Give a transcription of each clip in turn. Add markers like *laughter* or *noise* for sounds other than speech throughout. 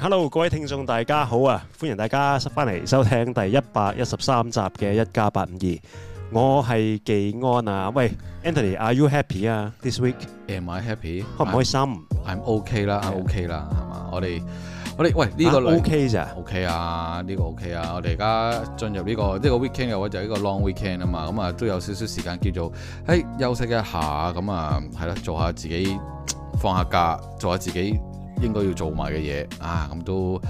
Hello，各位聽眾，大家好啊！歡迎大家翻嚟收聽第一百一十三集嘅一家八五二，52, 我係技安啊。喂，Anthony，Are you happy 啊？This week？Am I happy？開唔開心？I'm OK 啦 Yeah.，I'm OK 啦，係嘛？我哋我哋喂呢個 OK 咋？OK 啊，呢個 OK 啊。我哋而家進入呢個呢個 weekend 嘅話，就係呢個 long weekend 啊嘛。咁啊，都有少少時間叫做喺、欸、休息一下，咁啊係啦，做下自己，放下假，做下自己。應該要做埋嘅嘢啊，咁都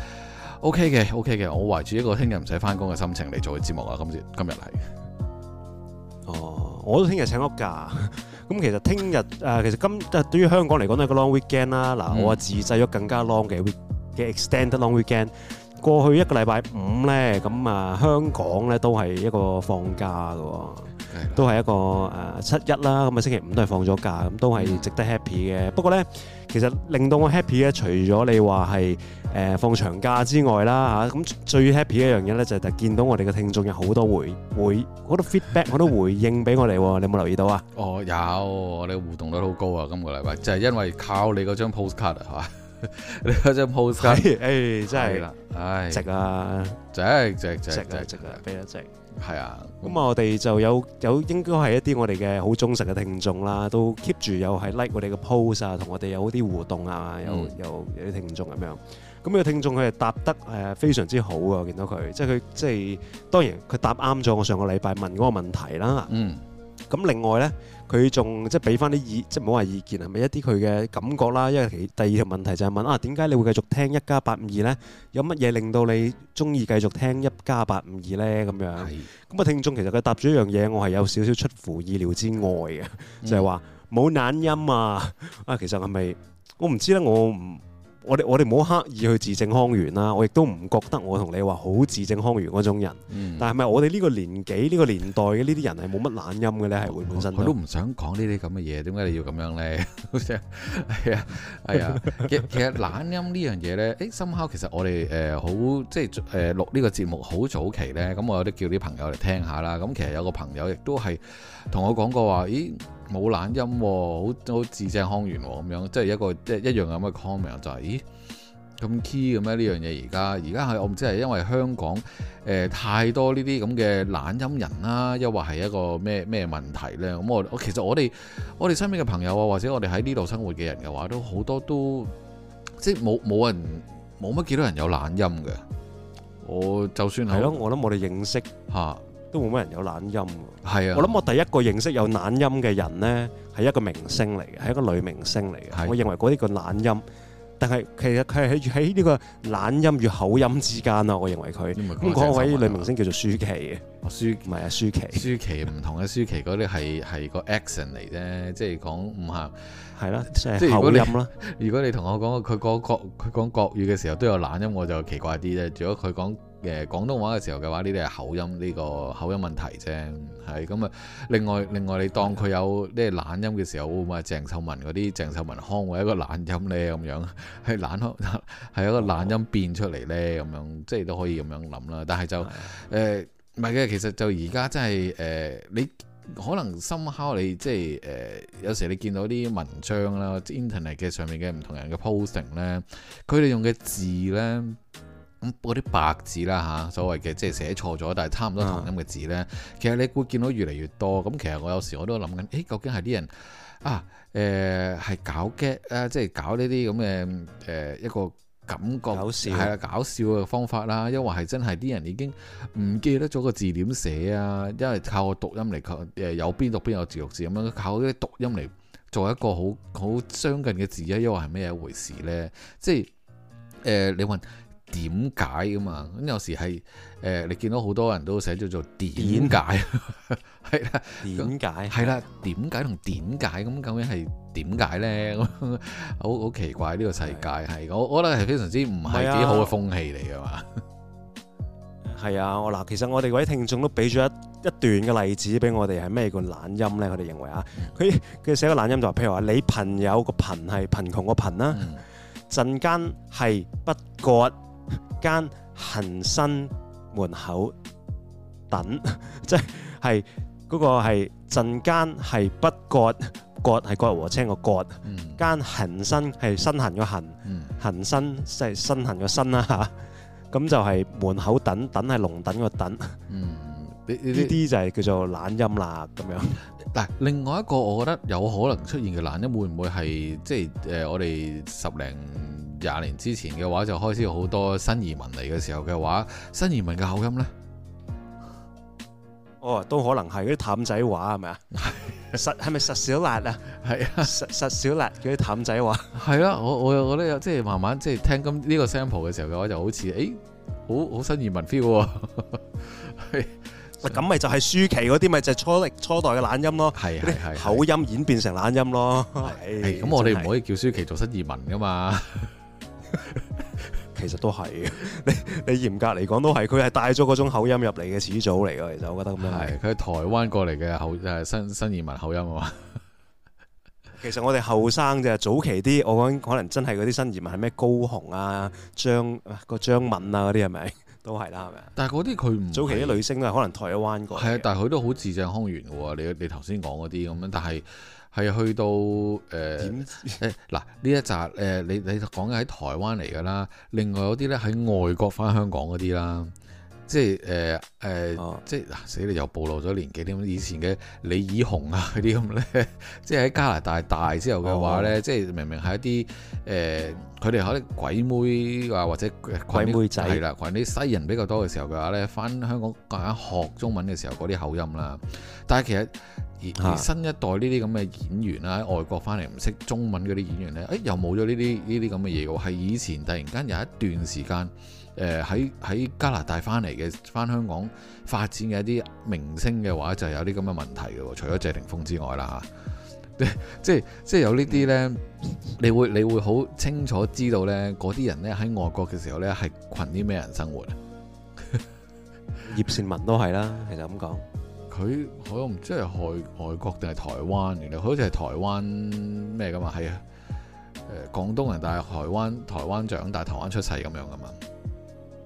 OK 嘅，OK 嘅。我懷住一個聽日唔使返工嘅心情嚟做嘅節目啊，今朝今日係。哦，我都聽日請咗假。咁 *laughs* 其實聽日誒，其實今、啊、對於香港嚟講都係一個 long weekend 啦。嗱、啊，我話自製咗更加 long 嘅 week 嘅 extended long weekend。過去一個禮拜五咧，咁啊香港咧都係一個放假嘅。都係一個誒、呃、七一啦，咁啊星期五都係放咗假，咁都係值得 happy 嘅。嗯、不過咧，其實令到我 happy 嘅，除咗你話係誒放長假之外啦，吓、啊、咁最 happy 嘅一樣嘢咧，就係、是、就見到我哋嘅聽眾有好多回回好多 feedback，好多回應俾我哋。 *laughs* 你有冇留意到啊？哦，有，我哋互動率好高啊！今個禮拜就係因為靠你嗰張 postcard 啊，吓 *laughs* 你嗰張 postcard，誒、 *laughs* 哎哎、真係，唉，哎、值啊，值值值值值俾得值。值值值值值值值係啊，咁啊、嗯、我哋就有有應該係一啲我哋嘅好忠實嘅聽眾啦，都 keep 住又係 like 我哋嘅 post 啊，同我哋有啲互動啊，又又有啲聽眾咁樣。咁呢個聽眾佢係答得誒、呃、非常之好啊，我見到佢，即係佢即係當然佢答啱咗我上個禮拜問嗰個問題啦。嗯，咁另外咧。佢仲即係俾翻啲意，即係唔好話意見啊，係咪一啲佢嘅感覺啦？因為其第二條問題就係問啊，點解你會繼續聽一加八五二呢？有乜嘢令到你中意繼續聽一加八五二呢？」咁樣咁啊，聽眾其實佢答咗一樣嘢，我係有少少出乎意料之外嘅，嗯、就係話冇懶音啊！啊、哎，其實係咪我唔知咧，我唔。我我哋我哋唔好刻意去字正腔圓啦，我亦都唔覺得我同你話好字正腔圓嗰種人。嗯、但係咪我哋呢個年紀呢、呢個年代嘅呢啲人係冇乜懶音嘅咧？係本身都我，我都唔想講呢啲咁嘅嘢，點解你要咁樣咧？係啊係啊，哎、 *laughs* 其實其實懶音呢樣嘢咧，誒深諳其實我哋誒好即係誒錄呢個節目好早期咧，咁我有啲叫啲朋友嚟聽下啦。咁其實有個朋友亦都係同我講過話，咦？冇懶音、哦，好好字正腔圓咁樣，即係一個即係一樣咁嘅 comment 就係、是，咦咁 key 嘅咩呢樣嘢？而家而家係我唔知係因為香港誒、呃、太多呢啲咁嘅懶音人啦、啊，又或係一個咩咩問題咧？咁、嗯、我我其實我哋我哋身邊嘅朋友啊，或者我哋喺呢度生活嘅人嘅話，都好多都即係冇冇人冇乜幾多人有懶音嘅，我就算係咯，我諗我哋認識吓。啊都冇乜人有懶音㗎，係啊！我諗我第一個認識有懶音嘅人咧，係一個明星嚟嘅，係一個女明星嚟嘅。啊、我認為嗰啲叫懶音，但係其實佢係喺呢個懶音與口音之間啊。我認為佢咁嗰位女明星叫做舒淇嘅、哦，舒唔係啊？舒淇，舒淇唔同嘅舒淇嗰啲係係個 accent 嚟啫，即係講唔係係咯，即係、啊就係、口音咯。如果你同我講佢講，講國佢講國語嘅時候都有懶音，我就奇怪啲咧。如果佢講誒廣東話嘅時候嘅話，呢啲係口音呢、呢個口音問題啫，係咁啊。另外另外，你當佢有啲懶音嘅時候，咪鄭秀文嗰啲鄭秀文腔，會一個懶音呢，咁樣係懶康係一個懶音變出嚟呢，咁、哦、樣即係都可以咁樣諗啦。但係就誒唔係嘅，其實就而家真係誒、呃，你可能深刻你即係誒，有時你見到啲文章啦，Internet 嘅上面嘅唔同人嘅 posting 呢，佢哋用嘅字呢。咁嗰啲白字啦嚇，所謂嘅即係寫錯咗，但係差唔多同音嘅字咧，嗯、其實你會見到越嚟越多。咁其實我有時我都諗緊，誒、欸、究竟係啲人啊，誒、呃、係搞嘅啊，即係搞呢啲咁嘅誒一個感覺，係啦搞笑嘅方法啦。因為係真係啲人已經唔記得咗個字點寫啊，因為靠個讀音嚟靠、呃、有邊讀邊有字讀字咁樣，靠啲讀音嚟做一個好好相近嘅字啊，因為係咩一回事咧？即係誒、呃、你問？點解噶嘛咁有時係誒、呃，你見到好多人都寫叫做點解係啦，點， *laughs* 的點解係啦，點解同點解咁究竟係點解咧？ *laughs* 好好奇怪呢、這個世界係我，的我覺得係非常之唔係幾好嘅風氣嚟噶嘛。係啊，我嗱，其實我哋位聽眾都俾咗一一段嘅例子俾我哋，係咩叫懶音咧？我哋認為啊，佢佢寫個懶音就話，譬如話你朋友個貧係貧窮個貧啦，陣間係不過。間恆新門口等，即係嗰個係陣間係不割，割係割禾青個割，間恆新係身痕個痕，恆新即係身痕個身啦嚇。咁就係門口等等係龍躉個躉。嗯，呢啲就係叫做懶音啦咁樣。嗱，另外一個我覺得有可能出現嘅懶音會唔會係即係誒我哋十零？廿年之前嘅話就開始好多新移民嚟嘅時候嘅話，新移民嘅口音咧，哦，都可能係啲淡仔話係咪啊？實係咪實小辣啊？係啊，實實小辣嗰啲淡仔話係咯。我我我咧有即係慢慢即係聽今呢個 sample 嘅時候嘅話就好似誒，好好新移民 feel。係，咁咪就係舒淇嗰啲咪就係初初代嘅懶音咯。係係口音演變成懶音咯。咁我哋唔可以叫舒淇做新移民噶嘛？ *laughs* 其實都係嘅，你你嚴格嚟講都係，佢係帶咗嗰種口音入嚟嘅始祖嚟嘅。其實我覺得咁樣係，佢係台灣過嚟嘅後誒新新，新移民口音啊嘛。 *laughs* 其實我哋後生就係早期啲，我講可能真係嗰啲新移民係咩高雄啊張個張敏啊嗰啲係咪都係啦係咪？但係嗰啲佢早期啲女星都係，可能台灣過嚟係啊，但係佢都好字正腔圓喎。你你頭先講嗰啲咁樣，但係。係去到誒誒，嗱呢一集誒、呃、你你講嘅，喺台灣嚟㗎啦，另外有啲咧喺外國返香港嗰啲啦。即係誒誒，即係嗱死你又暴露咗年紀添。以前嘅李以雄啊嗰啲咁咧， *laughs* 即係喺加拿大大，大之後嘅話咧，oh。即係明明係一啲誒，佢哋可能啲鬼妹啊或者鬼妹仔係啦，或者啲西人比較多嘅時候嘅話咧，翻香港間學中文嘅時候嗰啲口音啦。但係其實而而 Huh? 新一代呢啲咁嘅演員啦，喺外國翻嚟唔識中文嗰啲演員咧，誒又冇咗呢啲呢啲咁嘅嘢喎，係以前突然間有一段時間。誒喺喺加拿大翻嚟嘅翻香港發展嘅一啲明星嘅話，就是，有啲咁嘅問題嘅喎。除咗謝霆鋒之外啦嚇，即即有呢啲咧，你會你會好清楚知道咧，嗰啲人咧喺外國嘅時候咧係群啲咩人生活啊？ *laughs* 葉倩文都係啦，其實咁講，佢 *laughs* 我唔知係外外國定係台灣嚟，原來好似係台灣咩噶嘛，係誒，呃、廣東人，但係台灣台灣長大，台灣出世咁樣噶嘛。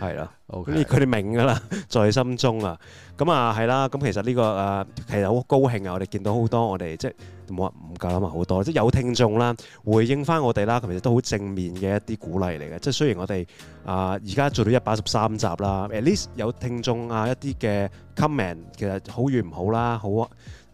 係啦，咁佢哋明㗎啦，在心中啊，咁啊係啦，咁其實呢個誒其實好高興啊，我哋見到好多我哋即係冇話唔夠啦，好多即係有聽眾啦，回應翻我哋啦，其實都好正面嘅一啲鼓勵嚟嘅，即係雖然我哋啊而家做到一百一十三集啦，at least 有聽眾啊一啲嘅 comment 其實好與唔好啦，好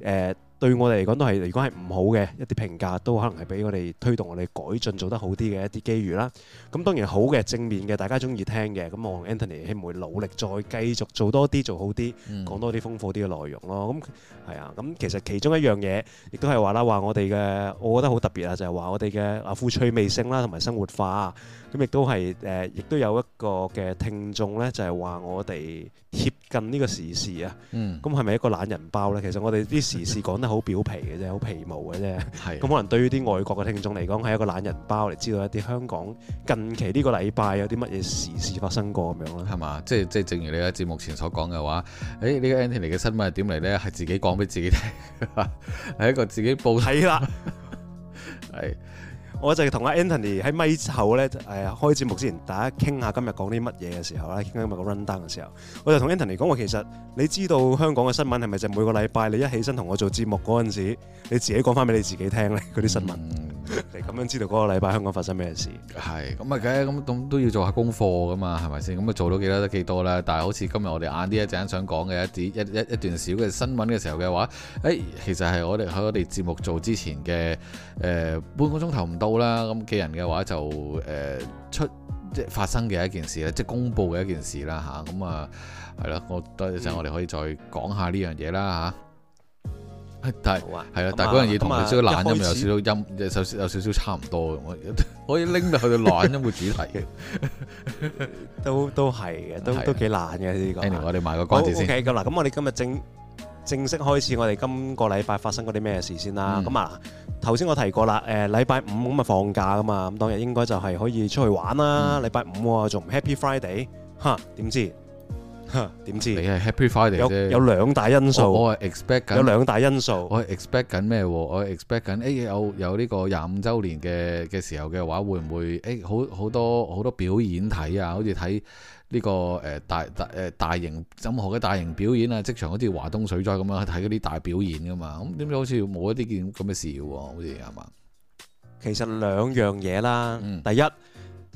誒，對我哋嚟講都係，如果係唔好嘅一啲評價，都可能係俾我哋推動我哋改進做得好啲嘅一啲機遇啦。咁當然好嘅正面嘅，大家中意聽嘅。咁我同 Anthony 希望會努力再繼續做多啲，做好啲，講多啲豐富啲嘅內容咯。咁係啊。咁其實其中一樣嘢，亦都係話啦，話我哋嘅，我覺得好特別啊，就係話我哋嘅啊，富趣味性啦，同埋生活化。咁亦都係誒，亦都有一個嘅聽眾咧，就係話我哋貼近呢個時事啊。嗯。咁係咪一個懶人包咧？其實我哋啲時事講得好表皮嘅啫，好皮毛嘅啫。係。咁的可能對於啲外國嘅聽眾嚟講，係一個懶人包嚟，知道一啲香港近期呢個禮拜有啲乜嘢時事發生過咁樣咯。係嘛？即係即係，正如你喺節目前所講嘅話，誒、哎、呢個 Antony 嘅新聞係點嚟咧？係自己講俾自己聽，係 *laughs* 一個自己報的。睇啦。 *laughs* 係。我就係同阿 Anthony 喺咪之後咧，誒、呃、開節目之前，大家傾下今日講啲乜嘢嘅時候咧，傾今日嘅 rundown 嘅時候，我就同 Anthony 講話，其實你知道香港嘅新聞係咪就每個禮拜你一起身同我做節目嗰陣時，你自己講翻俾你自己聽咧，嗰啲新聞。Mm hmm. 咁樣知道嗰個禮拜香港發生咩事？係咁啊，梗係咁，咁都要做下功課噶嘛，係咪先？咁啊，做到幾多得幾多啦。但係好似今日我哋晏啲一陣間想講嘅一啲一一一段小嘅新聞嘅時候嘅話，誒、欸，其實係我哋喺我哋節目做之前嘅誒、呃、半個鐘頭唔到啦。咁嘅人嘅話就誒、呃、出即係發生嘅一件事咧，即係公布嘅一件事啦，吓咁啊係咯、啊。我等一陣我哋可以再講下呢樣嘢啦，吓、啊。但係係啦，但係嗰樣嘢，同少少懶音有少少音，有少少有少少差唔多嘅，我可以拎到去到懶音嘅主題，都都係嘅，都都幾懶嘅呢個。我哋賣個關子先。咁嗱，咁我哋今日正正式開始，我哋今個禮拜發生嗰啲咩事先啦。咁啊，頭先我提過啦，誒，禮拜五咁啊放假噶嘛，咁當日應該就係可以出去玩啦。禮拜五仲唔 Happy Friday？吓，點知？點知？你係 Happy Friday 有有兩大因素。我係 expect 緊有兩大因素。我係 expect 緊咩？我係 expect 緊誒、欸，有有呢個廿五周年嘅嘅時候嘅話，會唔會誒、欸、好好多好多表演睇啊？好似睇呢個誒、呃、大誒、呃、大型任何嘅大型表演啊，即場好似華東水災咁樣去睇嗰啲大表演噶、啊、嘛？咁點解好似冇一啲件咁嘅事嘅？好似係嘛？其實兩樣嘢啦，第一、嗯。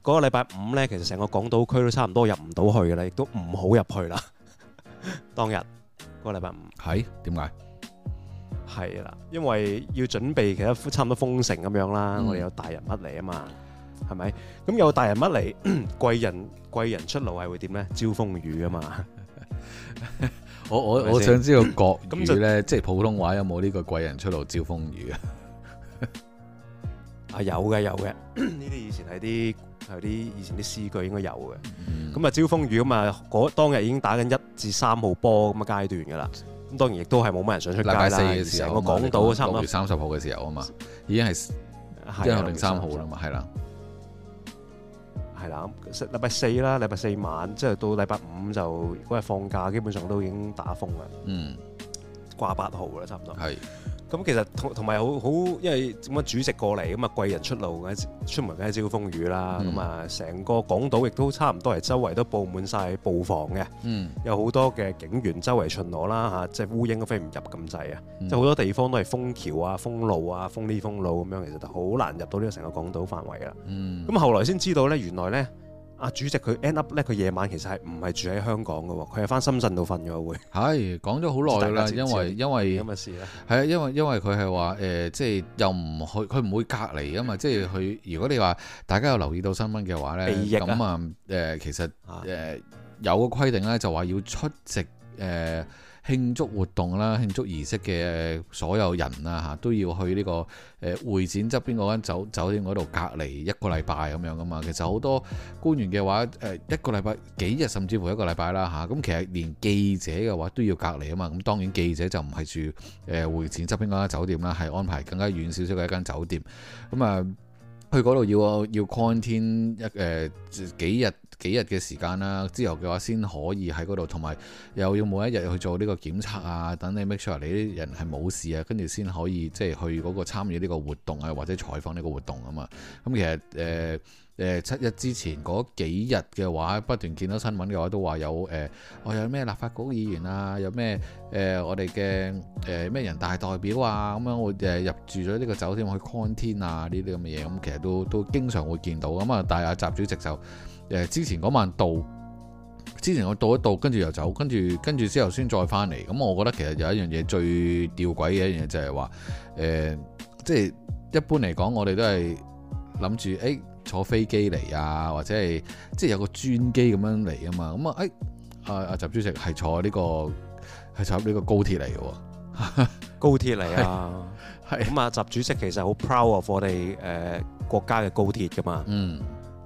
嗰個禮拜五咧，其實成個港島區都差唔多入唔到去嘅咧，亦都唔好入去啦。當日，嗰、那個禮拜五係點解？係啦，因為要準備，其實差唔多封城咁樣啦。我哋的有大人物嚟啊嘛，係咪？咁有大人物嚟，貴人貴人出爐係會點咧？招風雨啊嘛！ *laughs* 我我我想知道國語咧，就即係普通話有冇呢個貴人出爐招風雨啊？啊 *laughs* 有嘅有嘅，呢啲以前係啲。有啲以前啲詩句應該有嘅，咁啊，招風雨咁啊，嗰當日已經打緊一至三號波咁嘅階段嘅啦。咁當然亦都係冇乜人想出街啦。禮拜四嘅時候，我講到差唔多六月三十號嘅時候啊嘛，嗎已經係一的號定三號啦嘛，係啦的，係啦，禮拜四啦，禮拜四晚，即係到禮拜五就嗰日放假，基本上都已經打風啦。嗯，掛八號啦，差唔多係。咁其實同同埋好好，因為咁啊，主席過嚟咁啊，貴人出路嘅，出門一招風雨啦。咁啊、嗯，成個港島亦都差唔多係周圍都佈滿晒布防嘅，嗯、有好多嘅警員周圍巡邏啦嚇，即係烏蠅都飛唔入咁滯啊！即係好多地方都係封橋啊、封路啊、封呢封路咁樣，其實就好難入到呢個成個港島範圍啦。咁、嗯、後來先知道咧，原來咧。啊！主席佢 end up 咧，佢夜晚其實係唔係住喺香港嘅喎？佢係返深圳度瞓咗會。係講咗好耐啦，因為因為咁嘅事咧。係啊，因為因為佢係話誒，即係又唔去，佢唔會隔離啊嘛。的即係佢，如果你話大家有留意到新聞嘅話咧，咁啊誒、呃，其實誒、呃、有個規定咧，就話要出席誒。呃慶祝活動啦、慶祝儀式嘅所有人啦，嚇、啊、都要去呢、這個誒、呃、會展側邊嗰間酒酒店嗰度隔離一個禮拜咁樣噶嘛、啊，其實好多官員嘅話誒、呃、一個禮拜幾日，甚至乎一個禮拜啦嚇，咁、啊、其實連記者嘅話都要隔離啊嘛，咁當然記者就唔係住誒、呃、會展側邊嗰間酒店啦，係安排更加遠少少嘅一間酒店，咁啊去嗰度要要 contain 一誒、呃、幾日。幾日嘅時間啦，之後嘅話先可以喺嗰度，同埋又要每一日去做呢個檢測啊，等你 make sure 你啲人係冇事啊，跟住先可以即係、就是、去嗰個參與呢個活動啊，或者採訪呢個活動啊嘛。咁、嗯、其實誒誒、呃呃、七日之前嗰幾日嘅話，不斷見到新聞嘅話，都話有誒，我、呃哦、有咩立法局議員啊，有咩誒、呃、我哋嘅誒咩人大代表啊，咁樣會誒入住咗呢個酒店去 con 天啊呢啲咁嘅嘢，咁、嗯、其實都都經常會見到咁啊、嗯。但係阿習主席就。誒之前嗰晚到，之前我到一到，跟住又走，跟住跟住之後先再翻嚟。咁我覺得其實有一樣嘢最吊詭嘅一樣嘢就係話，誒、呃、即係一般嚟講，我哋都係諗住誒坐飛機嚟啊，或者係即係有個專機咁樣嚟啊嘛。咁啊誒阿阿習主席係坐呢個係坐呢個高鐵嚟嘅喎，高鐵嚟啊，係咁啊！習主席其實好 proud of 我哋誒國家嘅高鐵噶嘛，嗯。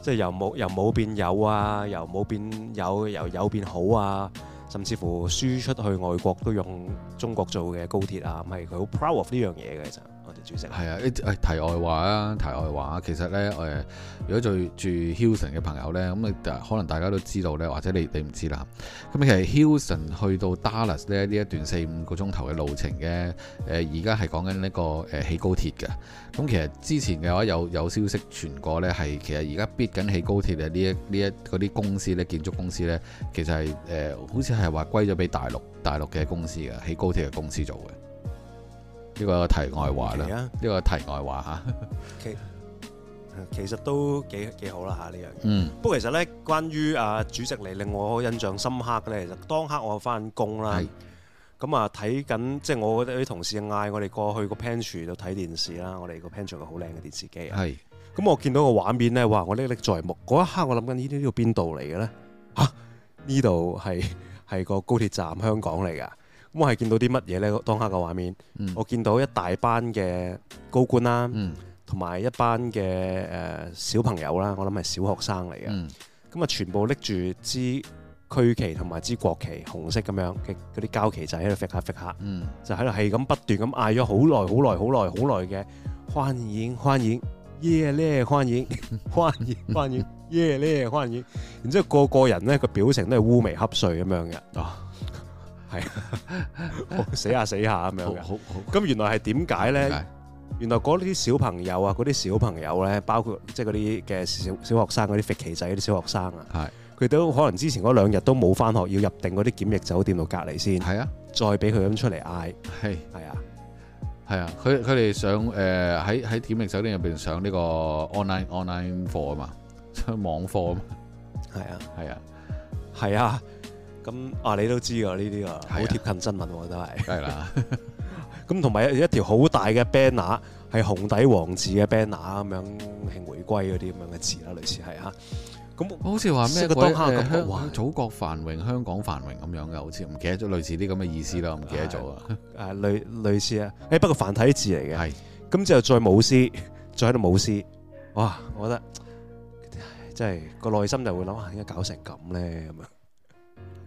即係由冇變有啊，由冇變有，由有變好啊，甚至乎輸出去外國都用中國做嘅高鐵啊，唔係，佢好 proud of 呢樣嘢嘅就。係啊，誒誒，題外話啊，題外話，其實咧，誒、呃，如果住住 Houston 嘅朋友咧，咁可能大家都知道咧，或者你你唔知啦。咁其實 Houston 去到 Dallas 咧，呢一段四五個鐘頭嘅路程嘅，誒而家係講緊呢個誒、呃、起高鐵嘅。咁其實之前嘅話有有消息傳過咧，係其實而家 build 緊起高鐵嘅呢一呢一嗰啲公司咧，建築公司咧，其實係誒、呃、好似係話歸咗俾大陸大陸嘅公司嘅起高鐵嘅公司做嘅。呢個題外話啦，呢、嗯、個題外話吓。其其實都幾幾好啦吓，呢樣嘢。不過其實咧，關於啊主席嚟，令我印象深刻嘅咧，其實當刻我翻工啦，咁啊睇緊，即係我嗰啲同事嗌我哋過去個 pantry 度睇電視啦。我哋個 pantry 好靚嘅電視機。係是，咁、嗯、我見到個畫面咧，哇！我歷歷在目。嗰一刻我諗緊呢啲呢度邊度嚟嘅咧？吓、啊，呢度係係個高鐵站香港嚟噶。我係見到啲乜嘢咧？當刻嘅畫面，嗯、我見到一大班嘅高官啦，同埋、嗯、一班嘅誒小朋友啦，我諗係小學生嚟嘅。咁啊、嗯，全部拎住支區旗同埋支國旗，紅色咁樣嘅嗰啲膠旗仔喺度揈下揈下，嗯、就喺度係咁不斷咁嗌咗好耐、好耐、好耐、好耐嘅歡迎、歡迎耶 e 咧，歡迎、歡迎、歡迎耶 e 咧，歡迎。歡迎 *laughs* 然之後個個人咧個表情都係烏眉瞌睡咁樣嘅。哦。係，死下死下咁樣好，好，咁原來係點解咧？原來嗰啲小朋友啊，嗰啲小朋友咧，包括即係嗰啲嘅小小學生，嗰啲肥企仔，啲小學生啊，係，佢都可能之前嗰兩日都冇翻學，要入定嗰啲檢疫酒店度隔離先，係啊，再俾佢咁出嚟嗌，係，係啊，係啊，佢佢哋上誒喺喺檢疫酒店入邊上呢個 online online 課啊嘛，上網課啊嘛，係啊，係啊，係啊。咁啊，你都知㗎呢啲啊，好貼近真文，我都係。係啦。咁同埋一條好大嘅 banner，係紅底黃字嘅 banner 咁樣慶回歸嗰啲咁樣嘅字啦，類似係啊。咁好似話咩？當下嘅話，祖國繁榮，香港繁榮咁樣嘅，好似唔記得咗，類似啲咁嘅意思啦，唔記得咗啊。誒，類類似啊。誒，不過繁體字嚟嘅。係。咁之後再舞獅，再喺度舞獅。哇！我覺得真係個內心就會諗下，點解搞成咁咧？咁樣。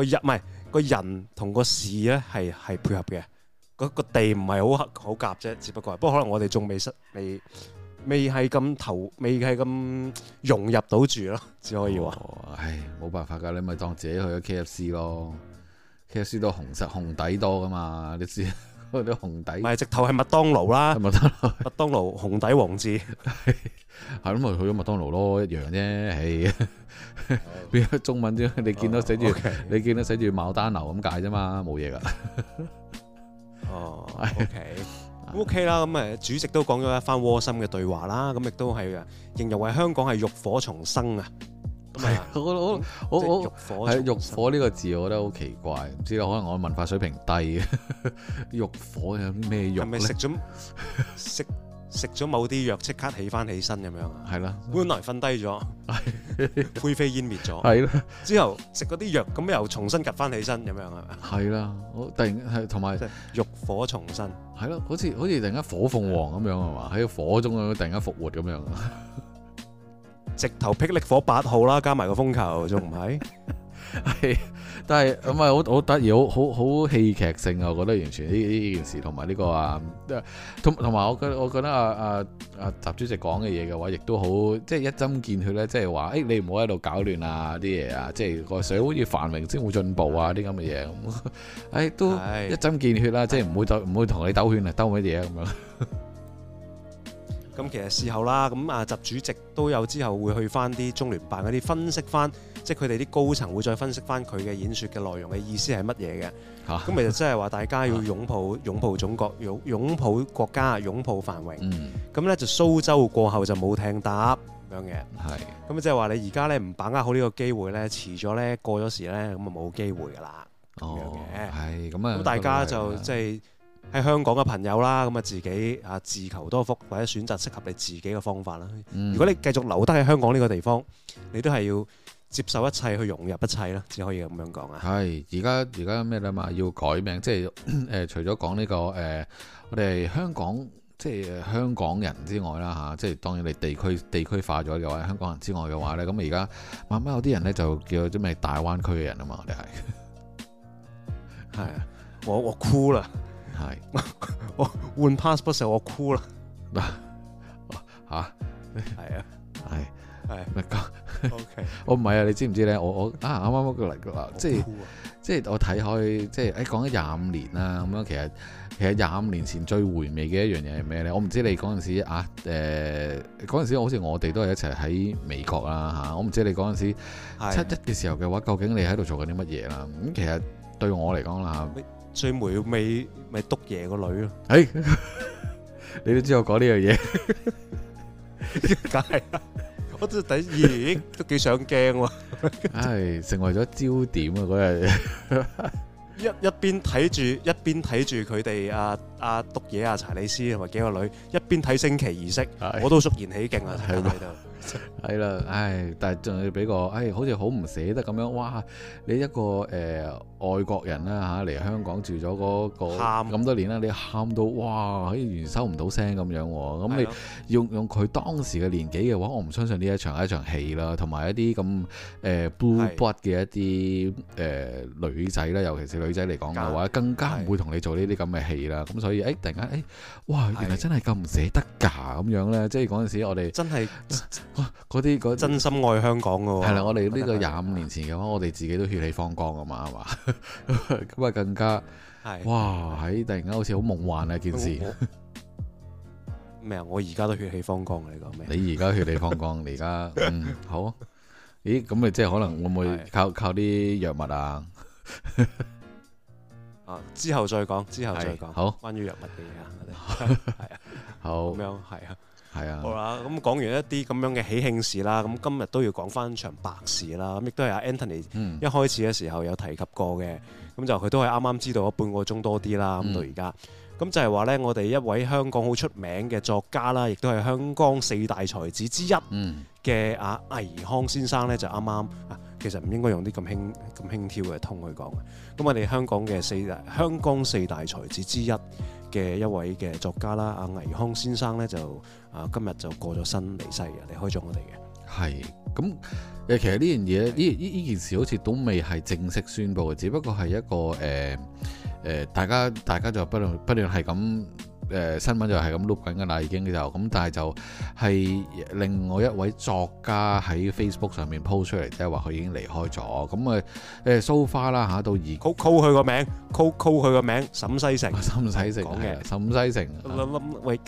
個日唔係個人同個市咧係係配合嘅，嗰個地唔係好黑好夾啫，只不過不過可能我哋仲未失未未係咁投，未係咁融入到住咯，只可以話，oh, oh, 唉，冇辦法噶，你咪當自己去咗 K F C 咯，K F C 都紅實紅底多噶嘛，你知。佢啲紅底，唔係直頭係麥當勞啦，麥當勞麥當勞紅底黃字，係咁咪去咗麥當勞咯，一樣啫，唉，變咗中文啫，你見到寫住，oh, okay. 你見到寫住牡丹樓咁解啫嘛，冇嘢噶，哦，O K，O K 啦，咁誒主席都講咗一番窩心嘅對話啦，咁亦都係啊，形容為香港係浴火重生啊。係，我我我我係浴火呢個字，我覺得好奇怪，唔知道可能我文化水平低啊。浴火有咩浴？係咪食咗食食咗某啲藥，即刻起翻起身咁樣啊？係啦，本來瞓低咗，灰飛煙滅咗，之後食嗰啲藥，咁又重新趌翻起身咁樣啊？係啦，我突然係同埋浴火重生，係咯，好似好似突然間火鳳凰咁樣啊嘛？喺火中突然間復活咁樣啊？直頭霹靂火八號啦，加埋個風球，仲唔係？ *laughs* *laughs* 但係咁啊，好好得意，好好好，好戲劇性啊！我覺得完全呢呢件事，同埋呢個啊，同同埋我覺得我覺得啊啊啊習主席講嘅嘢嘅話，亦都好即係一針見血咧，即係話誒，你唔好喺度搞亂啊啲嘢啊，即係個水好似繁榮進，先會進步啊啲咁嘅嘢咁。誒、哎、都一針見血啦，即係唔會再唔 *laughs* *laughs* 會同你兜圈嚟兜乜嘢咁啊！咁其實事後啦，咁啊習主席都有之後會去翻啲中聯辦嗰啲分析翻，即係佢哋啲高層會再分析翻佢嘅演説嘅內容嘅意思係乜嘢嘅。咁其實即係話大家要擁抱擁抱中國，擁抱國家，擁抱繁榮。咁呢、嗯，就蘇州過後就冇艇搭咁樣嘅。係是。咁即係話你而家呢唔把握好呢個機會呢，遲咗呢，過咗時呢，咁就冇機會噶啦。哦。係咁啊！咁大家就即係。喺香港嘅朋友啦，咁啊自己啊自求多福，或者選擇適合你自己嘅方法啦。嗯、如果你繼續留得喺香港呢個地方，你都係要接受一切，去融入一切咯，只可以咁樣講啊。係，而家而家咩啦嘛？要改名，即係誒，除咗講呢個誒、呃，我哋香港即係香港人之外啦，吓、啊，即係當然你地區地區化咗嘅話，香港人之外嘅話咧，咁而家慢慢有啲人咧就叫做咩大灣區嘅人啊嘛，我哋係。係啊、哎，我我哭了。係我換 passport 我哭啦，嗱吓？係啊，係係我唔係啊，你知唔知咧？我我啊啱啱過嚟即係即係我睇開即係誒，講咗廿五年啊咁樣，其實其實廿五年前最回味嘅一樣嘢係咩咧？我唔知你嗰陣時啊誒，嗰、呃、陣時好似我哋都係一齊喺美國啦吓、啊，我唔知你嗰陣時七一嘅時候嘅話，究竟你喺度做緊啲乜嘢啦？咁、啊嗯、其實對我嚟講啦。 *noise* 最梅咪咪篤爺個女咯，哎，你都知我講呢樣嘢，梗係啦，我都第二都幾想驚喎，唉成為咗焦點啊！嗰日一一邊睇住一邊睇住佢哋阿阿篤爺阿查理斯同埋幾個女，一邊睇升旗儀式，我都肅然起敬啊！喺度，係啦，唉，但係仲要俾個唉，好似好唔捨得咁樣，哇！你一個誒～外國人啦嚇嚟香港住咗嗰個咁多年啦，哭你喊到哇，好似完全收唔到聲咁樣喎。咁你用、啊、用佢當時嘅年紀嘅話，我唔相信呢一場係一場戲啦。同埋一啲咁誒悲骨嘅一啲誒、呃、女仔啦，尤其是女仔嚟講嘅話，更加唔會同你做呢啲咁嘅戲啦。咁是的 所以誒，突然間誒、哎，哇，原來真係咁唔捨得㗎咁樣咧。即係嗰陣時我，我哋真係嗰啲真心愛香港㗎喎。係啦，我哋呢個廿五年前嘅話，我哋自己都血氣方剛啊嘛，係嘛。咁啊， *laughs* 更加係的哇！喺、哎、突然間好似好夢幻啊，件事。咩啊？我而家都血氣方剛嚟，你講咩？你而家血氣方剛， *laughs* 你而家嗯好。咦，咁咪即係可能會唔會靠的靠啲藥物啊， *laughs* 啊？之後再講，之後再講。好，關於藥物嘅嘢。係啊，好。咁 *laughs* 樣係啊。係啊，好啦，咁、嗯、講完一啲咁樣嘅喜慶事啦，咁、嗯嗯、今日都要講翻場白事啦，咁亦都係阿 Anthony 一開始嘅時候有提及過嘅，咁、嗯、就佢都係啱啱知道咗半個鐘多啲啦，咁、嗯、到而家，咁就係話呢，我哋一位香港好出名嘅作家啦，亦都係香港四大才子之一嘅、啊嗯啊、阿倪匡先生呢，就啱啱、啊，其實唔應該用啲咁輕咁輕佻嘅通去講嘅，咁我哋香港嘅四,四大香港四大才子之一。嘅一位嘅作家啦，阿、啊、倪康先生咧，就啊今日就過咗身離世，離開咗我哋嘅。係咁誒，其實呢樣嘢呢呢呢件事好似都未係正式宣布，只不過係一個誒誒、呃呃，大家大家就不斷不斷係咁。誒新聞就係咁錄緊㗎啦，已經就咁，但係就係另外一位作家喺 Facebook 上面 po 出嚟，即係話佢已經離開咗。咁啊誒 so far 啦嚇，到而 call call 佢個名，call call 佢個名沈西城。沈西城講嘅沈西城。諗諗喂，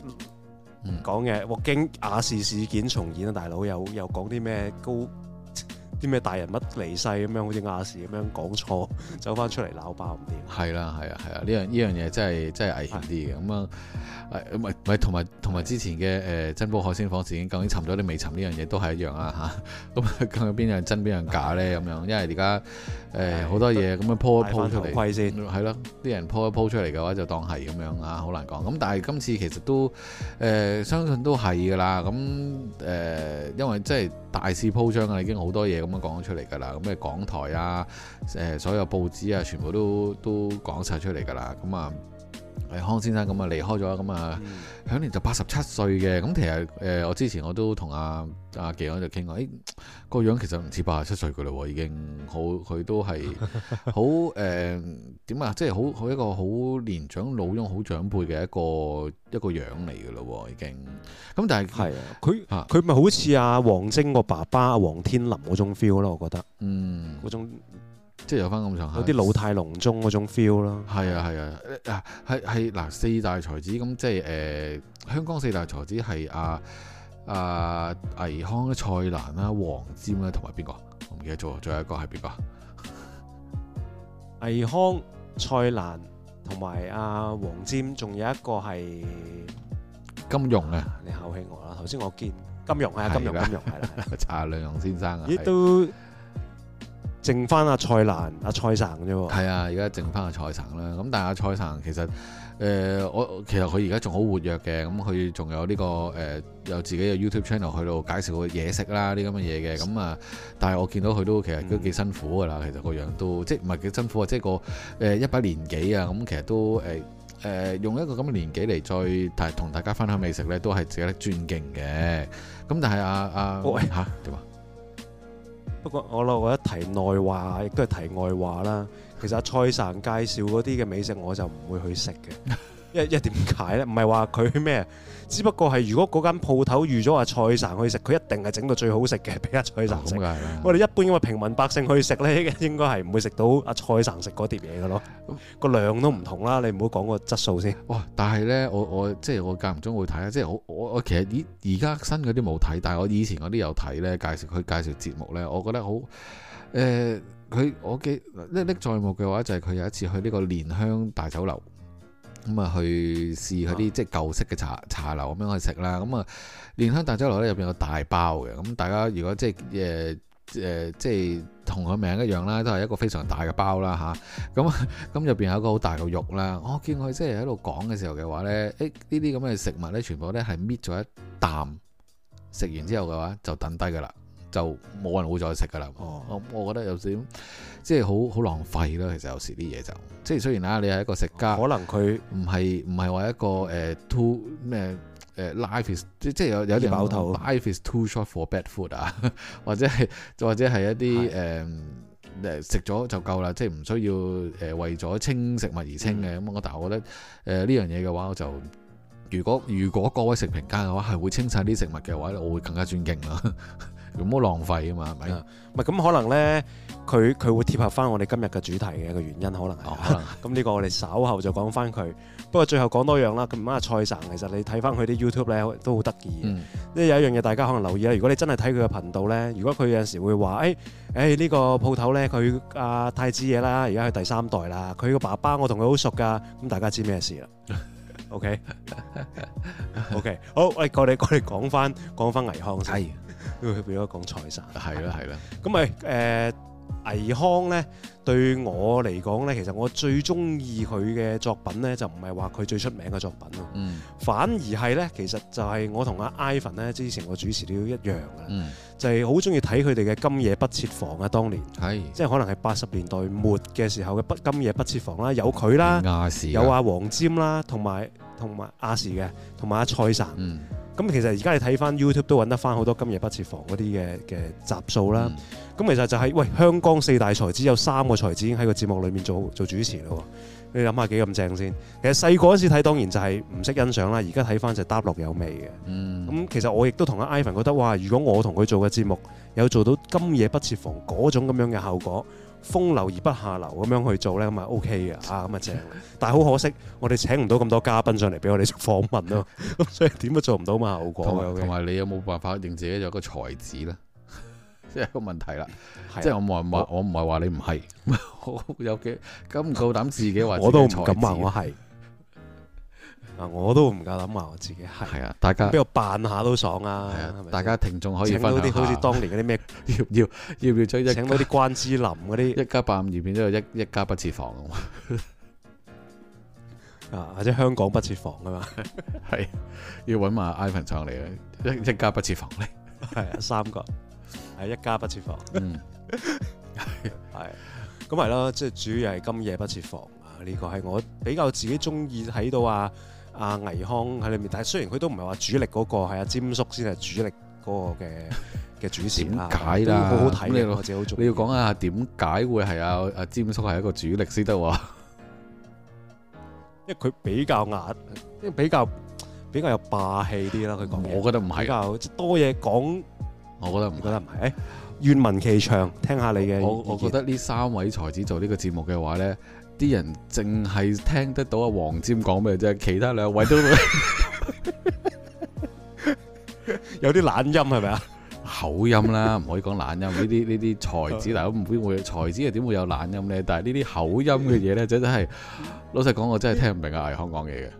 講嘅我驚亞視事件重演啊，大佬有有講啲咩高？啲咩大人物離世咁樣，好似亞視咁樣講錯走翻出嚟鬧爆唔掂。係啦，係啊，係啊，呢樣呢樣嘢真係真係危險啲嘅。咁啊誒，唔係唔係，同埋同埋之前嘅誒珍寶海鮮舫事件，究竟沉咗定未沉呢樣嘢都係一樣啊嚇。咁究竟邊樣真邊樣假咧？咁樣，因為而家誒好多嘢咁樣鋪一鋪出嚟。戴翻頭盔先。係咯，啲人鋪一鋪出嚟嘅話，就當係咁樣啊，好難講。咁但係今次其實都誒、呃，相信都係㗎啦。咁誒，因為真係。大肆鋪張啊，已經好多嘢咁樣講出嚟㗎啦，咁嘅港台啊，誒、呃、所有報紙啊，全部都都講晒出嚟㗎啦，咁、嗯、啊～康先生咁啊離開咗，咁啊享年就八十七歲嘅。咁其實誒、呃，我之前我都同阿阿杰朗就傾過，誒、欸那個樣其實唔似八十七歲佢咯，已經好佢都係好誒點啊，即係好好一個好年長老翁、好長輩嘅一個一個樣嚟噶咯，已經。咁、嗯、但係係佢佢咪好似阿王晶個爸爸阿天林嗰種 feel 咯，我覺得嗯種。即係有翻咁上下，有啲老態龍鍾嗰種 feel 咯。係啊，係啊，嗱、啊，係，係嗱四大才子咁，即係誒、呃、香港四大才子係阿阿倪匡、蔡瀾啦、黃沾啦，同埋邊個？我唔記得咗，仲有，啊、有一個係邊個？倪匡、蔡瀾同埋阿黃沾，仲有一個係金庸。啊！你考起我啦，頭先我見金庸啊，金庸的金庸係啦，查良鏞先生啊，亦也 的都。剩翻阿蔡瀾、阿、啊、蔡生啫喎。係啊，而家剩翻阿蔡生啦。咁但係阿蔡生其實，誒、呃、我其實佢而家仲好活躍嘅。咁佢仲有呢、這個誒、呃，有自己嘅 YouTube channel 去到介紹個嘢食啦，啲咁嘅嘢嘅。咁啊，但係我見到佢都其實都幾辛苦㗎啦、嗯呃嗯。其實、呃、個樣都即係唔係幾辛苦啊？即係個誒一把年紀啊。咁其實都誒誒，用一個咁嘅年紀嚟再同大家分享美食咧，都係值得尊敬嘅。咁但係阿阿嚇點啊？啊啊喂啊不過我覺得題內話，亦都係題外話啦。其實阿蔡生介紹嗰啲嘅美食，我就唔會去食嘅。一一點解咧？唔係話佢咩？只不過係如果嗰間鋪頭預咗阿蔡生去食，佢一定係整到最好食嘅俾阿蔡生食。嗯嗯、我哋一般因為平民百姓去食咧，應該係唔會食到阿蔡生食嗰碟嘢嘅咯。個、嗯、量都唔同啦，嗯、你唔好講個質素先。哇、哦！但係咧，我我即係我間唔中會睇啊，即係好我我，我，我其實而家新嗰啲冇睇，但係我以前嗰啲有睇咧，介紹佢介紹節目咧，我覺得好誒。佢、呃、我記得歷歷在目嘅話，就係佢有一次去呢個蓮香大酒樓。咁啊，去試嗰啲即係舊式嘅茶茶樓咁樣去食啦。咁、嗯、啊，蓮香大酒樓咧，入邊有大包嘅。咁大家如果即係誒誒，即係同佢名一樣啦，都係一個非常大嘅包啦嚇。咁咁入邊有一個好大嘅肉啦。我見佢即係喺度講嘅時候嘅話咧，誒呢啲咁嘅食物咧，全部咧係搣咗一啖，食完之後嘅話就等低㗎啦。就冇人會再食噶啦。哦我，我覺得有時即係好好浪費咯。其實有時啲嘢就即係雖然啦，你係一個食家，哦、可能佢唔係唔係話一個誒、呃、too 咩誒、呃、life is 即係有即有啲飽肚，life is too short for bad food 啊，或者係或者係一啲誒誒食咗就夠啦，即係唔需要誒、呃、為咗清食物而清嘅咁。我、嗯、但係我覺得誒呢、呃、樣嘢嘅話，我就如果如果各位食評家嘅話係會清晒啲食物嘅話，我會更加尊敬咯。冇浪費啊嘛，係咪、嗯？唔係咁可能咧，佢佢會貼合翻我哋今日嘅主題嘅一個原因，可能係。咁呢能 *laughs* 個我哋稍後就講翻佢。不過最後講多樣啦。咁唔該啊，蔡神，其實你睇翻佢啲 YouTube 咧都好得意，即係有一樣嘢大家可能留意啦。如果你真係睇佢嘅頻道咧，如果佢有陣時會話：誒、欸、誒、欸這個、呢個鋪頭咧，佢阿、啊、太子爺啦，而家佢第三代啦，佢個爸爸我同佢好熟㗎。咁大家知咩事啦 *laughs* ？OK，OK，okay? okay, 好，我哋我哋講翻講翻倪匡先。哎都去變咗講財神，係啦係啦，咁咪誒。呃倪匡咧對我嚟講咧，其實我最中意佢嘅作品咧，就唔係話佢最出名嘅作品咯，嗯、反而係咧，其實就係我同阿 Ivan 咧，之前個主持都一樣嘅，嗯、就係好中意睇佢哋嘅《今夜不設防》啊，當年係是即係可能係八十年代末嘅時候嘅《不今夜不設防》啊、啦，嗯啊、有佢、啊、啦，有阿黃霑啦，同埋同埋亞視嘅，同埋阿蔡瀾。咁、啊嗯嗯、其實而家你睇翻 YouTube 都揾得翻好多《今夜不設防》嗰啲嘅嘅集數啦。嗯咁其實就係、是、喂，香港四大才子有三個才子已經喺個節目裏面做做主持咯。你諗下幾咁正先？其實細個嗰陣時睇當然就係唔識欣賞啦，而家睇翻就揀落有味嘅。咁、嗯、其實我亦都同阿 Ivan 覺得，哇！如果我同佢做嘅節目有做到今夜不設防嗰種咁樣嘅效果，風流而不下流咁樣去做呢，咁咪 OK 嘅嚇，咁咪正。 *laughs* 但係好可惜，我哋請唔到咁多嘉賓上嚟俾我哋訪問咯， *laughs* 所以點都做唔到嘛效果。同埋有 okay? 你有冇辦法令自己有個才子呢？即係個問題啦，即係我唔係話，我唔係話你唔係，我有幾咁唔夠膽自己話自己才子？我都唔敢話我係，我都唔夠膽話我自己係。係啊，大家俾我扮下都爽啊！大家聽眾可以請到啲好似當年嗰啲咩？要要要唔要再請到啲關之琳嗰啲？一家八五二變咗一一家不設防啊！或者香港不設防啊嘛？係要搵埋 iPhone 唱嚟嘅一一家不設防嚟，係啊，三個。係一家不設防，係咁係啦，即係、 *laughs* 就是、主要係今夜不設防啊！呢、這個係我比較自己中意喺到啊啊倪匡喺裏面，但係雖然佢都唔係話主力嗰、那個，係阿霑叔先係主力嗰個嘅嘅主持點解啦？好好睇你自己好做。你要講下點解會係阿阿霑叔係一個主力先得、啊，因為佢比較壓，即係比較比較有霸氣啲啦。佢講我覺得唔係，比較多嘢講。我覺得唔覺得唔係？願、欸、聞其詳，聽下你嘅意見。我我覺得呢三位才子做呢個節目嘅話咧，啲人淨係聽得到阿黃霑講咩啫，其他兩位都 *laughs* *laughs* 有啲懶音係咪啊？口音啦，唔可以講懶音。呢啲呢啲才子嚟，唔會有才子又點會有懶音咧？但係呢啲口音嘅嘢咧，真真係老實講，我真係聽唔明啊！倪匡講嘢嘅。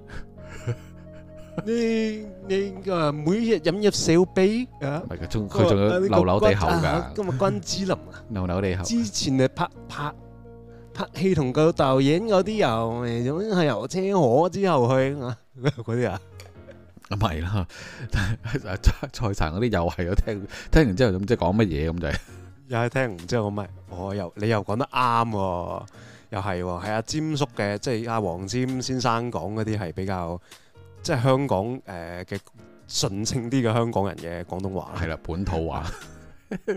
你你啊，每日飲一小杯啊，佢仲佢仲要扭扭地喉㗎。今日關之琳啊，扭扭地喉。之前你拍拍拍戲同個導演嗰啲又，總之係由車河之後去啊，嗰啲啊。咁係啦，蔡蔡瀾嗰啲又係咯，聽聽完之後咁即係講乜嘢咁就。又係聽唔知我咪，我又你又講得啱喎，又係喎，係阿霑叔嘅，即係阿黃霑先生講嗰啲係比較。即係香港誒嘅純正啲嘅香港人嘅廣東話係啦，本土話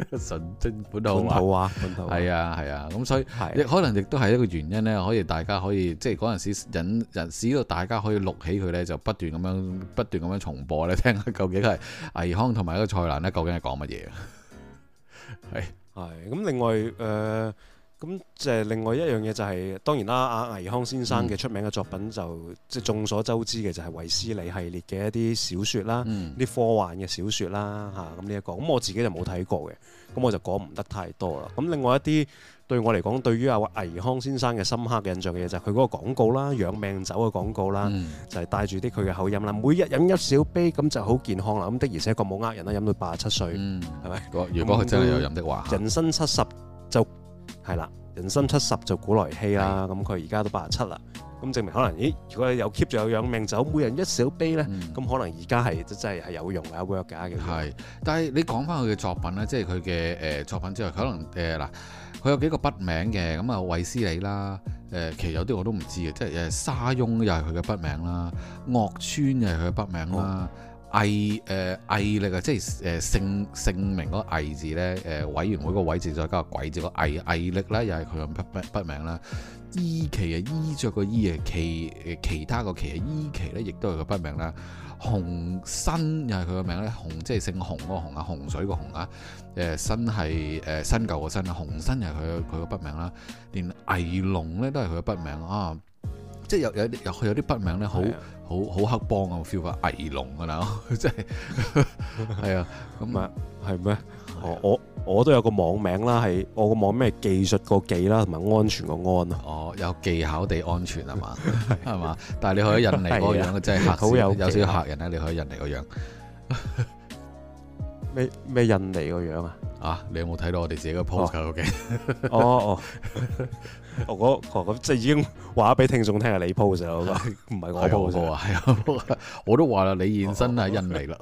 純正。 *laughs* 本土話係啊，係啊，咁所以亦的可能亦都係一個原因咧，可以大家可以即係嗰陣時引人使到大家可以錄起佢咧，就不斷咁樣不斷咁樣重播咧，你聽下究竟係倪匡同埋一個蔡瀾咧，究竟係講乜嘢啊？係係咁，另外誒。呃咁即係另外一樣嘢，就係當然啦。阿倪匡先生嘅出名嘅作品就即係眾所周知嘅，就係衛斯理系列嘅一啲小説啦，啲科幻嘅小説啦，嚇咁呢一個。咁我自己就冇睇過嘅，咁我就講唔得太多啦。咁另外一啲對我嚟講，對於阿倪匡先生嘅深刻嘅印象嘅嘢，就係佢嗰個廣告啦，養命酒嘅廣告啦，就係帶住啲佢嘅口音啦，每日飲一小杯，咁就好健康啦。咁的而且確冇呃人啦，飲到八十七歲，係咪？如果佢真係有飲的話，人生七十就。係啦，人生七十就古來稀啦。咁佢而家都八十七啦，咁證明可能咦？如果你有 keep 住有養命酒，每人一小杯咧，咁、嗯、可能而家係真真係係有用啦，work 噶。係、嗯，但係你講翻佢嘅作品咧，即係佢嘅誒作品之外，可能誒嗱，佢、呃、有幾個筆名嘅咁啊，衛、呃、斯理啦，誒、呃、其實有啲我都唔知嘅，即係誒沙翁又係佢嘅筆名啦，岳川又係佢嘅筆名啦。嗯魏誒、呃、魏力啊，即係誒姓姓名嗰個魏字咧，誒、呃、委員會個委字再加個鬼字個魏魏力咧，又係佢個筆筆名啦。伊奇啊，伊着個伊啊，其誒其他個其啊，伊奇咧，亦都係佢筆名啦。洪新又係佢個名咧，洪即係姓洪嗰個洪啊，洪水個洪啊，誒新係誒新舊個新啊，洪新又係佢佢個筆名啦。連魏龍咧都係佢個筆名啊！即係有有有有啲筆名咧，好好好黑幫啊，feel 翻偽龍噶啦，真係係啊，咁 *laughs* 啊，係咩？嗎嗯、我我我都有個網名啦，係我個網咩？技術個技啦，同埋安全個安哦，有技巧地安全係嘛係嘛？但係你可以印尼個樣，真係有少少嚇人啊！你可以印尼個樣咩咩 *laughs* 印尼個樣啊？啊，你有冇睇到我哋自己個 post 嘅？哦哦。我講，我，我即係已經話俾聽眾聽係你 pose 啊，唔係 *laughs* 我 p o s 啊， *laughs* 係啊，我都話啦，你現身喺印尼啦，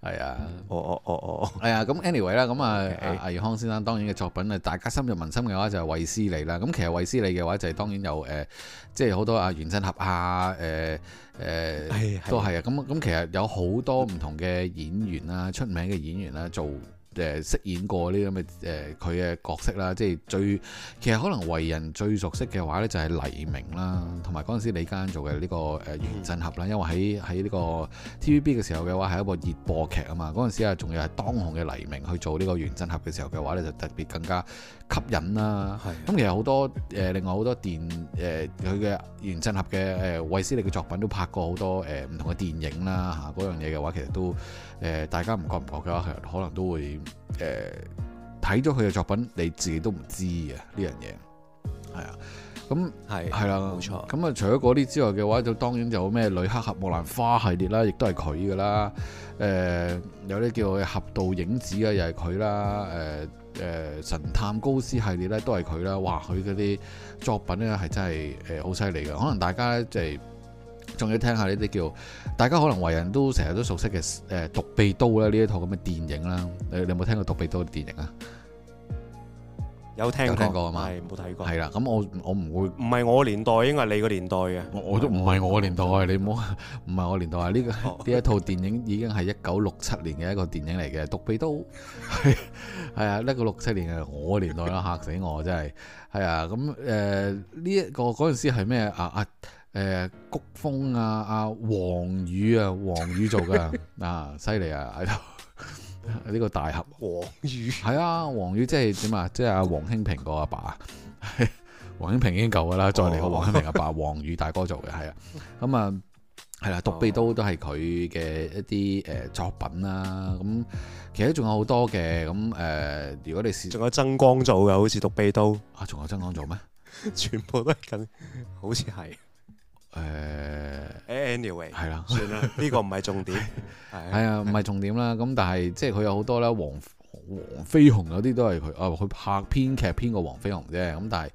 係啊，哦哦哦哦，係啊，咁 anyway 啦，咁啊，阿匡先生當然嘅作品啊，大家深入民心嘅話就係衛斯理啦，咁其實衛斯理嘅話就係當然有誒、呃，即係好多、呃呃 *laughs* 哎、對啊，原振俠啊，誒誒，都係啊，咁咁其實有好多唔同嘅演員啊，出名嘅演員啦做。誒、呃、飾演過呢啲咁嘅誒佢嘅角色啦，即係最其實可能為人最熟悉嘅話咧，就係、是、黎明啦，同埋嗰陣時李嘉欣做嘅呢、這個誒、呃、原振俠啦，因為喺喺呢個 TVB 嘅時候嘅話係一部熱播劇啊嘛，嗰陣時啊仲要係當紅嘅黎明去做呢個原振俠嘅時候嘅話咧，就特別更加吸引啦。咁是的 其實好多誒、呃，另外好多電誒佢嘅原振俠嘅誒衛斯理嘅作品都拍過好多誒唔、呃、同嘅電影啦嚇嗰、啊、樣嘢嘅話，其實都誒、呃、大家唔覺唔覺嘅話，可能都會。誒，睇咗佢嘅作品，你自己都唔知啊呢樣嘢，係啊，咁係係啦，冇錯。咁啊，除咗嗰啲之外嘅話，就當然有咩《女黑俠木蘭花》系列啦，亦都係佢噶啦。誒、呃，有啲叫《俠盜影子》啊，又係佢啦。誒、呃、誒，呃《神探高斯》系列咧，都係佢啦。哇，佢嗰啲作品咧，係真係誒好犀利噶。可能大家即係。仲要聽下呢啲叫大家可能為人都成日都熟悉嘅誒、呃《獨臂刀》啦，呢一套咁嘅電影啦，你有冇聽，聽過《獨臂刀》嘅電影啊？有聽過係冇睇過係啦。咁我我唔會唔係我年代，應該係你個年代嘅。我都唔係我，我年代，你好。唔係 *laughs* 我年代。呢個呢一套電影已經係一九六七年嘅一個電影嚟嘅，《獨臂刀》係 *laughs* 啊， *laughs* 呢個六七年係我年代啦，嚇死我真係係、呃、啊。咁誒呢一個嗰陣時係咩啊啊？啊誒、呃，谷峰啊，阿王羽啊，王羽做噶，啊，犀利啊，喺度、啊，呢、 *laughs* 啊啊這個大俠。王羽係啊，王羽即係點啊？即係阿王馨平個阿爸，王 *laughs* 馨平已經夠噶啦，再嚟個王馨平阿爸，爸，王羽、哦、大哥做嘅係啊，咁啊，係啦，獨臂刀都係佢嘅一啲誒作品啦、啊，咁、嗯、其實仲有好多嘅，咁誒、呃，如果你試，仲有曾光做嘅，好似獨臂刀啊，仲有曾光做咩？ *laughs* 全部都係咁，好似係。誒，a n y w a y 係啦，算啦，呢個唔係重點，係 *laughs* 啊，唔係重點啦。咁但係，即係佢有好多咧，黃黃飛鴻啲都係佢，哦，佢拍編劇編過黃飛鴻啫。咁但係，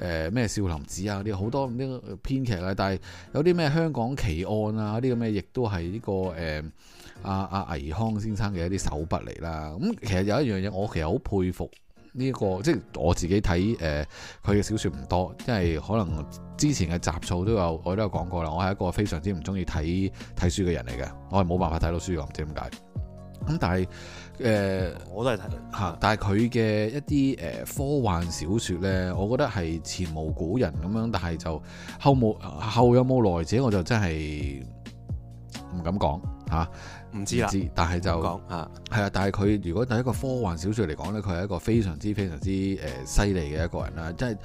誒，咩少林寺啊，啲好多咁啲編劇咧。但係有啲咩香港奇案啊，嗰啲咁嘅，亦都係呢、這個誒，阿阿倪康先生嘅一啲手筆嚟啦。咁其實有一樣嘢，我其實好佩服。呢一，這個即係我自己睇誒佢嘅小説唔多，因為可能之前嘅集數都有我都有講過啦。我係一個非常之唔中意睇睇書嘅人嚟嘅，我係冇辦法睇到書，我唔知點解。咁但係誒，我都係睇嚇。但係佢嘅一啲誒科幻小説呢，我覺得係前無古人咁樣，但係就後無後有冇來者，我就真係唔敢講嚇。啊唔知,知啊，但係就講啊，係啊，但係佢如果對一個科幻小説嚟講呢佢係一個非常之非常之誒犀利嘅一個人啦。即係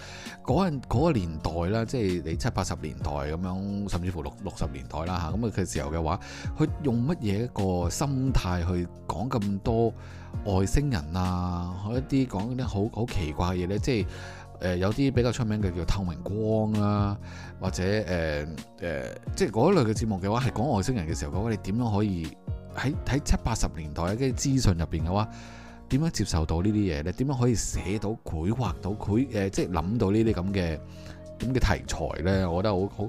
嗰陣個年代啦，即係你七八十年代咁樣，甚至乎六六十年代啦嚇。咁嘅時候嘅話，佢用乜嘢一個心態去講咁多外星人啊？一啲講啲好好奇怪嘅嘢呢？即係誒有啲比較出名嘅叫透明光啦，或者誒誒，即係嗰類嘅節目嘅話，係講外星人嘅時候嘅話，嗰位你點樣可以？喺喺七八十年代嘅資訊入邊嘅話，點樣接受到呢啲嘢咧？點樣可以寫到、繪畫到、繪誒，即係諗到呢啲咁嘅咁嘅題材呢？我覺得好好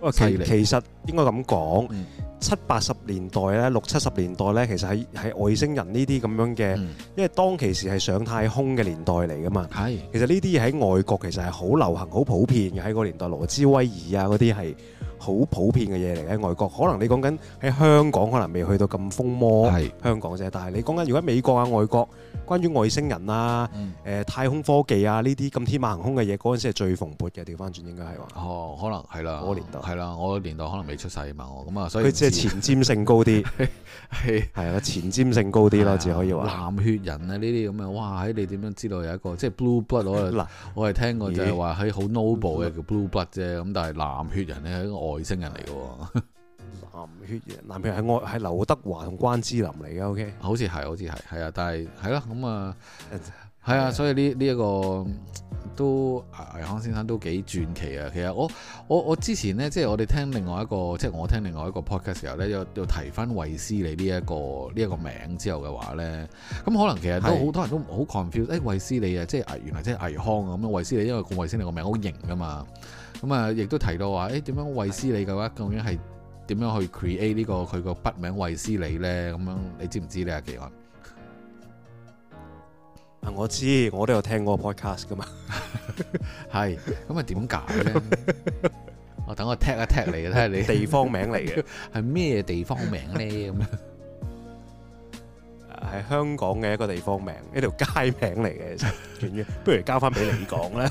好其實應該咁講，嗯、七八十年代咧，六七十年代呢，其實喺喺外星人呢啲咁樣嘅，嗯、因為當其時係上太空嘅年代嚟噶嘛。係、嗯，其實呢啲喺外國其實係好流行、好普遍嘅喺個年代。羅斯威爾啊，嗰啲係。好普遍嘅嘢嚟，喺外國可能你講緊，喺香港可能未去到咁風魔，是香港啫。但係你講緊如果美國啊外國關於外星人啊、誒、嗯呃、太空科技啊呢啲咁天馬行空嘅嘢，嗰陣時係最蓬勃嘅。調翻轉應該係話。哦，可能係啦，啦，我年代係啦，我年代可能未出世嘛。咁啊，所以佢即係前瞻性高啲，係 *laughs* 啊，前瞻性高啲咯，只可以話。藍血人啊，呢啲咁樣，哇！誒，你點樣知道有一個即係 blue blood？我係 *laughs* 我係聽過、就是，就係話係好 noble 嘅叫 blue blood 啫。咁但係藍血人咧外星人嚟嘅喎，男配人，男配人係外係劉德華同關之琳嚟嘅，OK，好似係，好似係，係啊，但係係啦，咁啊，係啊，所以呢呢一個都倪匡先生都幾傳奇啊。其實我我我之前呢，即係我哋聽另外一個，即係我聽另外一個 podcast 時候咧，又又提翻衛斯理呢一個呢一個名之後嘅話咧，咁可能其實都好多人都唔好 confused，誒，衛斯理啊，即係誒，原來即係倪匡啊，咁樣衛斯理，因為個衛斯理個名好型噶嘛。咁啊，亦都提到話，誒，點樣衛斯理嘅話究竟係點樣去 create 呢個佢個筆名衛斯理咧？咁樣你知唔知呢阿技安啊，我知，我都有聽過 podcast 噶嘛，係，咁啊點解咧？我等我 tap 一 tap 你，睇下你地方名嚟嘅，係咩地方名咧？咁樣係香港嘅一個地方名，一條街名嚟嘅，不如交翻俾你講咧。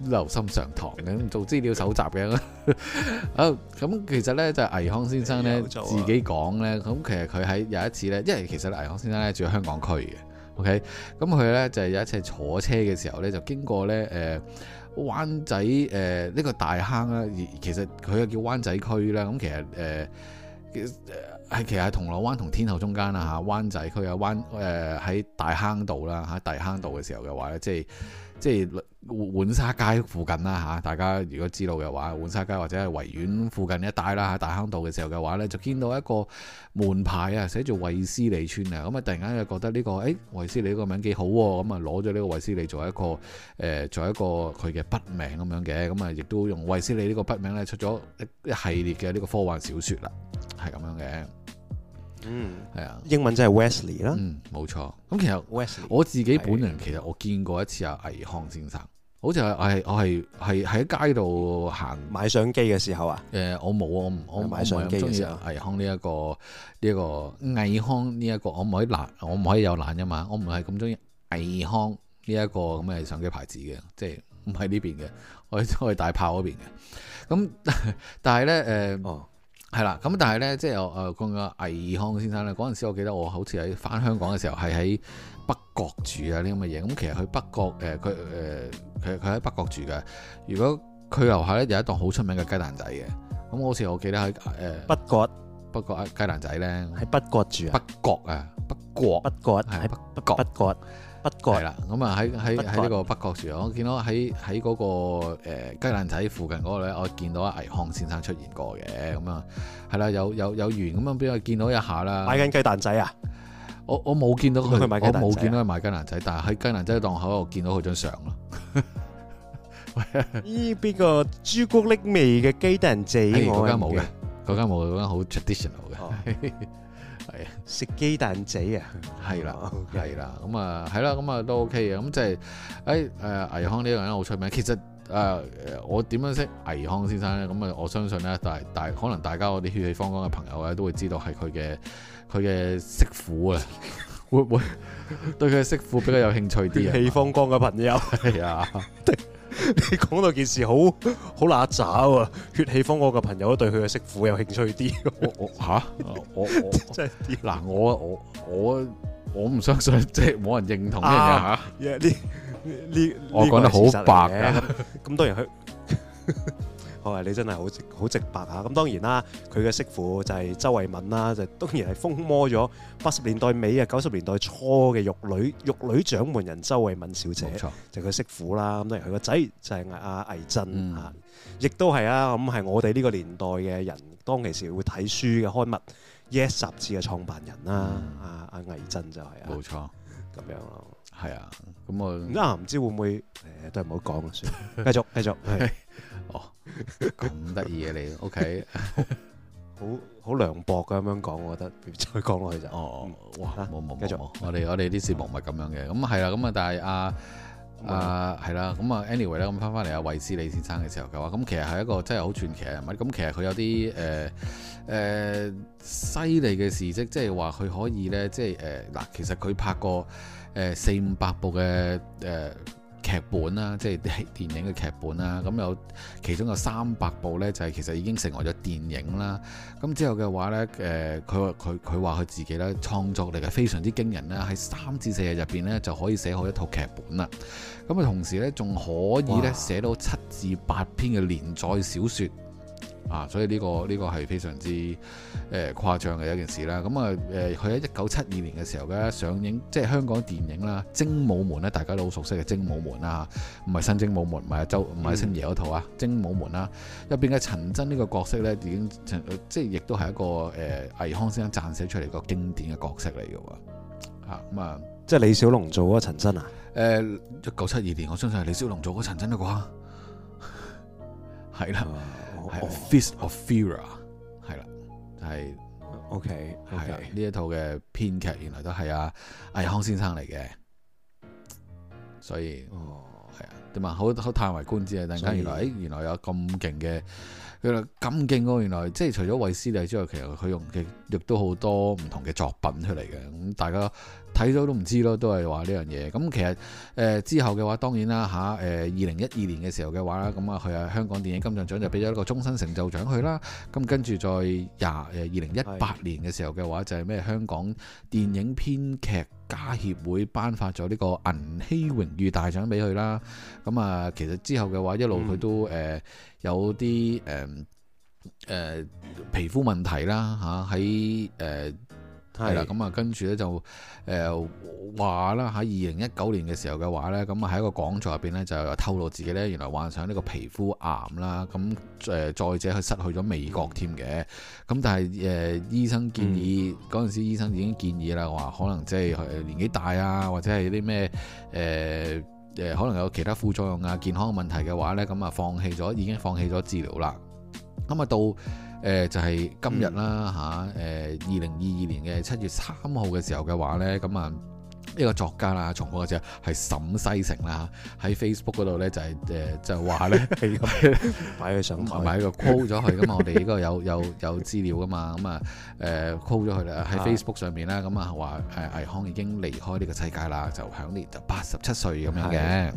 *laughs* 留心上堂嘅，做資料搜集嘅。啊、 *laughs* 嗯，咁其實咧就係倪匡先生咧 Hey, 自己講咧，咁 *laughs* 其實佢喺有一次咧，因為其實倪匡先生咧住喺香港區嘅，OK，咁佢咧就有一次坐車嘅時候咧，就經過咧誒灣仔誒呢、呃這個大坑啦，而其實佢又叫灣仔區啦。咁其實誒係、呃、其實喺銅鑼灣同天后中間啦吓，灣、啊、仔區啊灣誒喺大坑道啦吓、啊，大坑道嘅時候嘅話咧，即係即係。浣沙街附近啦嚇，大家如果知道嘅話，浣沙街或者係維園附近一帶啦嚇，大坑道嘅時候嘅話呢就見到一個門牌啊，寫住「衛斯理村啊，咁啊突然間就覺得呢、這個誒衛、欸、斯理呢個名幾好喎，咁啊攞咗呢個衛斯理做一個誒、呃、做一個佢嘅筆名咁樣嘅，咁啊亦都用衛斯理呢個筆名咧出咗一系列嘅呢個科幻小説啦，係咁樣嘅。嗯，係啊，英文真係 Wesley 啦。嗯，冇錯。咁其實 Wesley，我自己本人其實我見過一次阿倪匡先生，好似係我係我係係喺街度行買相機嘅時候啊。誒、呃，我冇我我唔買相機嘅時候，魏康呢、這、一個呢一、這個魏康呢、這、一個，我唔可以懶，我唔可以有懶噶嘛，我唔係咁中意魏康呢一個咁嘅相機牌子嘅，即係唔喺呢邊嘅，我喺我喺大炮嗰邊嘅。咁 *laughs* 但係咧誒。呃哦係啦，咁但係咧，即係我誒個、呃、倪匡先生咧，嗰陣時我記得我好似喺翻香港嘅時候，係喺北角住啊呢咁嘅嘢。咁其實佢北角誒佢誒佢佢喺北角住嘅。如果佢樓下咧有一檔好出名嘅雞蛋仔嘅，咁好似我記得喺誒、呃、北角。北角雞蛋仔咧喺北角住啊！北角啊！北角北角喺北北角。北角係啦，咁啊喺喺喺呢個北角處，我見到喺喺嗰個誒雞蛋仔附近嗰、嗰個咧，我見到阿倪匡先生出現過嘅，咁啊係啦，有有有緣咁啊，俾我見到一下啦，買緊雞蛋仔啊？我我冇見到佢，我冇見到佢買雞蛋仔，但係喺雞蛋仔檔、啊、口我見到佢張相咯。咦？ *laughs* 邊個朱古力味嘅雞蛋仔？嗰間冇嘅，嗰間冇，嗰間好 traditional 嘅。 *laughs* 係啊，食雞蛋仔啊，係啦，係啦，咁啊，係啦、啊，咁 okay. 啊都、啊啊、OK 嘅，咁就係誒誒，倪、哎呃、匡呢個人好出名，其實啊、呃，我點樣識倪匡先生咧？咁啊，我相信咧，但大，大可能大家嗰啲血氣方剛嘅朋友咧，都會知道係佢嘅佢嘅媳婦啊，會唔會對佢嘅媳婦比較有興趣啲啊？血氣方剛嘅朋友，係啊。 *laughs* *laughs* 你講到件事好好乸渣喎，血氣方剛嘅朋友都對佢嘅媳婦有興趣啲，我我吓、啊，我我即係嗱，我 *laughs* 我我我唔相信，即係冇人認同嘅吓，呢呢，我講得好白噶，咁多人去。 *laughs* 你真係好好直白啊！咁當然啦，佢嘅媳婦就係周慧敏啦，就當然係瘋魔咗八十年代尾啊九十年代初嘅玉女玉女掌門人周慧敏小姐，錯就佢媳婦啦。咁當然佢個仔就係阿倪震啊，亦都係啊咁係我哋呢個年代嘅人當其時會睇書嘅刊物《Yes》雜誌嘅創辦人啦。阿阿、嗯、倪震就係、是、錯樣啊，冇錯咁樣咯。係啊，咁我啊唔知會唔會誒都係唔好講啦，算繼續繼續。繼續 *laughs* 咁得意嘅你，OK， *laughs* 好好涼薄咁樣講，我覺得再講落去就，哦，冇冇繼續，我哋我哋啲節目唔係咁樣嘅，咁係啦，咁啊，但係啊，啊，係啦、啊，咁啊，anyway 咧，咁翻翻嚟阿衛斯理先生嘅時候嘅話，咁其實係一個真係好傳奇，係咪？咁其實佢有啲誒誒犀利嘅事跡，即係話佢可以咧，即係誒嗱，其實佢拍過誒、呃呃、四五百部嘅誒。呃呃劇本啦，即係啲電影嘅劇本啦，咁有其中有三百部呢，就係其實已經成為咗電影啦。咁之後嘅話呢，誒、呃，佢佢佢話佢自己呢創作力係非常之驚人啦，喺三至四日入邊呢，就可以寫好一套劇本啦。咁啊，同時呢，仲可以呢寫到七至八篇嘅連載小説。啊，所以呢、這個呢、這個係非常之誒誇張嘅一件事啦。咁、嗯、啊，誒、呃，佢喺一九七二年嘅時候咧，上映即係香港電影啦，《精武門》咧，大家都好熟悉嘅《精武門》啊，唔係新《精武門》，唔係周，唔係、嗯、星爺嗰套啊，《精武門》啊，入邊嘅陳真呢個角色咧，已經即係亦都係一個誒，倪、呃、匡先生撰寫出嚟個經典嘅角色嚟嘅喎。咁啊，嗯、即係李小龍做啊陳真啊？誒、呃，一九七二年，我相信係李小龍做過陳真啩？係啦。係《Fist *noise* of Fury》係啦，係 OK 係啦，呢一套嘅編劇原來都係倪匡先生嚟嘅，所以哦係啊，點啊、oh.，好好嘆為觀止啊！突然間，原來原來有咁勁嘅。佢話咁勁喎，原來即係除咗《衛斯理》之外，其實佢用嘅亦都好多唔同嘅作品出嚟嘅。咁大家睇咗都唔知咯，都係話呢樣嘢。咁其實誒、呃、之後嘅話，當然啦吓，誒二零一二年嘅時候嘅話啦，咁啊佢啊香港電影金像獎就俾咗一個終身成就獎佢啦。咁跟住再廿誒二零一八年嘅時候嘅話，就係、是、咩香港電影編劇家協會頒發咗呢個銀禧榮譽大獎俾佢啦。咁啊其實之後嘅話一路佢都誒。嗯呃有啲誒誒皮膚問題啦嚇，喺誒係啦咁啊，呃、的跟住咧就誒話啦，喺二零一九年嘅時候嘅話咧，咁啊喺一個講座入邊咧就透露自己咧，原來患上呢個皮膚癌啦，咁誒再者佢失去咗味覺添嘅，咁但係誒、呃、醫生建議嗰陣、嗯、時，醫生已經建議啦，話可能即係佢年紀大啊，或者係啲咩誒。呃誒可能有其他副作用啊，健康嘅問題嘅話呢，咁啊放棄咗，已經放棄咗治療啦。咁、呃就係嗯、啊到誒就係今日啦嚇，誒二零二二年嘅七月三號嘅時候嘅話呢，咁啊。一個作家啦，重複一次，係沈西城啦，喺 Facebook 嗰度咧就係、是、誒就話咧擺佢上台，同埋一個 call 咗佢，咁我哋呢個有有有資料噶嘛，咁啊誒 call 咗佢啦，喺 Facebook 上面啦，咁啊話誒倪匡已經離開呢個世界啦，就享年就八十七歲咁樣嘅。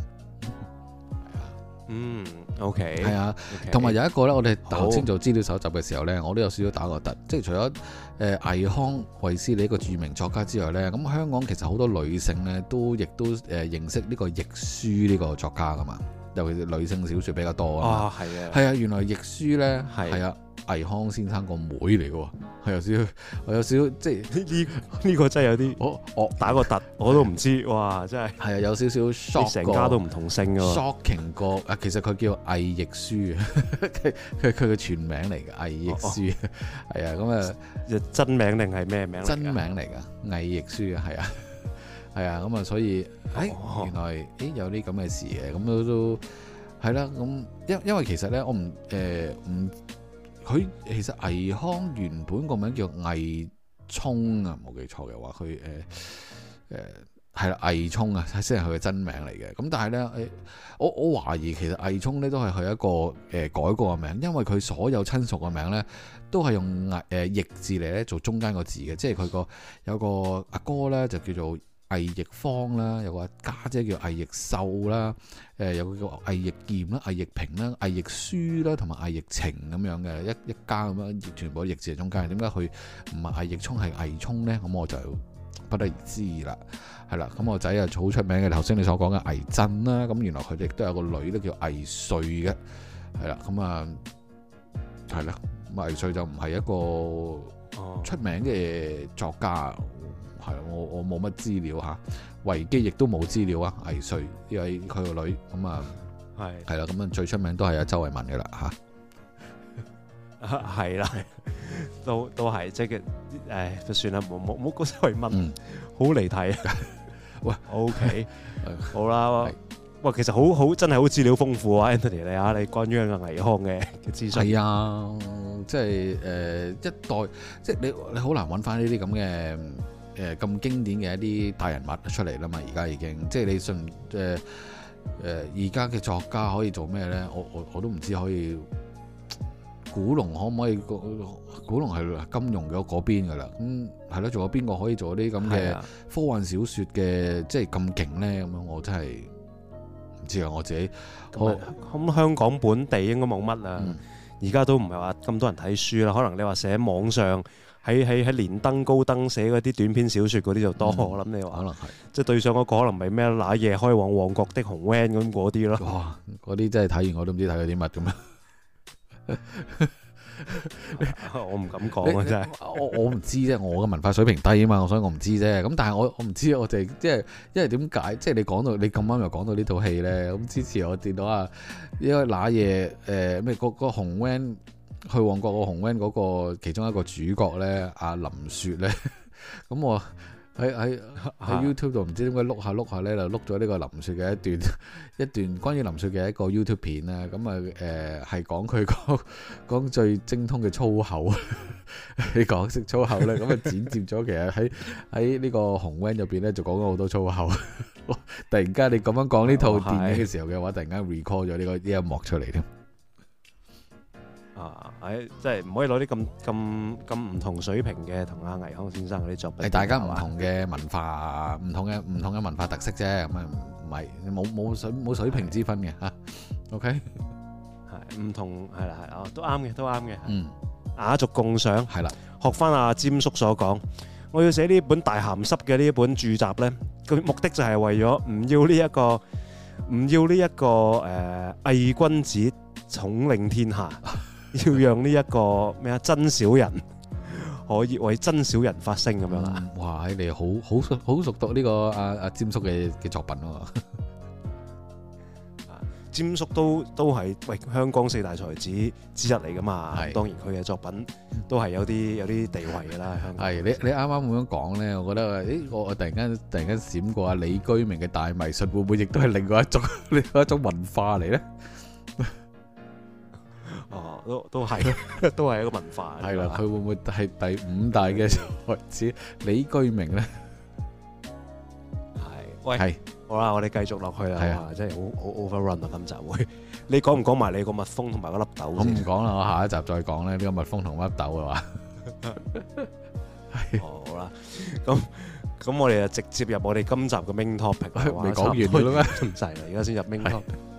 嗯。O K，係啊，同埋有一個呢，我哋頭先做資料搜集嘅時候呢，好我都有少少打個突，即係除咗誒倪匡、衛斯理呢一個著名作家之外呢，咁香港其實好多女性呢都亦都誒、呃、認識呢個亦舒呢個作家噶嘛。尤其是女性小説比較多啊，係啊，係啊，原來亦舒咧係啊，倪匡先生個妹嚟嘅，係有少少，有少有少即係呢呢呢個真係有啲我我打個突我都唔知，哇！真係係啊，有少少，你成家都唔同姓嘅，shocking 過啊！其實佢叫倪亦舒啊，佢佢佢個全名嚟嘅倪亦舒，係啊，咁啊， *laughs* 真名定係咩名？真名嚟噶，倪亦舒啊，係啊。係啊，咁啊，所以，哎，原來，哎，有啲咁嘅事嘅，咁、嗯、都都係啦。咁因、嗯、因為其實咧，我唔誒唔佢其實倪匡原本個名叫倪聰啊，冇記錯嘅話，佢誒誒係啦，倪聰啊，即係佢嘅真名嚟嘅。咁、嗯、但係咧、哎，我我懷疑其實倪聰咧都係佢一個誒、呃、改過嘅名，因為佢所有親屬嘅名咧都係用亦誒、呃、字嚟咧做中間個字嘅，即係佢個有個阿哥咧就叫做，倪亦芳啦，有個家姐，姐叫倪亦秀啦，誒、呃，有個叫倪亦燕啦、倪亦平啦、倪亦舒啦，同埋倪亦晴咁樣嘅一一家咁樣，全部亦字喺中間。點解佢唔係倪亦聰係倪聰咧？咁我就不得而知啦，係啦。咁我仔又好出名嘅，頭先你所講嘅倪震啦，咁原來佢哋都有個女咧叫倪瑞嘅，係啦，咁啊，係啦，咁倪瑞就唔係一個出名嘅作家。係我我冇乜資料吓，維基亦都冇資料啊。魏、哎、瑞因為佢個女咁啊，係係啦，咁啊的最出名都係阿周慧敏嘅啦吓，係啦、啊，都都係即係誒，就、哎、算啦，冇冇冇講周慧敏，嗯、好離題。喂，O K，好啦吧，喂的，其實好好真係好資料豐富啊，Anthony 你啊，你關於一個倪匡嘅嘅資訊係啊，即係誒一代即係你你好難揾翻呢啲咁嘅。誒咁、呃、經典嘅一啲大人物出嚟啦嘛，而家已經即係你信唔誒誒，而家嘅作家可以做咩咧？我我我都唔知可以古龍可唔可以古古龍係金融嘅嗰邊㗎啦，嗯係咯，仲有邊個可以做啲咁嘅科幻小説嘅，的即係咁勁咧？咁樣我真係唔知啊！我自己，咁香港本地應該冇乜啊，而家都唔係話咁多人睇書啦，可能你話寫網上。喺喺喺連登高登寫嗰啲短篇小説嗰啲就多，我諗你話可能係即係對上嗰個可能係咩那夜開往旺角的紅 van 咁嗰啲咯。哇！嗰啲真係睇完我都唔知睇佢啲乜咁啊！我唔敢講啊！真係我我唔知啫，我嘅文化水平低啊嘛，所以我唔知啫。咁但係我我唔知，我哋即係因為點解？即係你講到你咁啱又講到呢套戲咧。咁之前我見到啊，因為那夜誒咩嗰個紅 van。去旺角個紅 van 嗰個其中一個主角咧，阿林雪咧，咁我喺喺、哎、喺、哎哎哎哎、YouTube 度唔知點解碌下碌下咧，就碌咗呢個林雪嘅一段一段關於林雪嘅一個 YouTube 片啦。咁啊誒係講佢、嗰個講最精通嘅粗口，你、哎、講識粗口咧，咁、嗯、啊剪接咗， *laughs* 其實喺喺呢個紅 van 入邊咧，就講咗好多粗口、哦。突然間你咁樣講呢套電影嘅時候嘅話，突然間 recall 咗呢、呢個呢一幕出嚟咧。啊！喺即係唔可以攞啲咁咁咁唔同水平嘅，同阿倪匡先生嗰啲作品係大家唔同嘅文化，唔同嘅唔同嘅文化特色啫。咁啊唔係冇冇水冇水平之分嘅嚇。O K 係唔同係啦，係哦，都啱嘅，都啱嘅。嗯，雅俗共賞係啦。學翻阿詹叔所講，我要寫呢本大鹹濕嘅呢一本注集咧，佢目的就係為咗唔要呢一個唔要呢一個誒偽君子統領天下。要讓呢一個咩啊，真小人可以為真小人發聲咁樣啦。哇，你好好熟好熟讀呢個阿阿詹叔嘅嘅作品咯。啊，詹叔都都係喂香港四大才子之一嚟噶嘛，係當然佢嘅作品都係有啲有啲地位噶啦。係你你啱啱咁樣講咧，我覺得誒，我我突然間突然間閃過阿李居明嘅大迷信，會唔會亦都係另外一種另外一種文化嚟咧？哦，都都係，都係一個文化。係啦，佢會唔會係第五大嘅才子李居明咧？係，喂，係好啦，我哋繼續落去啦，係啊，真係好好 overrun 啦，今集會，你講唔講埋你個蜜蜂同埋個粒豆先？我唔講啦，我下一集再講咧，呢個蜜蜂同粒豆嘅話。係，好啦，咁咁我哋就直接入我哋今集嘅 main topic，未講完嘅咩？咁滯啦，而家先入 main topic。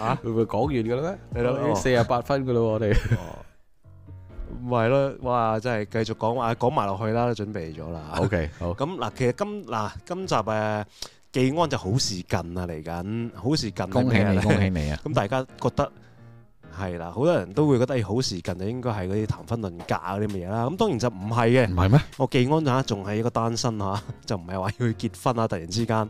吓，會唔會講完㗎啦？你睇四十八分嘅咯，我哋，咪係咯，哇！真係繼續講話，講埋落去啦，準備咗啦。OK，好。咁嗱，其實今嗱今集誒，技安就好事近啊嚟緊，好事近。恭喜你，恭喜你啊！咁大家覺得。係啦，好多人都會覺得好時近就應該係嗰啲談婚論嫁嗰啲咁嘅嘢啦。咁當然就唔係嘅，唔係咩？我技安嚇仲係一個單身嚇，就唔係話要去結婚啊！突然之間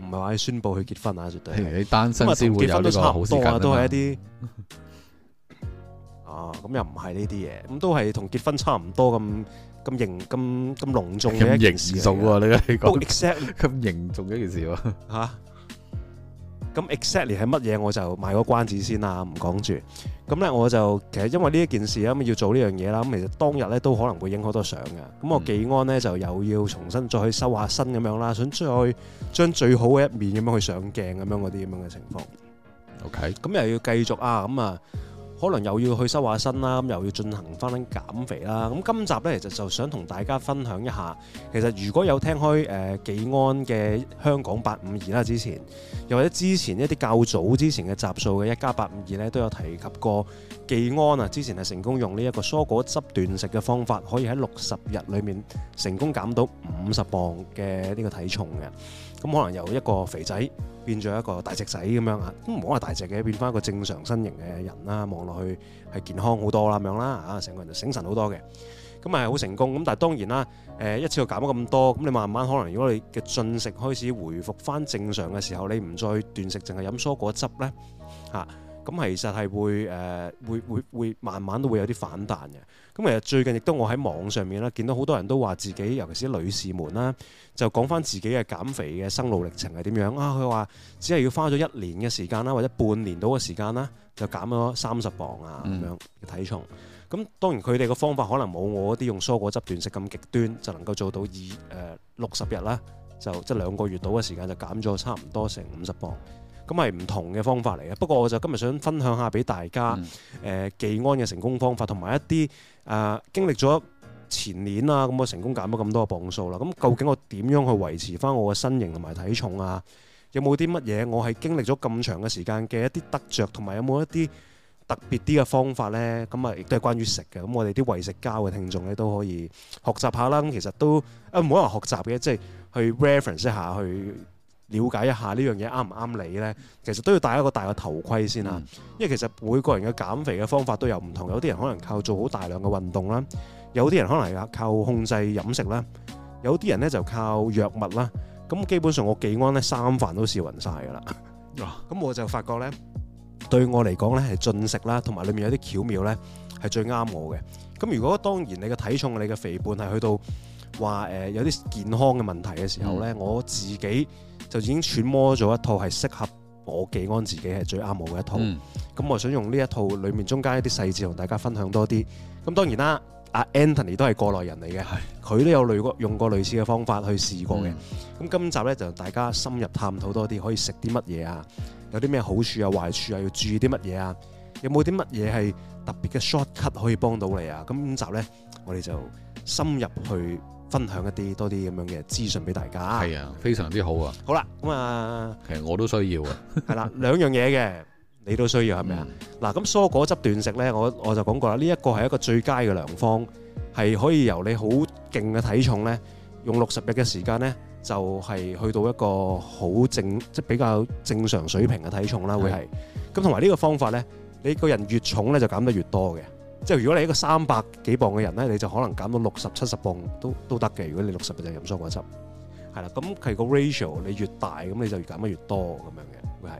唔係話去宣布去結婚啊，絕對係。你單身先會有一個好時間啊，都係一啲啊，咁又唔係呢啲嘢，咁都係同結婚差唔多咁咁型咁咁隆重嘅一件事嚟嘅。冇 except 咁隆重嘅件事啊嚇。咁 exactly 係乜嘢，我就賣個關子先啦，唔講住。咁咧我就其實因為呢一件事啊，咁要做呢樣嘢啦，咁其實當日咧都可能會影好多相嘅。咁我技安咧、嗯、就又要重新再去收下身咁樣啦，想再將最好嘅一面咁樣去上鏡咁樣嗰啲咁樣嘅情況。OK，咁又要繼續啊，咁啊。可能又要去收下身啦，咁又要進行翻減肥啦。咁今集呢，其實就想同大家分享一下，其實如果有聽開誒技、呃、安嘅香港八五二啦，之前又或者之前一啲較早之前嘅集數嘅一加八五二呢，52，都有提及過技安啊，之前係成功用呢一個蔬果汁斷食嘅方法，可以喺六十日裏面成功減到五十磅嘅呢個體重嘅。咁可能由一個肥仔變咗一個大隻仔咁樣啊，都唔好話大隻嘅，變翻一個正常身形嘅人啦，望落去係健康好多啦咁樣啦，啊成個人就醒神好多嘅，咁係好成功。咁但係當然啦，誒一次過減咗咁多，咁你慢慢可能如果你嘅進食開始回復翻正常嘅時候，你唔再斷食，淨係飲蔬果汁咧，嚇。咁其實係會誒、呃，會會會慢慢都會有啲反彈嘅。咁其實最近亦都我喺網上面啦，見到好多人都話自己，尤其是女士們啦，就講翻自己嘅減肥嘅生路歷程係點樣啊？佢話只係要花咗一年嘅時間啦，或者半年到嘅時間啦，就減咗三十磅啊咁、嗯、樣嘅體重。咁當然佢哋嘅方法可能冇我啲用蔬果汁斷食咁極端，就能夠做到以誒六十日啦，就即、就係、兩個月到嘅時間就減咗差唔多成五十磅。咁係唔同嘅方法嚟嘅，不過我就今日想分享下俾大家，誒技、嗯呃、安嘅成功方法，同埋一啲啊、呃、經歷咗前年啊，咁我成功減咗咁多磅數啦。咁、啊、究竟我點樣去維持翻我嘅身形同埋體重啊？有冇啲乜嘢我係經歷咗咁長嘅時間嘅一啲得着，同埋有冇一啲特別啲嘅方法呢？咁啊亦都係關於食嘅。咁我哋啲為食家嘅聽眾咧都可以學習下啦。咁其實都啊冇人學習嘅，即、就、係、是、去 reference 一下去。了解一下呢樣嘢啱唔啱你呢？其實都要戴一個大嘅頭盔先啦。嗯、因為其實每個人嘅減肥嘅方法都有唔同，有啲人可能靠做好大量嘅運動啦，有啲人可能靠控制飲食啦，有啲人呢就靠藥物啦。咁基本上我技安呢三飯都試勻晒噶啦。哇！咁我就發覺呢，對我嚟講呢係進食啦，同埋裏面有啲巧妙呢係最啱我嘅。咁如果當然你嘅體重、你嘅肥胖係去到話誒、呃、有啲健康嘅問題嘅時候呢，嗯、我自己。就已經揣摩咗一套係適合我技安自己係最啱我嘅一套，咁、嗯、我想用呢一套裡面中間一啲細節同大家分享多啲。咁當然啦，阿 Anthony 都係過來人嚟嘅，佢都有類用過類似嘅方法去試過嘅。咁、嗯、今集呢，就大家深入探討多啲，可以食啲乜嘢啊？有啲咩好處啊、壞處啊？要注意啲乜嘢啊？有冇啲乜嘢係特別嘅 short cut 可以幫到你啊？咁今集呢，我哋就深入去。分享一啲多啲咁樣嘅資訊俾大家，係啊，非常之好啊！好啦，咁啊，其實我都需要啊，係啦，兩樣嘢嘅，你都需要係咪啊？嗱，咁蔬果汁斷食咧，我我就講過啦，呢一個係一個最佳嘅良方，係可以由你好勁嘅體重咧，用六十日嘅時間咧，就係去到一個好正即係比較正常水平嘅體重啦，會係。咁同埋呢個方法咧，你個人越重咧就減得越多嘅。即係如果你一個三百幾磅嘅人咧，你就可能減到六十七十磅都都得嘅。如果你六十，你就飲蔬果汁係啦。咁其實個 ratio 你越大，咁你就越減得越多咁樣嘅會係。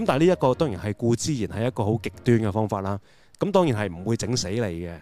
咁但係呢一個當然係固之然係一個好極端嘅方法啦。咁當然係唔會整死你嘅。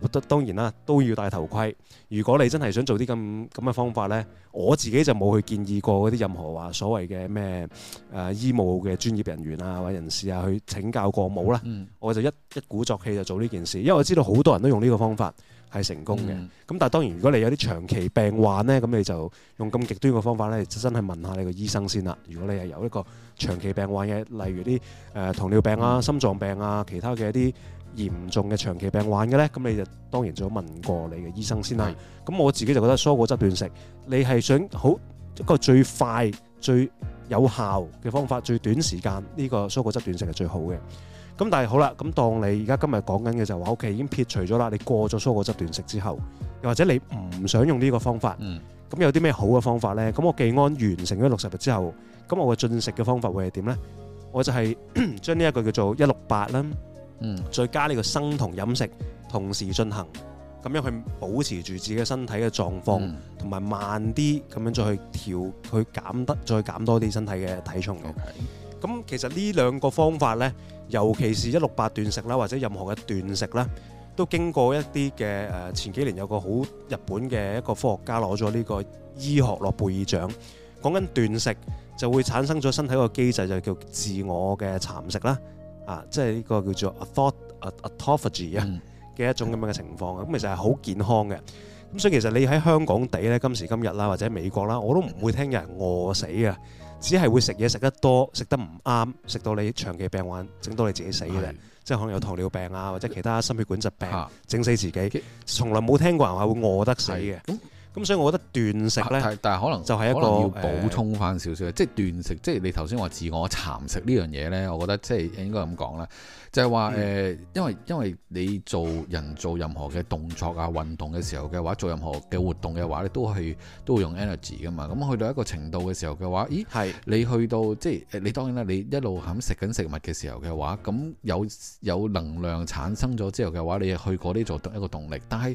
覺得當然啦，都要戴頭盔。如果你真係想做啲咁咁嘅方法呢，我自己就冇去建議過嗰啲任何話所謂嘅咩誒醫務嘅專業人員啊或者人士啊去請教過冇啦。嗯、我就一一鼓作氣就做呢件事，因為我知道好多人都用呢個方法係成功嘅。咁、嗯、但係當然，如果你有啲長期病患呢，咁你就用咁極端嘅方法呢，就真係問下你個醫生先啦。如果你係有一個長期病患嘅，例如啲誒、呃、糖尿病啊、心臟病啊、其他嘅一啲嚴重嘅長期病患嘅咧，咁你就當然最好問過你嘅醫生先啦。咁我自己就覺得蔬果汁斷食，你係想好一個最快、最有效嘅方法，最短時間呢個蔬果汁斷食係最好嘅。咁但係好啦，咁當你而家今日講緊嘅就話，OK 已經撇除咗啦。你過咗蔬果汁斷食之後，又或者你唔想用呢個方法，咁有啲咩好嘅方法咧？咁我技安完成咗六十日之後，咁我嘅進食嘅方法會係點咧？我就係將呢一個叫做一六八啦。再加呢個生同飲食同時進行，咁樣去保持住自己身體嘅狀況，同埋、嗯、慢啲咁樣再去調，去減得再減多啲身體嘅體重嘅。咁 Okay. 其實呢兩個方法呢，尤其是一六八斷食啦，或者任何嘅斷食啦，都經過一啲嘅誒前幾年有個好日本嘅一個科學家攞咗呢個醫學諾貝爾獎，講緊斷食就會產生咗身體一個機制就叫自我嘅殘食啦。啊，即係呢個叫做 autophagy 啊嘅一種咁樣嘅情況，咁、嗯、其實係好健康嘅。咁所以其實你喺香港地呢，今時今日啦，或者美國啦，我都唔會聽有人餓死嘅，只係會食嘢食得多，食得唔啱，食到你長期病患，整到你自己死嘅，的即係可能有糖尿病啊或者其他心血管疾病，整死自己。啊、從來冇聽過人話會餓得死嘅。咁所以，我覺得斷食呢、啊，但係可能就係一個要補充返少少嘅，即係、呃、斷食，即、就、係、是、你頭先話自我蠶食呢樣嘢呢，我覺得即係應該咁講啦，就係話誒，因為因為你做人做任何嘅動作啊、運動嘅時候嘅話，做任何嘅活動嘅話咧，你都係都會用 energy 噶嘛。咁去到一個程度嘅時候嘅話，咦，是 你去到即係、就是、你當然啦，你一路喺食緊食物嘅時候嘅話，咁有有能量產生咗之後嘅話，你去嗰呢做一個動力，但係。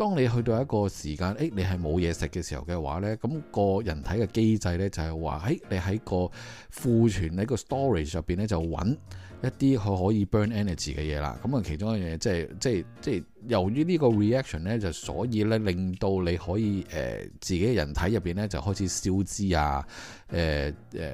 當你去到一個時間，誒、哎、你係冇嘢食嘅時候嘅話呢咁、那個人體嘅機制呢就係、是、話，誒、哎、你喺個庫存喺個 storage 入邊咧就揾一啲佢可以 burn energy 嘅嘢啦。咁、嗯、啊，其中一樣嘢即係即係即係由於呢個 reaction 呢，就是、所以呢令到你可以誒、呃、自己人體入邊呢，就開始燒脂啊，誒、呃、誒。呃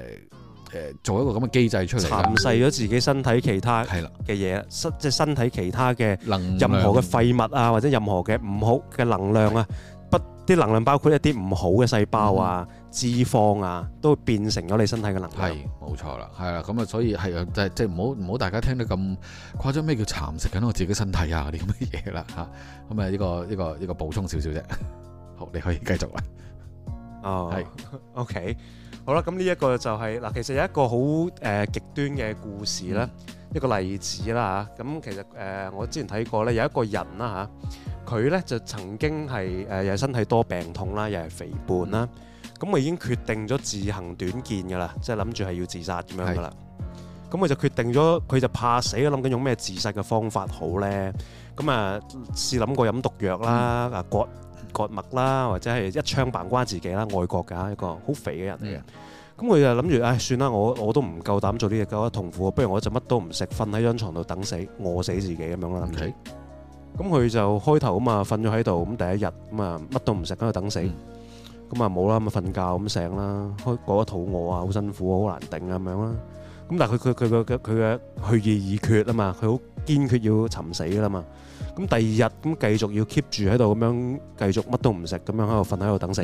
誒，做一個咁嘅機制出嚟，蠶食咗自己身體其他係啦嘅嘢，身了即係身體其他嘅能任何嘅廢物啊，量或者任何嘅唔好嘅能量啊，對不啲能量包括一啲唔好嘅細胞啊、嗯、脂肪啊，都會變成咗你身體嘅能量。係，冇錯啦，係啦，咁啊，所以係啊，即係即係唔好唔好，就是、大家聽得咁誇張咩叫蠶食緊我自己身體啊啲咁嘅嘢啦吓，咁啊呢、呢個呢、呢個呢、呢個補、呢個呢個、充少少啫。 *laughs* 好，你可以繼續啦。哦，係，OK，好啦，咁呢一個就係，嗱，其實有一個好誒極端嘅故事啦，一個例子啦嚇。咁其實誒我之前睇過咧，有一個人啦嚇，佢咧就曾經係誒又係身體多病痛啦，又係肥胖啦，咁我已經決定咗自行短見噶啦，即係諗住係要自殺咁樣噶啦。咁我就決定咗，佢就怕死，諗緊用咩自殺嘅方法好咧？咁啊，試諗過飲毒藥啦，啊，割。割脈啦，或者係一槍辦瓜自己啦，外國噶一個好肥嘅人嚟嘅。咁佢就諗住，唉，算啦，我我都唔夠膽做呢嘢，夠痛苦，不如我就乜都唔食，瞓喺張牀度等死，餓死自己咁樣啦。咁佢就開頭啊嘛，瞓咗喺度，咁第一日咁啊乜都唔食，喺度等死。咁啊冇啦，咁啊瞓覺咁醒啦，開覺得肚餓啊，好辛苦，好難頂咁樣啦。咁但係佢佢佢嘅佢嘅去意已決啊嘛，佢好堅決要尋死㗎喇嘛。咁第二日咁繼續要 keep 住喺度，咁樣繼續乜都唔食，咁樣喺度瞓喺度等死，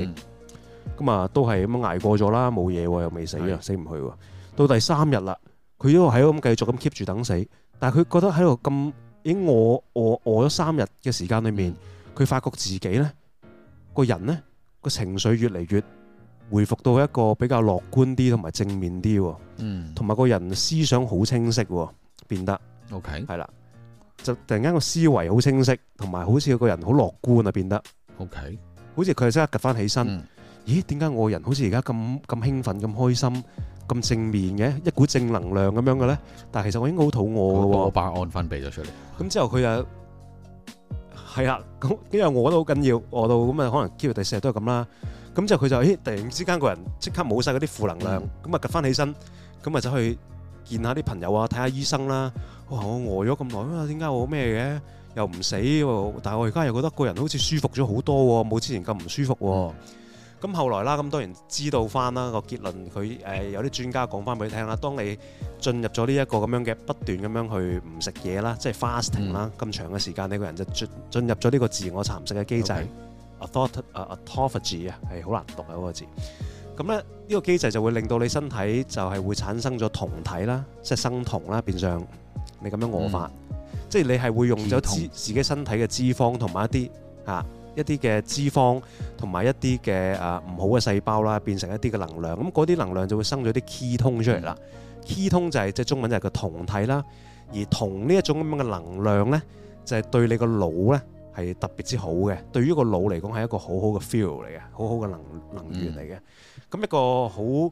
咁啊、嗯、都係咁樣捱過咗啦，冇嘢又未死啊，是的 死唔去喎。到第三日啦，佢一路喺度咁繼續咁 keep 住等死，但係佢覺得喺度咁已經餓餓餓咗三日嘅時間裏面，佢、嗯、發覺自己咧個人咧個情緒越嚟越回復到一個比較樂觀啲同埋正面啲喎，同埋、嗯、個人思想好清晰喎，變得 OK 係啦。嗯就突然間個思維好清晰，同埋好似個人好樂觀啊，變得，O K，好似佢係即刻趌翻起身，咦？點解我人好似而家咁咁興奮、咁開心、咁正面嘅，一股正能量咁樣嘅咧？但係其實我應該好肚餓嘅喎，多巴胺分泌咗出嚟。咁之後佢又係啦，咁因為餓到好緊要，餓到咁啊，可能 keep 到第四日都係咁啦。咁之後佢就咦？突然之間個人即刻冇晒嗰啲負能量，咁啊趌翻起身，咁啊走去見下啲朋友啊，睇下醫生啦。我餓咗咁耐啊！點解我咩嘅又唔死？但係我而家又覺得個人好似舒服咗好多喎，冇之前咁唔舒服喎。咁、哦、後來啦，咁當然知道翻啦個結論。佢誒、呃、有啲專家講翻俾你聽啦。當你進入咗呢一個咁樣嘅不斷咁樣去唔食嘢啦，即係 fasting 啦、嗯，咁長嘅時間，你個人就進進入咗呢個自我蠶食嘅機制，autophagy 啊，係好、嗯、Okay. 難讀啊嗰個字。咁咧呢個機制就會令到你身體就係會產生咗酮體啦，即、就、係、是、生酮啦，變相。你咁樣餓法，嗯、即係你係會用咗脂自己身體嘅脂肪同埋一啲嚇痛一啲嘅、啊、脂肪同埋一啲嘅誒唔好嘅細胞啦，變成一啲嘅能量。咁嗰啲能量就會生咗啲 K 通出嚟啦。嗯、K 通就係、是、即係中文就係個酮體啦。而酮呢一種咁樣嘅能量呢，就係、是、對你個腦呢係特別之好嘅。對於個腦嚟講係一個好好嘅 fuel 嚟嘅，好好嘅能能源嚟嘅。咁、嗯、一個好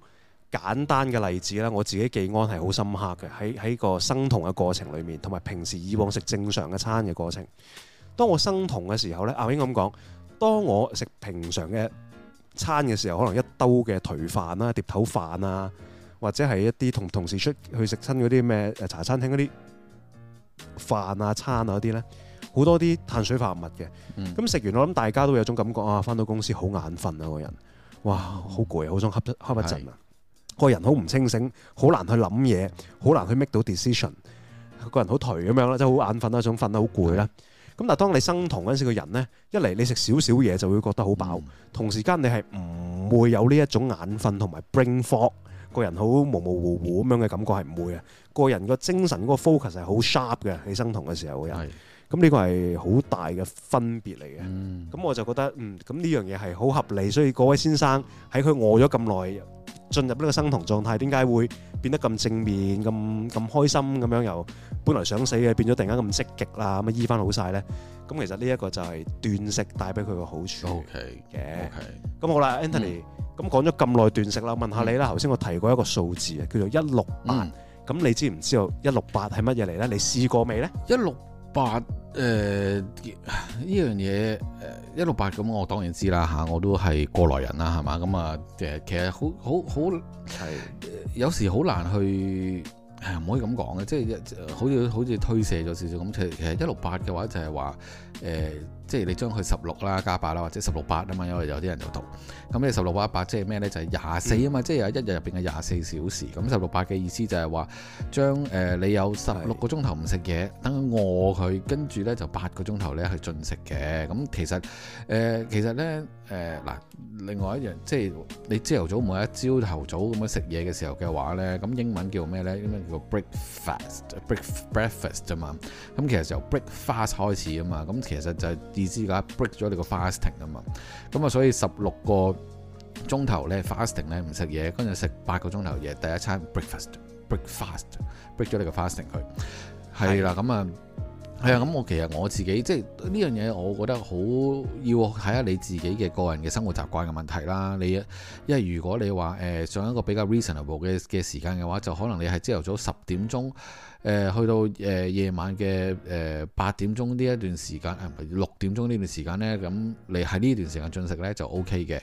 簡單嘅例子啦，我自己技安係好深刻嘅喺喺個生酮嘅過程裏面，同埋平時以往食正常嘅餐嘅過程。當我生酮嘅時候呢，阿英咁講，當我食平常嘅餐嘅時候，可能一兜嘅頹飯啦、碟頭飯啊，或者係一啲同同事出去食親嗰啲咩茶餐廳嗰啲飯啊、餐啊嗰啲呢，好多啲碳水化合物嘅。咁食、嗯、完，我諗大家都有種感覺啊，返到公司好眼瞓啊，個人哇好攰啊，好、嗯、想瞌一陣啊。個人好唔清醒，好難去諗嘢，好難去 make 到 decision。個人好頹咁樣啦，即係好眼瞓啦，想瞓得好攰啦。咁但係當你生酮嗰陣時，個人呢一嚟你食少少嘢就會覺得好飽，嗯、同時間你係唔會有呢一種眼瞓同埋 brain fog，個人好模模糊糊咁樣嘅感覺係唔會嘅。個人個精神嗰個 focus 係好 sharp 嘅，你生酮嘅時候會有。咁呢個係好大嘅分別嚟嘅，咁我就覺得，嗯，咁呢樣嘢係好合理。所以嗰位先生喺佢餓咗咁耐，進入呢個生酮狀態，點解會變得咁正面、咁咁開心咁樣？又本來想死嘅，變咗突然間咁積極啦，咁啊醫翻好曬咧。咁其實呢一個就係斷食帶俾佢嘅好處嘅。OK，OK，咁好啦，Anthony，咁講咗咁耐斷食啦，問下你啦。頭先我提過一個數字嘅，叫做一六八。咁你知唔知道一六八係乜嘢嚟咧？你試過未咧？一六八，誒，呢樣嘢誒，一六八咁，呃呃、我當然知啦。嚇、啊，我都係過來人啦，係嘛。咁，啊誒，其實好好好係，有時好難去唔可以咁講嘅，即係好似好似推卸咗少少咁。其其實一六八嘅話就係話誒，即係你將佢十六啦加八啦，或者十六八啊嘛，因為有啲人就讀。咁你十六百八即係咩呢？就係廿四啊嘛，即係有一日入邊嘅廿四小時。咁十六八嘅意思就係話，將誒你有十六個鐘頭唔食嘢，等佢餓佢，跟住呢就八個鐘頭呢去進食嘅。咁其實誒、呃、其實呢，誒、呃、嗱，另外一樣即係你朝頭早每一朝頭早咁樣食嘢嘅時候嘅話呢，咁英文叫咩呢？英文叫 breakfast，break break breakfast 啫嘛。咁其實由 breakfast 開始啊嘛。咁其實就係意思解 break 咗你個 fasting 啊嘛。咁啊，所以十六個。鐘頭咧 fasting 咧唔食嘢，跟住食八個鐘頭嘢，第一餐 breakfast，breakfast，break 咗 Break 你個 fasting 佢，係啦的，咁啊，係啊，咁我其實我自己即係呢樣嘢，我覺得好要睇下你自己嘅個人嘅生活習慣嘅問題啦。你因為如果你話誒、呃、上一個比較 reasonable 嘅嘅時間嘅話，就可能你係朝頭早十點鐘。誒、呃、去到誒、呃、夜晚嘅誒、呃、八點鐘呢一段時間，唔、呃、係六點鐘呢段時間呢，咁、嗯、你喺呢段時間進食呢就 OK 嘅，誒、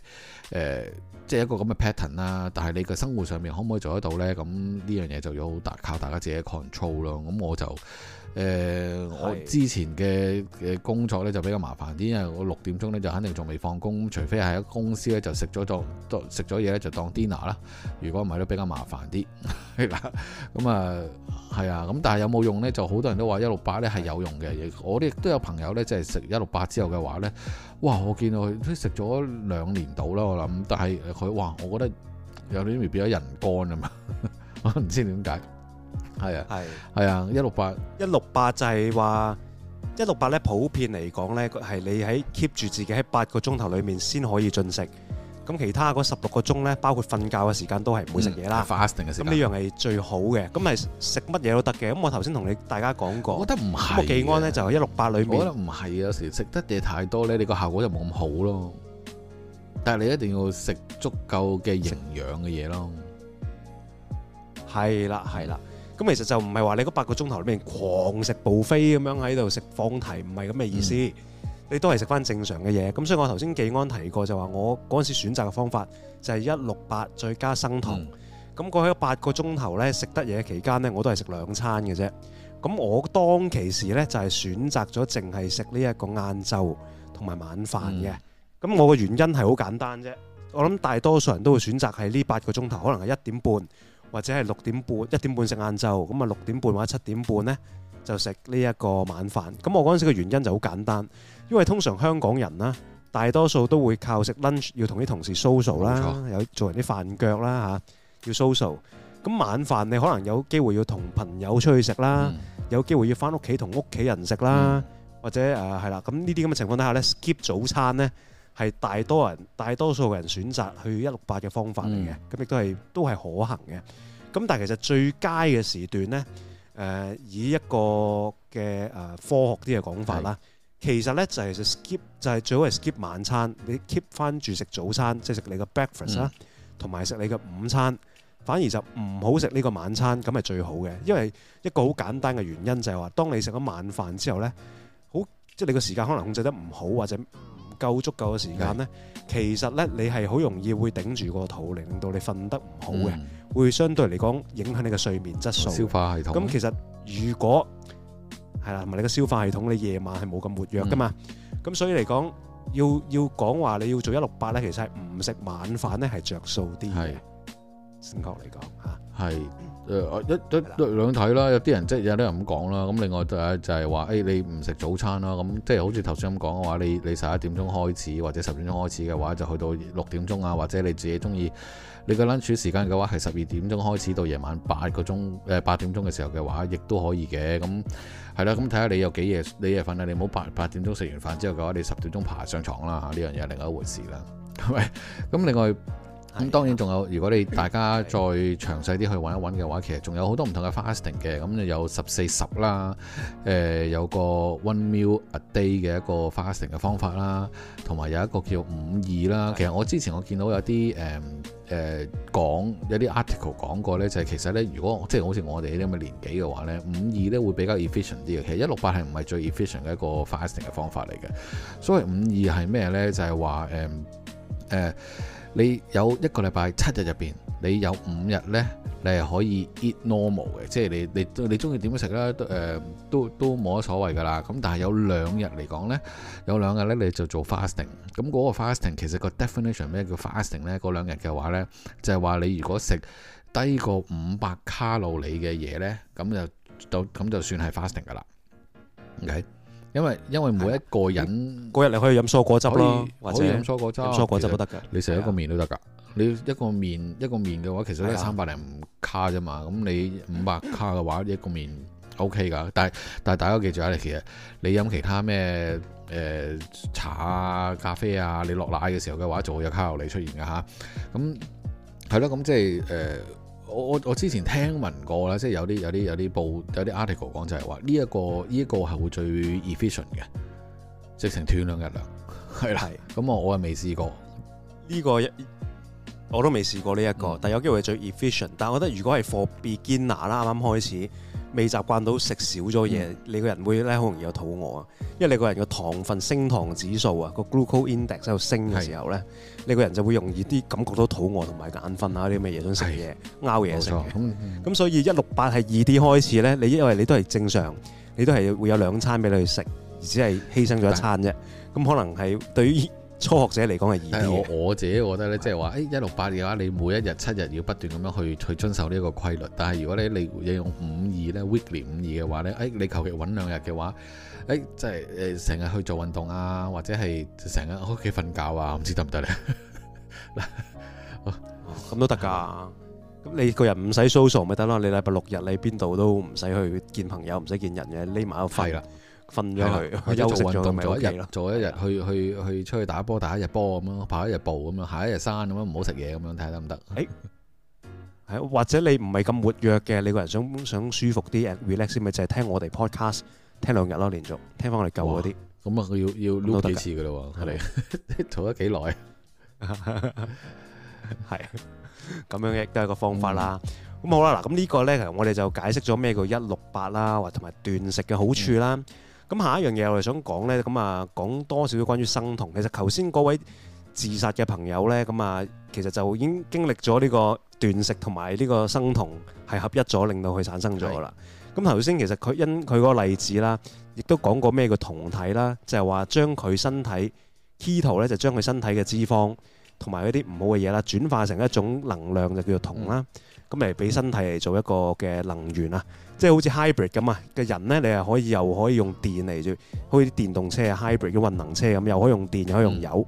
呃、即係一個咁嘅 pattern 啦。但係你嘅生活上面可唔可以做得到呢？咁、嗯、呢樣嘢就要靠大家自己 control 咯。咁、嗯、我就。誒、呃，我之前嘅嘅工作咧就比較麻煩啲，因為我六點鐘咧就肯定仲未放工，除非喺公司咧就食咗當當食咗嘢咧就當 dinner 啦。如果唔係都比較麻煩啲，係 *laughs* 啦、嗯。咁啊，係啊。咁但係有冇用咧？就好多人都話一六八咧係有用嘅。我哋都有朋友咧，即係食一六八之後嘅話咧，哇！我見到佢都食咗兩年到啦，我諗。但係佢哇，我覺得有啲微變咗人乾啊嘛，我唔知點解。係啊，係，係啊，一六八，一六八就係話一六八咧，普遍嚟講咧，係你喺 keep 住自己喺八個鐘頭裏面先可以進食，咁其他嗰十六個鐘咧，包括瞓覺嘅時間都係唔會食嘢啦。嗯，fasting 嘅時間，咁呢樣係最好嘅，咁係食乜嘢都得嘅。咁我頭先同你大家講過，我覺得唔係，個技安咧就係一六八裏面，我覺得唔係，有時食得嘢太多咧，你個效果就冇咁好咯。但係你一定要食足夠嘅營養嘅嘢咯。係啦食，係啦。咁其實就唔係話你嗰八個鐘頭裏面狂食暴飛咁樣喺度食放題，唔係咁嘅意思。嗯、你都係食翻正常嘅嘢。咁所以我頭先技安提過就話，我嗰陣時選擇嘅方法就係一六八再加生酮。咁過、嗯、去八個鐘頭呢，食得嘢期間呢，我都係食兩餐嘅啫。咁我當其時呢，就係、是、選擇咗淨係食呢一個晏晝同埋晚飯嘅。咁、嗯、我嘅原因係好簡單啫。我諗大多數人都會選擇喺呢八個鐘頭，可能係一點半。或者係六點半，一點半食晏晝，咁啊六點半或者七點半咧就食呢一個晚飯。咁我嗰陣時嘅原因就好簡單，因為通常香港人啦，大多數都會靠食 lunch 要同啲同事 social 啦，有做人啲飯腳啦，嚇，要 social。咁晚飯你可能有機會要同朋友出去食啦，有機會要翻屋企同屋企人食啦，或者誒係啦。咁呢啲咁嘅情況底下咧，skip 早餐咧。係大多人，大多數人選擇去一六八嘅方法嚟嘅，咁亦都係都係可行嘅。咁但係其實最佳嘅時段呢，誒、呃、以一個嘅誒、呃、科學啲嘅講法啦，是其實呢就係、是、就 skip 就係最好係 skip 晚餐，你 keep 翻住食早餐，即係食你嘅 breakfast 啦、啊，同埋食你嘅午餐，反而就唔好食呢個晚餐，咁係最好嘅。因為一個好簡單嘅原因就係話，當你食咗晚飯之後呢，好即係、就是、你個時間可能控制得唔好或者。夠足夠嘅時間呢，其實呢你係好容易會頂住個肚嚟令到你瞓得唔好嘅，會相對嚟講影響你嘅睡眠質素，消化系統咁其實如果係啦，同埋你嘅消化系統你夜晚係冇咁活躍㗎嘛，咁所以嚟講要要講話你要做一六八呢，其實係唔食晚飯呢係著數啲嘅，正確嚟講嚇。係誒一一兩睇啦，有啲人即係有啲人咁講啦。咁另外就係就係話誒，你唔食早餐啦。咁即係好似頭先咁講嘅話，你你十一點鐘開始或者十點鐘開始嘅話，就去到六點鐘啊，或者你自己中意你個 lunch 時間嘅話係十二點鐘開始到夜晚八個鐘誒八點鐘嘅時候嘅話，亦都可以嘅。咁係啦，咁睇下你有幾夜你夜瞓啊？你唔好八八點鐘食完飯之後嘅話，你十點鐘爬上床啦嚇，呢樣嘢另一回事啦，係咪？咁另外。咁、嗯、當然仲有，如果你大家再詳細啲去揾一揾嘅話，其實仲有好多唔同嘅 fasting 嘅，咁、嗯、有十四十啦，誒、呃、有個 one meal a day 嘅一個 fasting 嘅方法啦，同埋有一個叫五二啦。2，其實我之前我見到有啲誒誒講有啲 article 講過呢，就係、是、其實呢，如果即係好似我哋呢啲咁嘅年紀嘅話呢，五二呢會比較 efficient 啲嘅。其實一六八係唔係最 efficient 嘅一個 fasting 嘅方法嚟嘅。所謂五二係咩呢？就係話誒誒。呃呃你有一個禮拜七日入邊，你有五日呢，你係可以 eat normal 嘅，即係你你你中意點樣食呢，誒都、呃、都冇乜所謂噶啦。咁但係有兩日嚟講呢，有兩日呢你就做 fasting。咁嗰個 fasting 其實個 definition 咩叫 fasting 呢，嗰兩日嘅話呢，就係、係、話你如果食低過五百卡路里嘅嘢呢，咁就就咁就算係 fasting 噶啦。Okay? 因為因為每一個人嗰日你可以飲蔬果汁啦，以或者飲果汁，飲蔬果汁都得噶。你食一個麵都得噶，的你一個麵一個麵嘅話，其實都係三百零五卡啫嘛。咁你五百卡嘅話，一個麵 O K 噶。但係但係大家記住啊， *laughs* 你其實你飲其他咩誒、呃、茶啊、咖啡啊，你落奶嘅時候嘅話，就會有卡路里出現噶吓。咁係咯，咁即係誒。呃我我我之前聽聞過啦，即係有啲有啲有啲報有啲 article 講就係話呢一個呢一個係會最 efficient 嘅，直情斷兩日糧係啦，咁啊我我係未試過呢個一。我都未試過呢、這、一個，嗯、但有機會係最 efficient。但係我覺得如果係 for beginner 啦，啱啱開始，未習慣到食少咗嘢，嗯、你個人會咧好容易有肚餓啊！因為你個人嘅糖分升糖指數啊，個 glucose index 喺度升嘅時候咧，是你個人就會容易啲感覺到肚餓同埋眼瞓啊啲咁嘅嘢想食嘢，咬嘢食咁，所以一六八係二 D 開始咧，你因為你都係正常，你都係會有兩餐俾你去食，而只係犧牲咗一餐啫。咁對可能係對於。初學者嚟講係易啲。但係我我自己覺得咧，即係話誒一六八嘅話，你每一日七日要不斷咁樣去去遵守呢個規律。但係如果你你用五二咧 weekly 五二嘅話咧，誒你求其揾兩日嘅話，誒即係誒成日去做運動啊，或者係成日喺屋企瞓覺啊，唔知得唔得咧？咁都得㗎。咁你個人唔使 social 咪得啦。你禮拜六日你邊度都唔使去見朋友，唔使見人嘅，匿埋喺度瞓。瞓咗佢，去休息咗咪 OK 咯。做一日，做一日去去去出去打波，打一日波咁樣，跑一日步咁樣，行一日山咁樣，唔好食嘢咁樣，睇下得唔得？誒，係或者你唔係咁活躍嘅，你個人想想舒服啲，relax 啲，咪就係聽我哋 podcast 聽兩日咯，連續聽翻我哋舊嗰啲。咁啊，佢要要 loop 幾次噶咯？我哋做咗幾耐？係咁樣亦都係個方法啦。咁好啦，嗱，咁呢個咧，我哋就解釋咗咩叫一六八啦，或同埋斷食嘅好處啦。咁下一樣嘢我哋想講呢。咁啊講多少都關於生酮。其實頭先嗰位自殺嘅朋友呢，咁啊其實就已經經歷咗呢個斷食同埋呢個生酮係合一咗，令到佢產生咗啦。咁頭先其實佢因佢嗰個例子啦，亦都講過咩叫酮體啦，就係、是、話將佢身體 K 圖咧，就將佢身體嘅脂肪同埋嗰啲唔好嘅嘢啦，轉化成一種能量就叫做酮啦，咁嚟俾身體嚟做一個嘅能源啊。即係好似 hybrid 咁啊，嘅人咧，你係可以又可以用電嚟住，好似電動車啊 hybrid 嘅混能車咁，又可以用電又可以用油。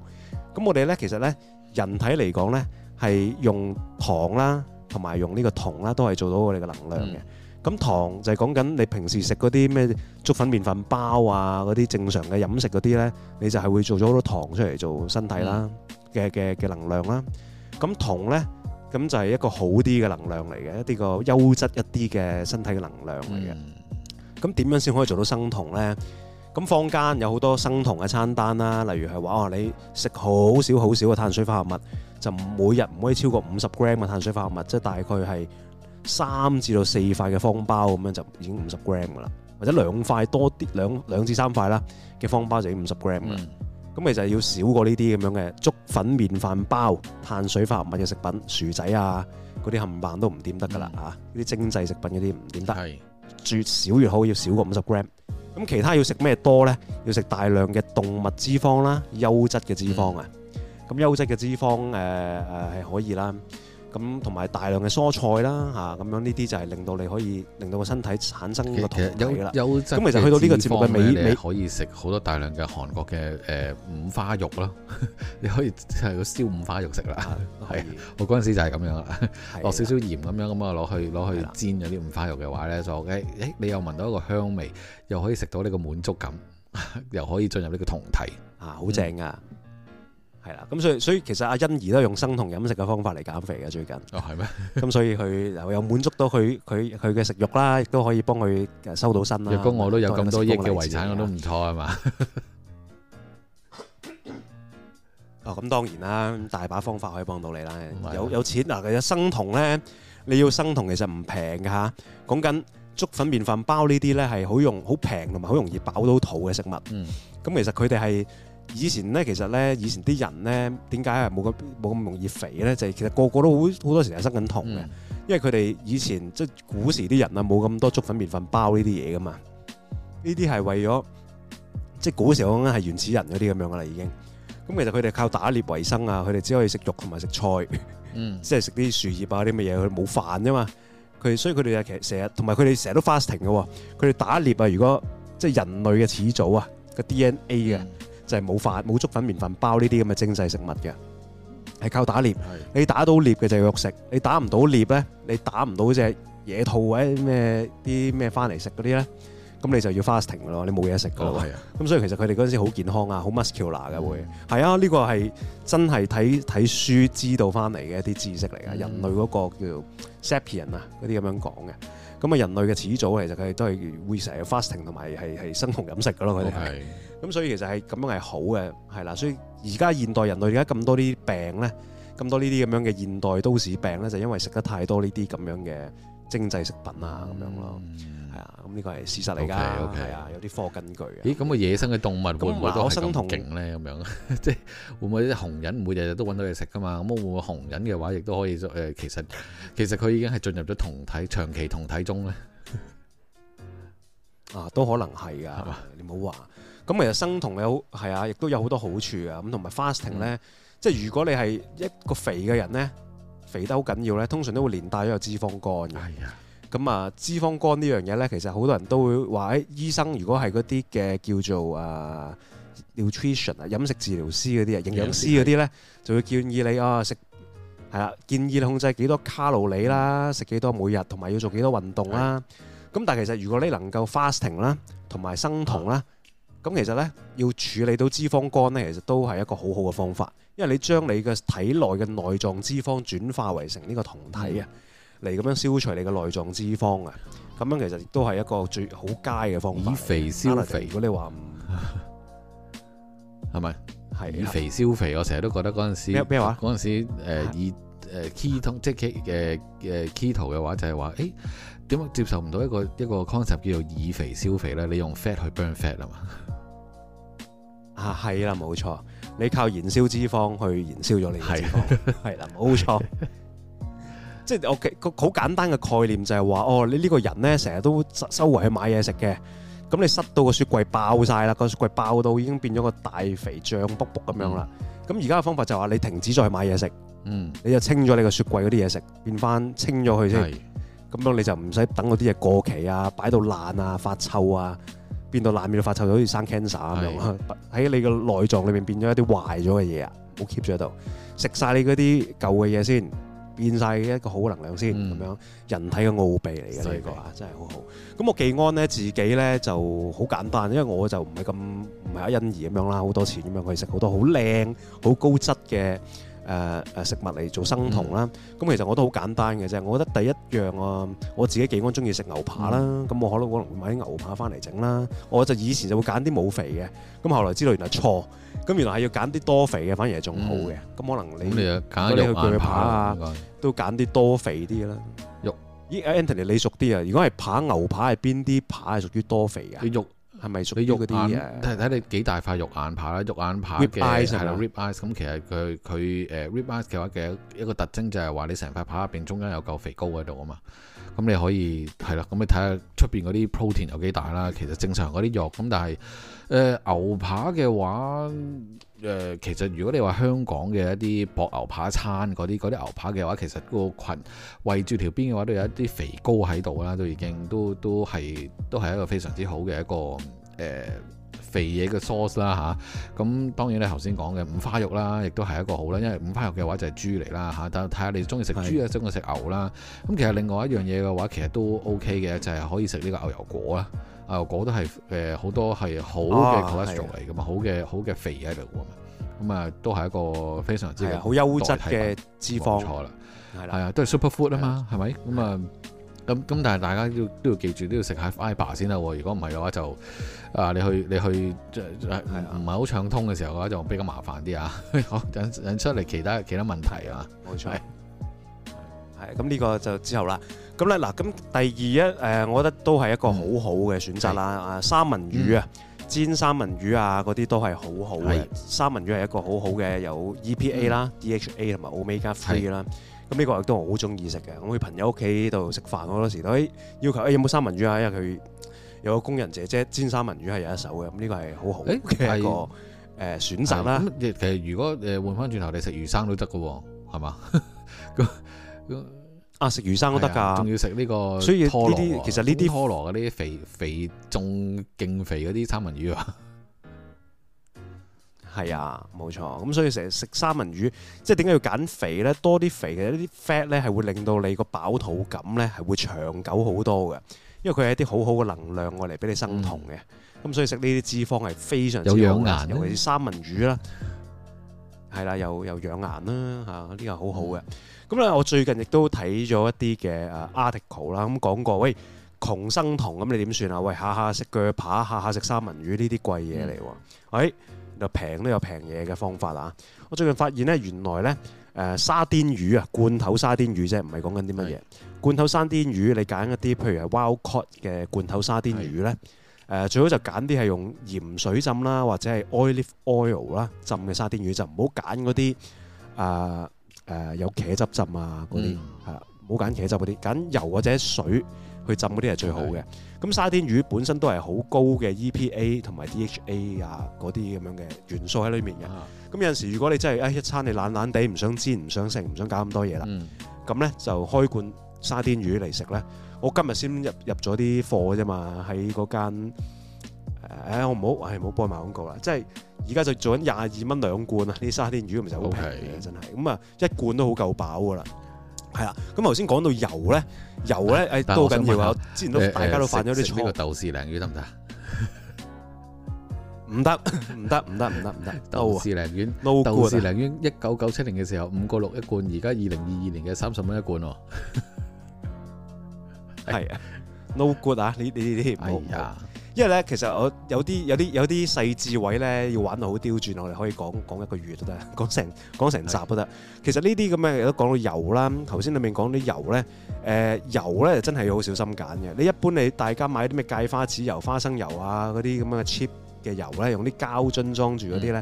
咁我哋咧其實咧，人體嚟講咧係用糖啦，同埋用呢個酮啦，都係做到我哋嘅能量嘅。咁糖就係講緊你平時食嗰啲咩粥粉麵粉包啊，嗰啲正常嘅飲食嗰啲咧，你就係會做咗好多糖出嚟做身體啦嘅嘅嘅能量啦。咁酮咧？咁就係一個好啲嘅能量嚟嘅，一啲個優質一啲嘅身體嘅能量嚟嘅。咁點樣先可以做到生酮呢？咁坊間有好多生酮嘅餐單啦，例如係話哦，你食好少好少嘅碳水化合物，就每日唔可以超過五十 gram 嘅碳水化合物，即係大概係三至到四塊嘅方包咁樣就已經五十 gram 噶啦，或者兩塊多啲，兩兩至三塊啦嘅方包就已經五十 gram 啦。咁其實要少過呢啲咁樣嘅粥粉麵飯包碳水化合物嘅食品薯仔啊，嗰啲冚唪棒都唔掂得噶啦，呢啲精製食品嗰啲唔掂得，越少越好，要少過五十 gram。咁其他要食咩多咧？要食大量嘅動物脂肪啦，優質嘅脂肪啊。咁、嗯、優質嘅脂肪誒誒係可以啦。咁同埋大量嘅蔬菜啦嚇，咁、啊、樣呢啲就係令到你可以令到個身體產生呢個酮體啦。咁其，其實去到呢個節目嘅尾尾，你可以食好多大量嘅韓國嘅誒、呃、五花肉咯， *laughs* 你可以係個燒五花肉食啦。係我嗰陣時就係咁樣啦，落的 *laughs* 少少鹽咁樣咁，啊攞去攞去煎咗啲五花肉嘅話咧，就誒誒你又聞到一個香味，又可以食到呢個滿足感，又可以進入呢個酮體啊，好正啊！嗯係啦，咁所以所以其實阿欣怡都用生酮飲食嘅方法嚟減肥嘅最近。哦，係咩？咁所以佢又又滿足到佢佢佢嘅食慾啦，亦都可以幫佢收到身啦。 *laughs* 若果我都有咁多億嘅遺產，嗯、我都唔錯係嘛？哦、 *laughs* 啊，咁當然啦，大把方法可以幫到你啦。啊、有有錢嗱，有、啊、生酮咧，你要生酮其實唔平嘅嚇。講、啊、緊粥粉麵飯包呢啲咧，係好用好平同埋好容易飽到肚嘅食物。咁、嗯、其實佢哋係。以前咧，其實咧，以前啲人咧，點解係冇咁冇咁容易肥咧？就係、係、其實個個都好好多時係生緊酮嘅，嗯、因為佢哋以前即係古時啲人啊，冇咁多粥粉麵粉包呢啲嘢噶嘛。呢啲係為咗即係古時候講緊係原始人嗰啲咁樣噶啦。已經咁，其實佢哋靠打獵為生啊，佢哋只可以食肉同埋食菜，嗯、 *laughs* 即係食啲樹葉啊啲乜嘢，佢冇飯啫嘛。佢所以佢哋啊，其實成日同埋佢哋成日都 fasting 嘅。佢哋打獵啊，如果即係人類嘅始祖啊，個 D N A 嘅、嗯。就係冇飯冇粥粉麵粉包呢啲咁嘅精製食物嘅，係靠打獵。的你打到獵嘅就要肉食，你打唔到獵咧，你打唔到隻野兔或者咩啲咩翻嚟食嗰啲咧，咁你就要 fasting 咯，你冇嘢食嘅嘛。咁、哦、所以其實佢哋嗰陣時好健康啊，好 muscular 嘅、嗯、會。係啊，呢、呢個係真係睇睇書知道翻嚟嘅一啲知識嚟嘅。嗯、人類嗰個叫做 sapien 啊，嗰啲咁樣講嘅。咁啊，人類嘅始祖其實佢哋都係會成日 fasting 同埋係係生酮飲食嘅咯，佢哋係。咁所以其實係咁樣係好嘅，係啦。所以而家現代人類而家咁多啲病咧，咁多呢啲咁樣嘅現代都市病咧，就因為食得太多呢啲咁樣嘅精製食品啊咁、嗯、樣咯，係啊。咁呢個係事實嚟㗎，係啊 Okay, okay.，有啲科根據。咦？咁個野生嘅動物會唔會都係同咁勁咧？咁樣即係會唔會啲熊人每日日都揾到嘢食㗎嘛？咁會唔會熊人嘅話，亦都可以誒？其實其實佢已經係進入咗同體長期同體中咧， *laughs* 啊，都可能係㗎。 *laughs* 你唔好話。咁其實生酮嘅好係啊，亦都有好多好處啊。咁同埋 fasting 呢、嗯，即係如果你係一個肥嘅人呢，肥得好緊要呢，通常都會連帶咗個脂肪肝嘅。咁啊、哎、呀脂肪肝呢樣嘢呢，其實好多人都會話誒、欸，醫生如果係嗰啲嘅叫做啊 nutrition 啊飲食治療師嗰啲啊營養師嗰啲呢，就會建議你啊食係啦，建議你控制幾多卡路里啦，食幾多每日，同埋要做幾多運動啦。咁、嗯、但係其實如果你能夠 fasting 啦，同埋生酮啦。嗯咁其實咧，要處理到脂肪肝咧，其實都係一個好好嘅方法，因為你將你嘅體內嘅內臟脂肪轉化為成呢個酮體啊，嚟咁的樣消除你嘅內臟脂肪啊，咁樣其實都係一個最好佳嘅方法。以肥消肥，如果你話唔係咪？係 *laughs* 是的以肥消肥，我成日都覺得嗰陣時咩咩話？嗰陣時、呃、的以誒、呃、keto 即係誒誒 k 嘅話，就係話誒點解接受唔到一個一個，一個 concept 叫做以肥消肥咧？你用 fat 去 burn fat 啊嘛～啊，係啦，冇錯，你靠燃燒脂肪去燃燒咗你脂肪，係啦，冇錯。即係我個好簡單嘅概念就係話，哦，你呢個人咧成日都收回去買嘢食嘅，咁你塞到個雪櫃爆晒啦，個雪櫃爆到已經變咗個大肥脹卜卜咁樣啦。咁而家嘅方法就係話，你停止再去買嘢食，嗯，你就清咗你個雪櫃嗰啲嘢食，變翻清咗佢先，咁、嗯嗯、樣你就唔使等嗰啲嘢過期啊，擺到爛啊，發臭啊。變到爛面到發臭，就好似生 cancer 咁樣。喺的你個內臟裏面變咗一啲壞咗嘅嘢啊！唔好 keep 住喺度，食晒你嗰啲舊嘅嘢先，變晒一個好能量先，咁、嗯、樣。人體嘅奧秘嚟嘅呢個啊，真係好好。咁我技安咧，自己咧就好簡單，因為我就唔係咁唔係阿欣怡咁樣啦，好多錢咁樣，可以食好多好靚好高質嘅。誒誒食物嚟做生酮啦，咁、嗯、其實我都好簡單嘅啫。我覺得第一樣啊，我自己技安中意食牛扒啦，咁、嗯、我可能可能會買啲牛扒翻嚟整啦。我就以前就會揀啲冇肥嘅，咁後來知道原來錯，咁原來係要揀啲多肥嘅，反而係仲好嘅。咁、嗯、可能你，你去鋸扒都揀啲牛扒啊，都揀啲多肥啲嘅啦。肉，依 Anthony 你熟啲啊？如果係扒牛扒係邊啲扒係屬於多肥啊？肉。係咪熟？你肉眼睇睇你幾大塊肉眼扒啦，肉眼扒嘅係啦，rib eyes，咁其實佢佢誒 rib eyes 嘅話嘅一個特徵就係話你成塊扒入邊中間有嚿肥膏喺度啊嘛，咁你可以係啦，咁你睇下出邊嗰啲 protein 有幾大啦，其實正常嗰啲肉咁，但係誒牛扒嘅話。誒、呃，其實如果你話香港嘅一啲薄牛扒餐嗰啲啲牛扒嘅話，其實個裙圍住條邊嘅話都有一啲肥膏喺度啦，都已經都都係都係一個非常之好嘅一個誒、呃、肥嘢嘅 source 啦嚇。咁、啊、當然你頭先講嘅五花肉啦，亦都係一個好啦，因為五花肉嘅話就係豬嚟啦嚇。但睇下你中意食豬咧，中意食牛啦。咁其實另外一樣嘢嘅話，其實都 OK 嘅，就係、是、可以食呢個牛油果啦。啊，嗰都係誒好多係好嘅 quality 嚟噶嘛，好嘅好嘅肥喺度啊，咁啊，都係一個非常之好優質嘅脂肪，冇錯啦，係啦，係啊，都係 super food 啊嘛，係咪？咁啊咁咁，但係大家要都要記住，都要食下 fiber 先啦喎。如果唔係嘅話，就，啊你去你去唔係好暢通嘅時候嘅話，就比較麻煩啲啊，引引出嚟其他其他問題啊，冇錯，係咁呢個就之後啦。咁咧嗱，咁第二呢誒，我覺得都係一個好好嘅選擇啦。嗯、三文魚啊，煎三文魚啊，嗰啲都係好好嘅。的三文魚係一個好好嘅，有 EPA 啦、嗯、DHA 同埋 Omega three 啦。咁呢的個亦都好中意食嘅。我去朋友屋企度食飯時，好多時都要求有冇三文魚啊，因為佢有個工人姐姐煎三文魚係有一手嘅。咁、這、呢個係好好嘅一個誒選擇啦、嗯。其實如果誒換翻轉頭，你食魚生都得嘅喎，係嘛？咁。 *laughs* 啊！食魚生都得噶，仲、哎、要食呢個、啊、所以呢啲，其實呢啲拖羅嘅啲肥肥仲勁肥嗰啲三文魚啊，係啊，冇錯。咁所以成日食三文魚，即係點解要減肥咧？多啲肥嘅呢啲 fat 咧，係會令到你個飽肚感咧，係會長久好多嘅。因為佢係一啲好好嘅能量嚟俾你生酮嘅。咁、嗯、所以食呢啲脂肪係非常之養顏，尤其是三文魚啦，係啦、啊，又又養顏啦，吓呢個好好嘅。咁咧，我最近亦都睇咗一啲嘅誒 article 啦，咁講過，喂，窮生酮咁你點算啊？喂，下下食鋸扒，下下食三文魚呢啲貴嘢嚟喎。喂、嗯，又平、哎、都有平嘢嘅方法啊！我最近發現呢，原來呢誒、呃、沙甸魚啊，罐頭沙甸魚啫，唔係講緊啲乜嘢。是罐，頭罐頭沙甸魚，你揀一啲譬如 wild caught 嘅罐頭沙甸魚呢，誒、呃、最好就揀啲係用鹽水浸啦，或者係 olive oil 啦浸嘅沙甸魚，就唔好揀嗰啲誒。呃誒有茄汁浸啊嗰啲嚇，冇揀、嗯、茄汁嗰啲，揀油或者水去浸嗰啲係最好嘅。咁沙甸魚本身都係好高嘅 EPA 同埋 DHA 啊嗰啲咁樣嘅元素喺裏面嘅。咁、啊、有陣時如果你真係誒一餐你懶懶地唔想煎唔想食唔想、想搞咁多嘢啦，咁咧、嗯、就開罐沙甸魚嚟食咧。我今日先入入咗啲貨啫嘛，喺嗰間。誒我唔好，誒唔好幫埋賣廣告啦，即係而家就做緊廿二蚊兩罐啊！啲沙甸魚唔係好平嘅，真係咁啊，一罐都好夠飽㗎啦，係啊！咁頭先講到油咧，油咧都好緊要啊！之前都大家都犯咗啲錯。呢個豆豉鯪魚得唔得？唔得唔得唔得唔得唔得！豆豉鯪魚 no good 啊！豆豉鯪魚一九九七年嘅時候五個六一罐，而家二零二二年嘅三十蚊一罐喎，係啊，no good 啊！你你你唔好。因為咧，其實我有啲有啲有啲細緻位咧，要玩到好刁鑽，我哋可以講講一個月都得，講成講成集都得。是其實呢啲咁嘅，亦都講到油啦。頭先裡面講啲油咧，誒油咧真係要好小心揀嘅。你一般你大家買啲咩芥花籽油、花生油啊嗰啲咁樣嘅 cheap 嘅油咧，用啲膠樽裝住嗰啲咧，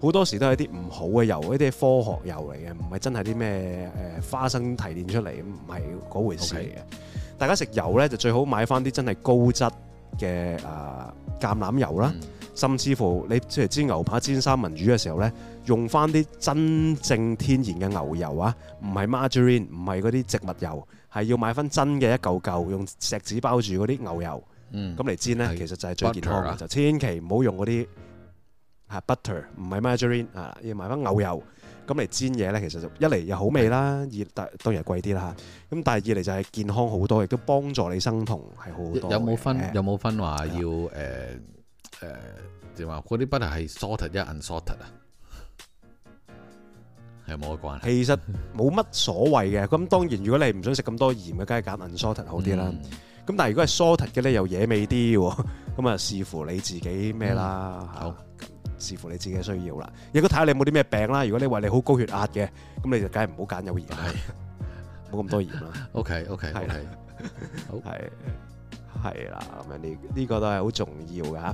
好、嗯、多時都係一啲唔好嘅油，一啲科學油嚟嘅，唔係真係啲咩誒花生提煉出嚟，唔係嗰回事嚟嘅。Okay. 大家食油咧，就最好買翻啲真係高質。嘅誒、呃、橄欖油啦，嗯、甚至乎你譬如煎牛扒、煎三文魚嘅時候呢，用翻啲真正天然嘅牛油啊，唔係 margarine，唔係嗰啲植物油，係要買翻真嘅一嚿嚿用錫紙包住嗰啲牛油，咁嚟、嗯、煎呢，其實就係最健康嘅，啊、就千祈唔好用嗰啲係 butter，唔係 margarine 啊，要買翻牛油。咁嚟煎嘢咧，其實就一嚟又好味啦，二但當然係貴啲啦。咁但係二嚟就係健康好多，亦都幫助你生酮係好多。有冇分，有冇分話要誒誒？即係話嗰啲不能係 salted 一 unsalted 啊？係冇關。其實冇乜所謂嘅。咁當然如果你唔想食咁多鹽嘅，梗係揀 unsalted 好啲啦。咁但係如果係 salted 嘅咧，又惹味啲喎。咁啊，視乎你自己咩啦嚇。視乎你自己嘅需要啦，亦都睇下你有冇啲咩病啦。如果你話你好高血壓嘅，咁你就梗係唔好揀有鹽，冇咁多鹽啦。OK，OK，係係，好係係啦。咁樣呢？呢個都係好重要嘅嚇。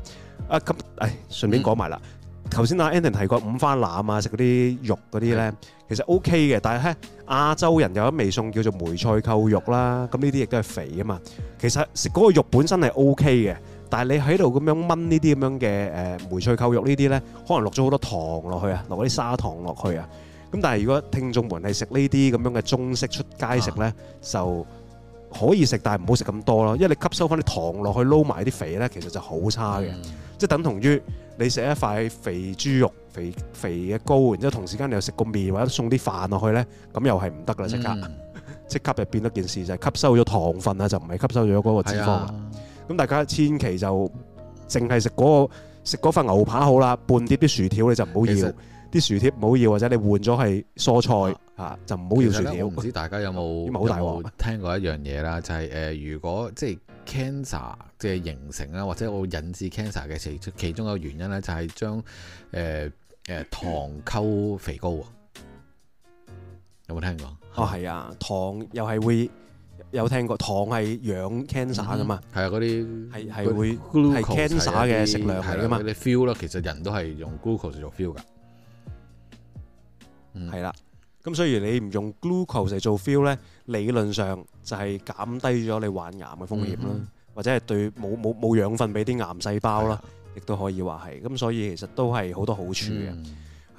啊咁，誒順便講埋啦。頭先阿 Andy 提過五花腩啊，食嗰啲肉嗰啲咧，其實 OK 嘅。但係喺亞洲人有一味餸叫做梅菜扣肉啦，咁呢啲亦都係肥啊嘛。其實食嗰個肉本身係 OK 嘅。但係你喺度咁樣炆呢啲咁樣嘅誒梅菜扣肉呢啲咧，可能落咗好多糖落去啊，落啲砂糖落去啊。咁但係如果聽眾們係食呢啲咁樣嘅中式出街食咧，就可以食，但係唔好食咁多咯。因為你吸收翻啲糖落去撈埋啲肥咧，其實就好差嘅。即係等同於你食一塊肥豬肉、肥肥嘅膏，然之後同時間你又食個麵或者送啲飯落去咧，咁又係唔得噶啦！即刻即刻就變咗件事就係吸收咗糖分啊，就唔係吸收咗嗰個脂肪啦。咁大家千祈就淨係食嗰個食嗰份牛扒好啦，半碟啲薯條你就唔好要，要，啲實薯條唔好要，要，或者你換咗係蔬菜嚇，嗯、就唔好要，要薯條。唔知大家有冇有冇聽過一樣嘢啦？就係、是、誒、呃，如果即係 cancer 即係形成啦，或者我引致 cancer 嘅其，其中一個原因咧，就係將誒誒糖溝肥膏有冇聽過？哦、啊，係啊，糖又係會。有聽過糖係養 cancer 噶嘛？係啊，嗰啲係係會係 cancer 嘅食量嚟噶嘛？你 fuel 咧，其實人都係用 glucose 嚟做 fuel 噶，係啦。咁所以你唔用 glucose 嚟做 fuel 咧，理論上就係減低咗你患癌嘅風險啦，或者係對冇冇冇養分俾啲癌細胞啦，亦都可以話係。咁所以其實都係好多好處嘅，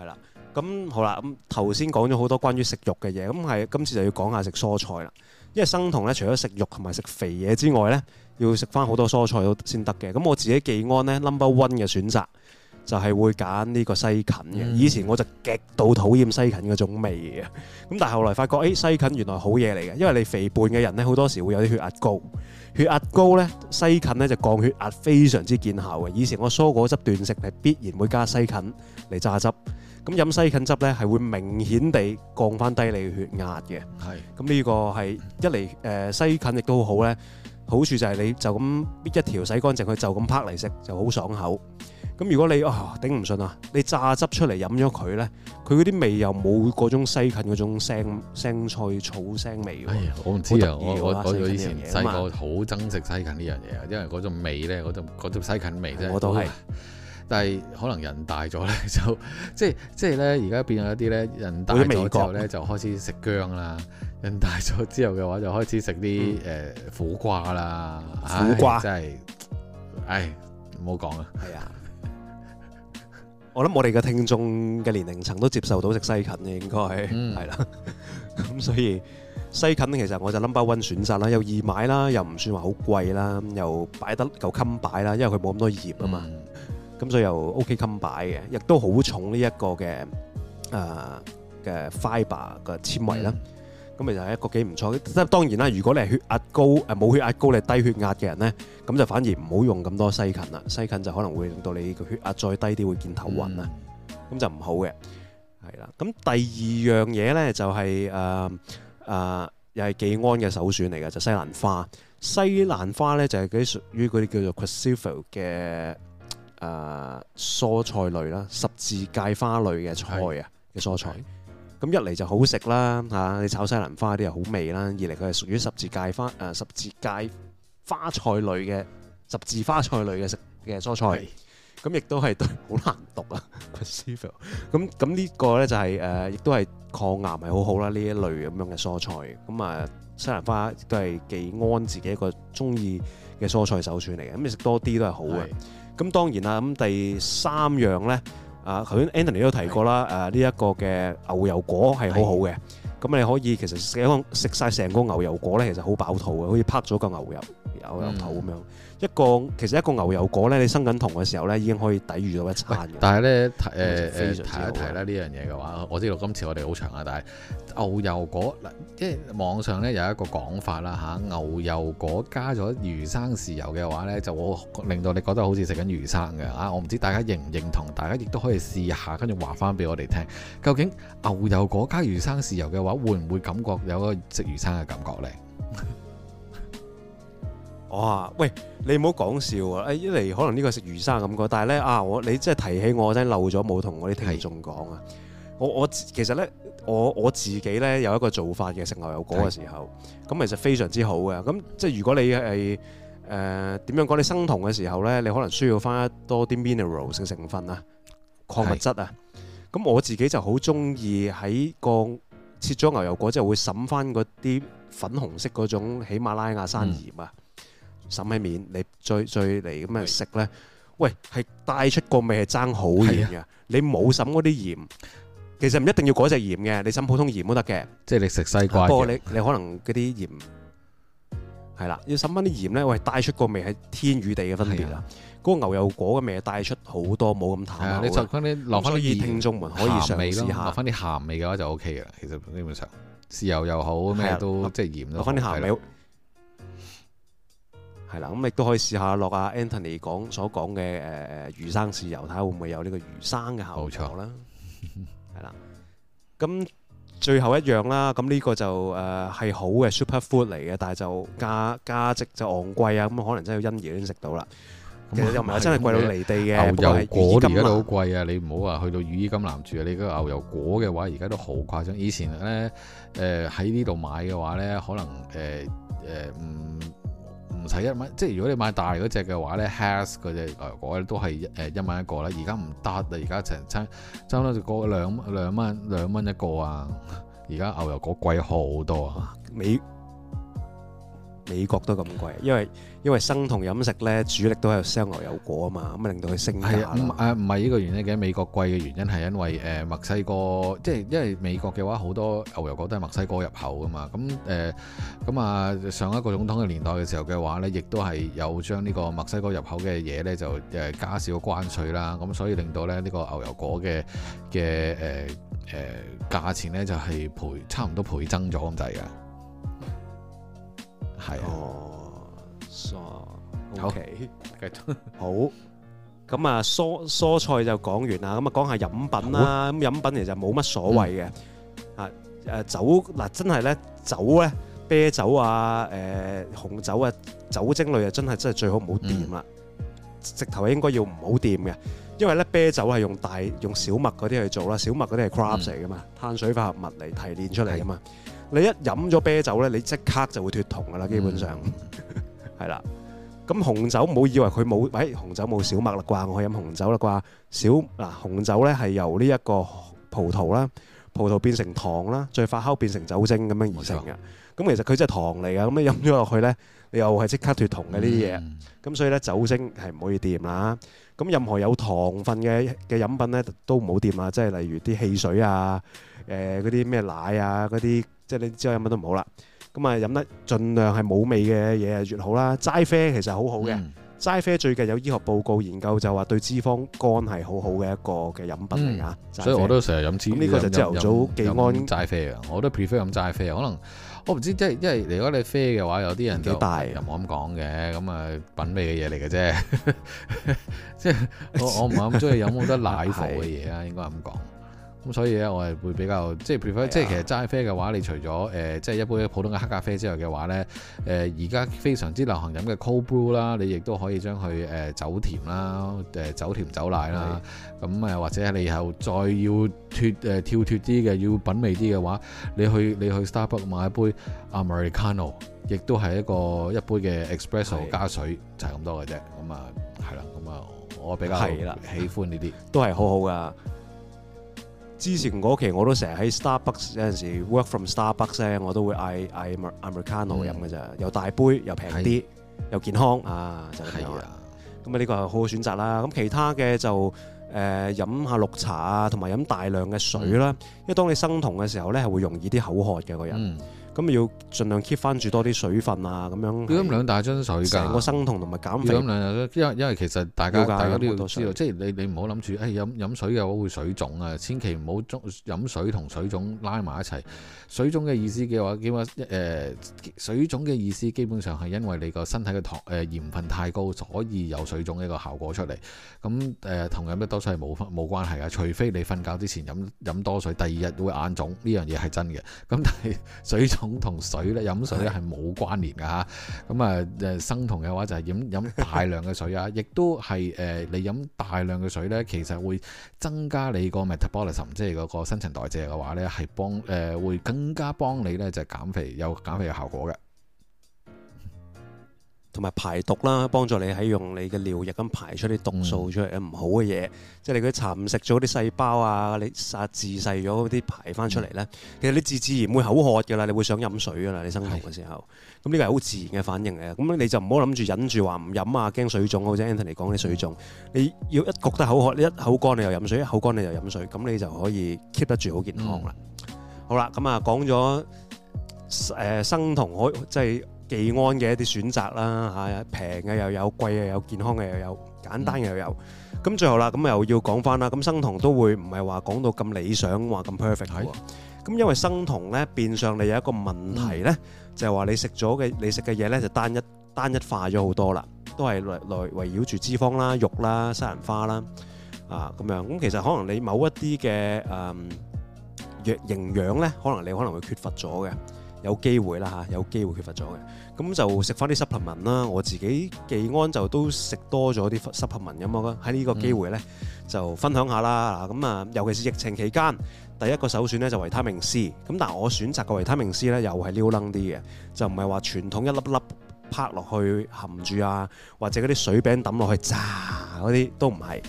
係啦。咁好啦，咁頭先講咗好多關於食肉嘅嘢，咁係今次就要講下食蔬菜啦。因為生酮咧，除咗食肉同埋食肥嘢之外咧，要食翻好多蔬菜都先得嘅。咁我自己技安咧 number one 嘅選擇就係會揀呢個西芹嘅。嗯、以前我就極度討厭西芹嗰種味啊。咁但係後來發覺，誒、哎、西芹原來好嘢嚟嘅，因為你肥胖嘅人咧，好多時會有啲血壓高，血壓高咧，西芹咧就降血壓非常之見效嘅。以前我蔬果汁斷食係必然會加西芹嚟榨汁。咁飲西芹汁咧，係會明顯地降翻低你血壓嘅。係是。咁呢個係一嚟，誒、呃、西芹亦都好咧。好處就係你就咁搣一條，洗乾淨佢，就咁拍嚟食就好爽口。咁如果你啊頂唔順啊，你榨汁出嚟飲咗佢咧，佢嗰啲味又冇嗰種西芹嗰種腥腥菜草腥，腥，腥味、哎。我唔知啊，我我我以前細個嘛好憎食西芹呢樣嘢啊，因為嗰種味咧，嗰種西芹味真係。我都係、就是。但係可能人大咗咧，就即係即係咧，而家變咗一啲咧，人大咗之後咧，就開始食薑啦。人大咗之後嘅話，就開始食啲誒苦瓜啦、哎。苦瓜真係，唉唔好講啊。係啊，我諗我哋嘅聽眾嘅年齡層都接受到食西芹嘅，應該係係啦。咁所以西芹其實我就 number one 選擇啦，又易買啦，又唔算話好貴啦，又擺得夠襟擺啦，因為佢冇咁多葉啊嘛。嗯咁所以又 OK combine 嘅，亦都好重呢一個嘅誒嘅 fiber 嘅纖維啦。咁咪就係一個幾唔錯嘅。當然啦，如果你係血壓高，誒冇血壓高，你低血壓嘅人咧，咁就反而唔好用咁多西芹啦。西芹就可能會令到你個血壓再低啲，會見頭暈啦，咁就唔好嘅。係啦，咁第二樣嘢咧就係誒誒又係技安嘅首選嚟嘅，就西蘭花。西蘭花咧就係嗰啲屬於嗰啲叫做 cassifol 嘅。誒、呃、蔬菜類啦，十字芥花類嘅菜啊嘅是蔬菜，咁 Okay. 一嚟就好食啦嚇，你炒西蘭花啲又好味啦；二嚟佢係屬於十字芥花誒、呃、十字芥花菜類嘅十字花菜類嘅食嘅蔬菜，咁亦是都係對好難讀啊。咁咁呢個咧就係、是、誒、呃，亦都係抗癌係好好啦呢一類咁樣嘅蔬菜。咁啊，西蘭花都係技安，自己一個中意嘅蔬菜首選嚟嘅。咁你食多啲都係好嘅。咁當然啦，咁第三樣咧，啊頭先 Anthony 都提過啦，誒呢一個嘅牛油果係好好嘅，咁的你可以其實食一食曬成個牛油果咧，其實好飽肚嘅，好似啪咗個牛油牛油肚咁樣。嗯。一個其實一個牛油果咧，你生緊酮嘅時候咧，已經可以抵禦到一餐，但係咧，提、呃、一提啦，呢樣嘢嘅話，我知道今次我哋好長啊，但係牛油果即係網上咧有一個講法啦嚇、啊，牛油果加咗魚生豉油嘅話咧，就會令到你覺得好似食緊魚生嘅啊！我唔知大家認唔認同，大家亦都可以試下，跟住話翻俾我哋聽，究竟牛油果加魚生豉油嘅話，會唔會感覺有個食魚生嘅感覺呢？我、哦、喂，你唔好講笑啊！誒、哎，一嚟可能呢個食魚生感覺，但係咧啊，我你真係提起我，我真係漏咗冇同我啲聽眾講啊是。我我其實咧，我我自己咧有一個做法嘅食牛油果嘅時候，咁是其實非常之好嘅。咁即係如果你係誒點樣講，你生酮嘅時候咧，你可能需要翻多啲 mineral 性成分啊，礦物質啊。咁是我自己就好中意喺個切咗牛油果之後會揾翻嗰啲粉紅色嗰種喜馬拉、拉雅山鹽啊、嗯。滲喺面，你再再嚟咁樣食咧，喂，係帶出個味係爭好遠嘅。你冇滲嗰啲鹽，其實唔一定要嗰隻鹽嘅，你滲普通鹽都得嘅。即係你食西瓜嘅。不過你你可能嗰啲鹽係啦，要滲翻啲鹽咧，喂，帶出個味係天與地嘅分別啊。嗰個牛油果嘅味帶出好多，冇咁淡啊。你就翻啲留翻啲耳聽眾們可以嘗試下，落翻啲鹹味嘅話就 OK 嘅。其實基本上，豉油又好咩都即係鹽咯。落翻啲鹹味。係啦，咁亦都可以試下落阿 Anthony 講所講嘅誒誒魚生豉油，睇下會唔會有呢個魚生嘅效果啦。係啦沒錯， *laughs* 咁最後一樣啦，咁呢個就誒係好嘅 super food 嚟嘅，但係就價價值就昂貴啊，咁可能真係欣宜先食到啦。其實又唔係真係貴到離地嘅。牛油果而家都好貴啊！你唔好話去到羽衣甘藍住啊！你個牛油果嘅話，而家都好誇張。以前咧誒喺呢度、呃、買嘅話咧，可能誒誒唔。呃呃呃唔使一蚊，即係如果你買大嗰隻嘅話咧，has 嗰隻牛油果都係誒一蚊、呃、一,一個啦。而家唔得啊，而家成差差唔多就過兩兩蚊兩蚊一個啊。而 *laughs* 家牛油果貴好多啊。 *music* 美國都咁貴，因為因為生酮飲食咧主力都喺度 sell 牛油果啊嘛，咁啊令到佢升價啦。係啊，唔係呢個原因嘅，美國貴嘅原因係因為誒、呃、墨西哥，即係因為美國嘅話好多牛油果都係墨西哥入口噶嘛。咁誒咁啊，上一個總統嘅年代嘅時候嘅話咧，亦都係有將呢個墨西哥入口嘅嘢咧就誒加少關稅啦。咁所以令到咧呢個牛油果嘅嘅誒誒價錢咧就係倍差唔多倍增咗咁滯嘅。係哦，蔬 OK，好，咁啊，蔬蔬菜就講完啦。咁啊，講下飲品啦。咁飲品其實冇乜所謂嘅啊。誒、嗯啊，酒嗱、啊、真係咧，酒咧，啤酒啊，誒、呃，紅酒啊，酒精類啊，真係真係最好唔好掂啦。嗯、直頭應該要唔好掂嘅，因為咧啤酒係用大用小麥嗰啲去做啦，小麥嗰啲係 carbs 嚟噶嘛，嗯、碳水化合物嚟提煉出嚟噶嘛。你一飲咗啤酒呢，你即刻就會脫酮噶啦，基本上係啦。咁、嗯、 *laughs* 紅酒唔好以為佢冇，喂、哎、紅酒冇小麥啦啩，我去飲紅酒啦啩？小嗱、啊、紅酒呢係由呢一個葡萄啦，葡萄變成糖啦，再發酵變成酒精咁樣而成嘅。咁錯其實佢真係糖嚟㗎，咁你飲咗落去呢，你又係即刻脫酮嘅呢啲嘢。咁、嗯、所以呢，酒精係唔可以掂啦。咁任何有糖分嘅嘅飲品呢，都唔好掂啊，即係例如啲汽水啊，誒嗰啲咩奶啊嗰啲。即係你之後飲乜都唔好啦，咁啊，飲得盡量係冇味嘅嘢越好啦。齋啡其實好好嘅，齋啡最近有醫學報告研究就話對脂肪肝係好好嘅一個嘅飲品嚟㗎。所以我都成日飲。呢個就朝頭早技安齋啡啊，我都 prefer 飲齋啡啊。可能我唔知即係因為如果你啡嘅話，有啲人幾大又冇咁講嘅。咁啊，品味嘅嘢嚟嘅啫。即係我我唔係咁中意飲好多奶馿嘅嘢啊，應該咁講。咁、嗯、所以咧，我係會比較即係譬如，即係、嗯、其實齋啡嘅話，你除咗誒、呃、即係一杯普通嘅黑咖啡之外嘅話咧，誒而家非常之流行飲嘅 cold brew 啦，你亦都可以將佢誒酒甜啦，誒、呃、走甜走奶啦，咁誒的、呃、或者你以後再要脱誒、呃、跳脱啲嘅，要品味啲嘅話，你去你去 Starbucks 買一杯 Americano，亦都係一個一杯嘅 expresso 加水的就係咁多嘅啫。咁啊，係啦，咁啊，我比較喜歡呢啲，都係好好噶。之前嗰期我都成日喺 Starbucks 有陣時 work from Starbucks 咧，我都會嗌嗌 Americano 飲嘅咋，的又大杯又平啲的又健康啊，就係咁樣。咁啊呢個好好選擇啦。咁其他嘅就誒飲、呃、下綠茶啊，同埋飲大量嘅水啦。的因為當你生酮嘅時候咧，係會容易啲口渴嘅個人。嗯咁要盡量 keep 翻住多啲水分啊，咁樣飲兩大樽水㗎，成個生酮同埋減肥飲因為因為其實大家要的大家都要知道，多水即係你你唔好諗住，誒飲飲水嘅話會水腫啊，千祈唔好將飲水同水腫拉埋一齊。水腫嘅意思嘅話，基本、呃、水腫嘅意思基本上係因為你個身體嘅糖誒、呃、鹽分太高，所以有水腫一個效果出嚟。咁誒同飲得多水係冇冇關係啊，除非你瞓覺之前飲飲多水，第二日會眼腫呢樣嘢係真嘅。咁但係水腫。同同水咧飲水咧係冇關聯嘅吓，咁啊誒生酮嘅話就係飲飲大量嘅水啊，亦 *laughs* 都係誒、呃、你飲大量嘅水咧，其實會增加你 met ism，個 metabolism，即係嗰個新陳代謝嘅話咧，係幫誒、呃、會更加幫你咧就係、是、減肥有減肥嘅效果嘅。同埋排毒啦，幫助你喺用你嘅尿液咁排出啲毒素出嚟嘅唔好嘅嘢，即係你佢蠶食咗啲細胞啊，你殺自細咗嗰啲排翻出嚟咧，其實你自自然會口渴㗎喇，你會想飲水㗎喇，你生酮嘅時候，咁呢個係好自然嘅反應嚟，咁你就唔好諗住忍住話唔飲啊，驚水腫或者 Anthony 講啲水腫，你要一覺得口渴，一口乾你又飲水，一口乾你又飲水，咁你就可以 keep 得住好健康啦。好啦，咁啊講咗誒生酮可即係。技安嘅一啲選擇啦嚇，平嘅又有，貴嘅又有，健康嘅又有，簡單嘅又有。咁最後啦，咁又要講翻啦。咁生酮都會唔係話講到咁理想，話咁 perfect 喎。咁因為生酮咧變相你有一個問題咧，就係話你食咗嘅你食嘅嘢咧就單一單一化咗好多啦，都係來來圍繞住脂肪啦、肉啦、西蘭花啦啊咁樣。咁其實可能你某一啲嘅誒營營養咧，可能你可能會缺乏咗嘅。有機會啦嚇，有機會缺乏咗嘅，咁就食翻啲 supplement 啦。我自己技安就都食多咗啲 supplement 咁咯。喺呢個機會咧，嗯、就分享下啦。嗱，咁啊，尤其是疫情期間，第一個首選咧就維他命 C。咁但係我選擇嘅維他命 C 咧又係僂楞啲嘅，就唔係話傳統一粒粒啪落去含住啊，或者嗰啲水餅抌落去炸嗰啲都唔係。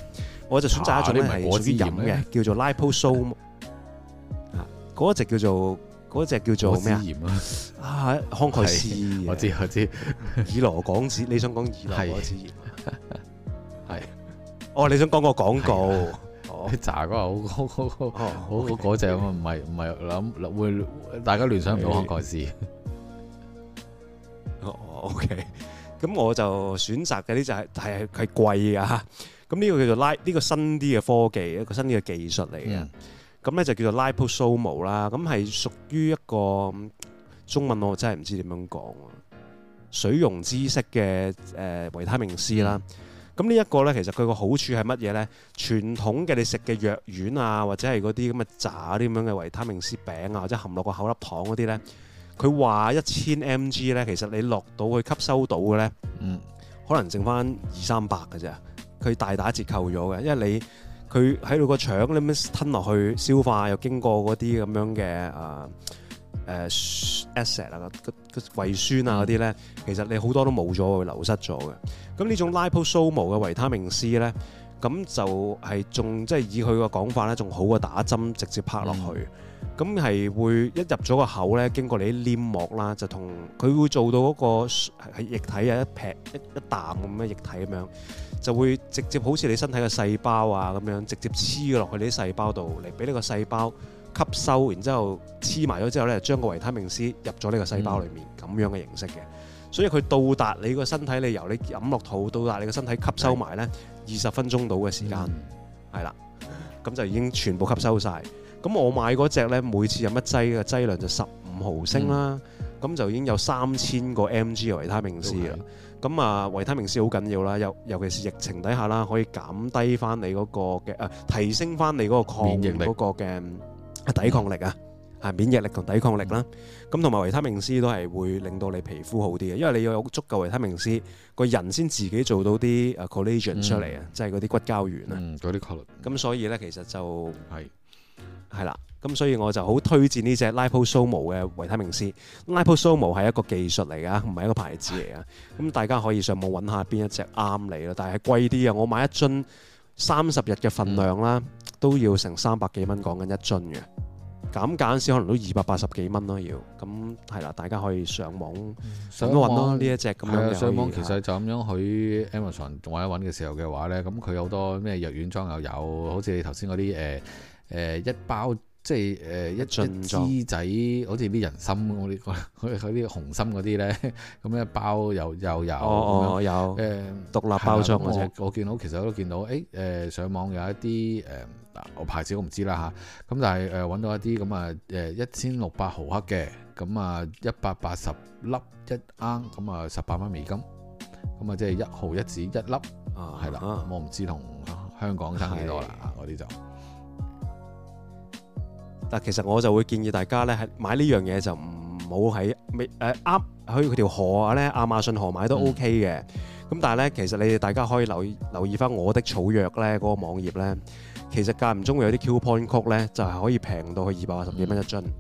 我就選擇一種咧係屬於飲嘅，叫做 liposome。嗰隻、嗯、叫做。嗰隻叫做咩啊？康蓋斯，我知我知。以羅廣子，你想講以羅廣子言？係，哦，你想講個廣告？渣哥，好好好好，好嗰隻唔係唔係諗會，大家聯想唔到康蓋斯。OK，咁我就選擇嘅呢就係係係貴嘅。咁呢個叫做拉，呢個新啲嘅科技，一個新啲嘅技術嚟嘅。咁咧就叫做 liposomal 啦，咁係屬於一個中文我真係唔知點樣講，水溶知式嘅誒、呃、維他命 C 啦、嗯。咁呢一個呢，其實佢個好處係乜嘢呢？傳統嘅你食嘅藥丸啊，或者係嗰啲咁嘅炸啲咁樣嘅維他命 C 餅啊，或者含落個口粒糖嗰啲呢，佢話一千 mg 呢，其實你落到去吸收到嘅呢，嗯、可能剩翻二三百嘅啫。佢大打折扣咗嘅，因為你。佢喺度個腸裡，你咁吞落去消化，又經過嗰啲咁樣嘅誒誒酸啊、個、呃、個胃酸啊嗰啲咧，其實你好多都冇咗，會流失咗嘅。咁呢種 liposomal 嘅維他命 C 咧，咁就係仲即係以佢個講法咧，仲好過打針直接拍落去。咁係、嗯、會一入咗個口咧，經過你啲黏膜啦，就同佢會做到嗰個喺液體有一撇一一啖咁嘅液體咁樣。就會直接好似你身體嘅細胞啊咁樣，直接黐落去你啲細胞度，嚟俾呢個細胞吸收，然後之後黐埋咗之後呢，將個維他命 C 入咗呢個細胞裏面，咁、嗯、樣嘅形式嘅。所以佢到達你個身體，你由你飲落肚到達你個身體吸收埋呢，二十、嗯、分鐘到嘅時間，係啦、嗯，咁就已經全部吸收晒。咁我買嗰隻呢，每次飲一劑嘅劑量就十五毫升啦，咁、嗯、就已經有三千個 mg 維他命 C 啦。咁啊，維他命 C 好緊要啦，尤尤其是疫情底下啦，可以減低翻你嗰個嘅啊、呃，提升翻你嗰個抗疫嗰個嘅抵抗力啊，啊免疫力同抵抗力啦、啊。咁同埋維他命 C 都係會令到你皮膚好啲嘅，因為你要有足夠維他命 C，個人先自己做到啲啊 collagen 出嚟啊，即係嗰啲骨膠原啊。嗰啲 collagen。咁 coll 所以咧，其實就係係啦。是咁所以我就好推薦呢隻 Lipo Somo 嘅維他命 C，Lipo Somo 係一個技術嚟噶，唔係一個牌子嚟噶。咁大家可以上網揾下邊一隻啱你咯。但係貴啲啊，我買一樽三十日嘅份量啦，都要成三百幾蚊，講緊一樽嘅。減減少可能都二百八十幾蚊咯，要。咁係啦，大家可以上網上網揾咯，呢一隻咁樣。係啊，上網其實就咁樣去 Amazon 揾一揾嘅時候嘅話咧，咁佢好多咩藥丸裝又有，好似你頭先嗰啲誒誒一包。即係誒、呃、壯一一支仔，好似啲人心參嗰啲，嗰啲嗰紅參嗰啲咧，咁樣一包又又有，哦哦樣有，誒、呃、獨立包裝、啊、我，我見到其實我都見到，誒、欸、誒、呃、上網有一啲誒、呃，我牌子我唔知啦嚇。咁、啊、但係誒揾到一啲咁啊，誒一千六百毫克嘅，咁啊一百八十粒一罌，咁啊十八蚊美金，咁啊即係一毫一子一粒，係啦、啊嗯。我唔知同香港差幾多啦嗰啲就。但其實我就會建議大家咧，係買呢樣嘢就唔好喺未誒、呃去條河啊咧，亞馬遜河買都 OK 嘅。咁、嗯、但係咧，其實你哋大家可以留意留意翻我的草藥咧嗰、那個網頁咧，其實間唔中會有啲 coupon code 咧，就係可以平到去二百八十幾蚊一樽。嗯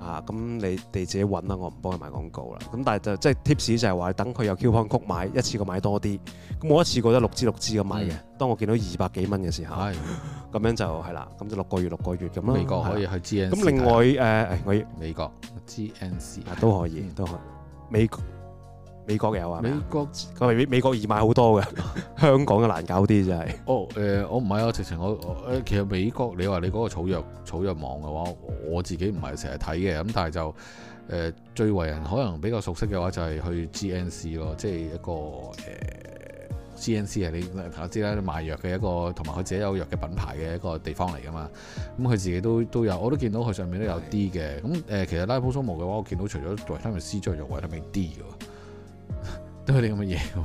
啊，咁你哋自己揾啦，我唔幫佢買廣告啦。咁但係就即係 tips 就係話，等佢有 coupon code 買一次過買多啲。咁我一次過都六支六支咁買嘅。的當我見到二百幾蚊嘅時候，咁的樣就係啦，咁就六個月六個月咁啦。美國可以去 GNC。咁另外誒、呃，我美國 GNC、啊、都可以，都可以美國。美國有啊，是是美國佢係美美國易買好多嘅， *laughs* 香港嘅難搞啲真係。哦，誒、呃，我唔係啊，直情我，誒，其實美國你話你嗰個草藥草藥網嘅話，我自己唔係成日睇嘅，咁但係就誒、呃、最為人可能比較熟悉嘅話就係去 GNC 咯，即係一個誒、呃、GNC 係你大家知啦，賣藥嘅一個同埋佢自己有藥嘅品牌嘅一個地方嚟噶嘛。咁、嗯、佢自己都都有，我都見到佢上面都有啲嘅。咁誒是的、嗯呃，其實 Liposome 嘅話，我見到除咗維他命 C 之外，仲有維他命 D 嘅。都係啲咁嘅嘢喎。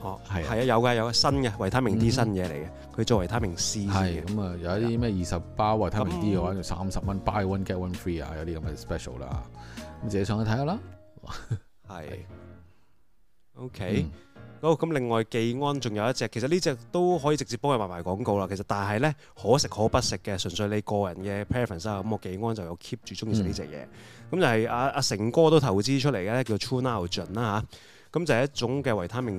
哦，係的，係啊的，有嘅，有新嘅維他命 D 新嘢嚟嘅。佢、嗯、做維他命 C 嘅。咁啊，有一啲咩二十包、嗯、維他命 D 嘅話，就三十蚊 buy one get one free 啊，有啲咁嘅 special 啦。咁自己上去睇下啦。係 *laughs* 。OK、嗯。好，咁另外技安仲有一隻，其實呢隻都可以直接幫佢埋埋廣告啦。其實，但係咧可食可不食嘅，純粹你個人嘅 preference 啊。咁我技安就有 keep 住中意食呢隻嘢。咁、嗯、就係阿、啊、阿成哥都投資出嚟嘅，叫 Tru Niagen 啦嚇。咁就係一種嘅維他命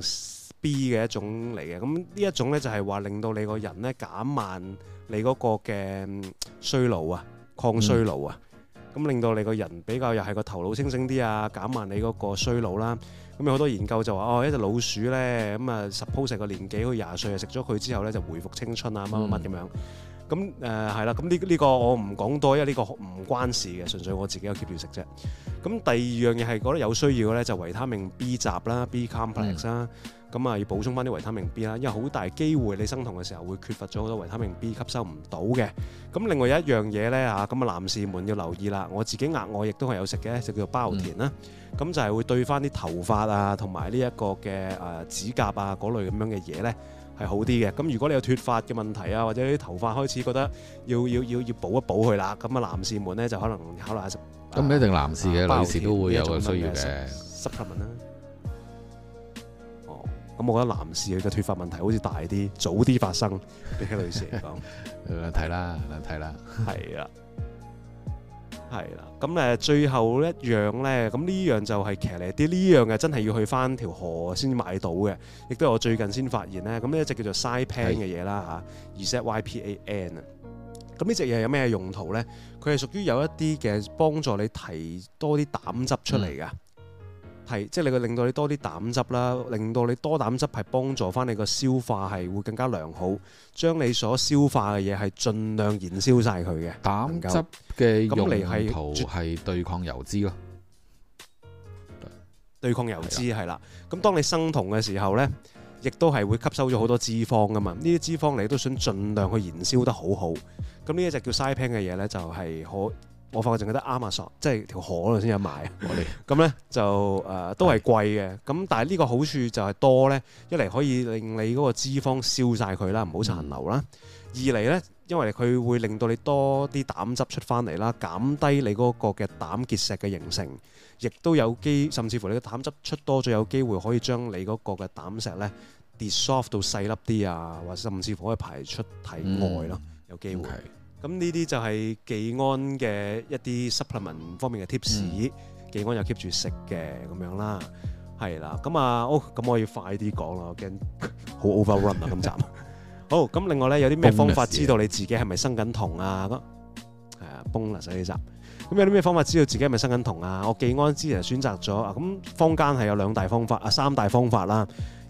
B 嘅一種嚟嘅，咁呢一種咧就係、是、話令到你個人咧減慢你嗰個嘅衰老啊，抗衰老啊，咁、嗯、令到你個人比較又係個頭腦清醒啲啊，減慢你嗰個衰老啦、啊。咁有好多研究就話哦，一隻老鼠咧咁啊 suppose 個年紀佢廿歲啊，食咗佢之後咧就回復青春啊，乜乜乜咁樣。咁誒係啦，咁呢呢個我唔講多，因為呢個唔關事嘅，純粹我自己有 keep 住食啫。咁第二樣嘢係覺得有需要嘅咧，就維他命 B 集啦、B complex 啦，咁啊要補充翻啲維他命 B 啦，因為好大機會你生酮嘅時候會缺乏咗好多維他命 B 吸收唔到嘅。咁另外有一樣嘢咧嚇，咁啊男士們要留意啦，我自己額外亦都係有食嘅，就叫做包田啦。咁就係會對翻啲頭髮啊，同埋呢一個嘅誒指甲啊嗰類咁樣嘅嘢咧。係好啲嘅，咁如果你有脫髮嘅問題啊，或者啲頭髮開始覺得要要要要補一補佢啦，咁啊男士們咧就可能考慮下食。咁唔、嗯、一定男士嘅，啊、女士都會有個需要嘅。supplement 啦。哦，咁我覺得男士嘅脫髮問題好似大啲，早啲發生比啲女士嚟講。難睇啦，難睇啦。係啊。 *laughs* 係啦，咁誒最後一樣咧，咁呢樣就係騎呢啲，呢樣嘅真係要去返條河先買到嘅，亦都係我最近先發現咧。咁呢隻叫做 Zypan 嘅嘢啦嚇，reset y p a n 啊。咁呢隻嘢有咩用途咧？佢係屬於有一啲嘅幫助你提多啲膽汁出嚟噶。嗯係，即係你會令到你多啲膽汁啦，令到你多膽汁係幫助翻你個消化係會更加良好，將你所消化嘅嘢係盡量燃燒晒佢嘅膽汁嘅用途係對抗油脂咯，對抗油脂係啦。咁的當你生酮嘅時候呢，亦都係會吸收咗好多脂肪噶嘛，呢啲脂肪你都想盡量去燃燒得好好。咁呢一隻叫嘥平嘅嘢呢，就係可。我反而淨覺得啱啊，索即係條河度先有賣，我哋咁呢，就誒、呃、都係貴嘅，咁是但係呢個好處就係多呢：一嚟可以令你嗰個脂肪燒晒佢啦，唔好殘留啦；嗯、二嚟呢，因為佢會令到你多啲膽汁出翻嚟啦，減低你嗰個嘅膽結石嘅形成，亦都有機，甚至乎你個膽汁出多咗，有機會可以將你嗰個嘅膽石呢 dissolve 到細粒啲啊，或甚至乎可以排出體外啦，嗯、有機會。Okay. 咁呢啲就係技安嘅一啲 supplement 方面嘅 tips，技安又 keep 住食嘅咁樣啦，係啦。咁啊，哦，咁我要快啲講啦，我驚好 overrun 啊，今集。好，咁另外咧有啲咩方法知道你自己係咪生緊酮啊？咁係啊，崩啦！上幾集。咁有啲咩方法知道自己係咪生緊酮啊？我技安之前選擇咗啊，咁坊間係有兩大方法啊，三大方法啦。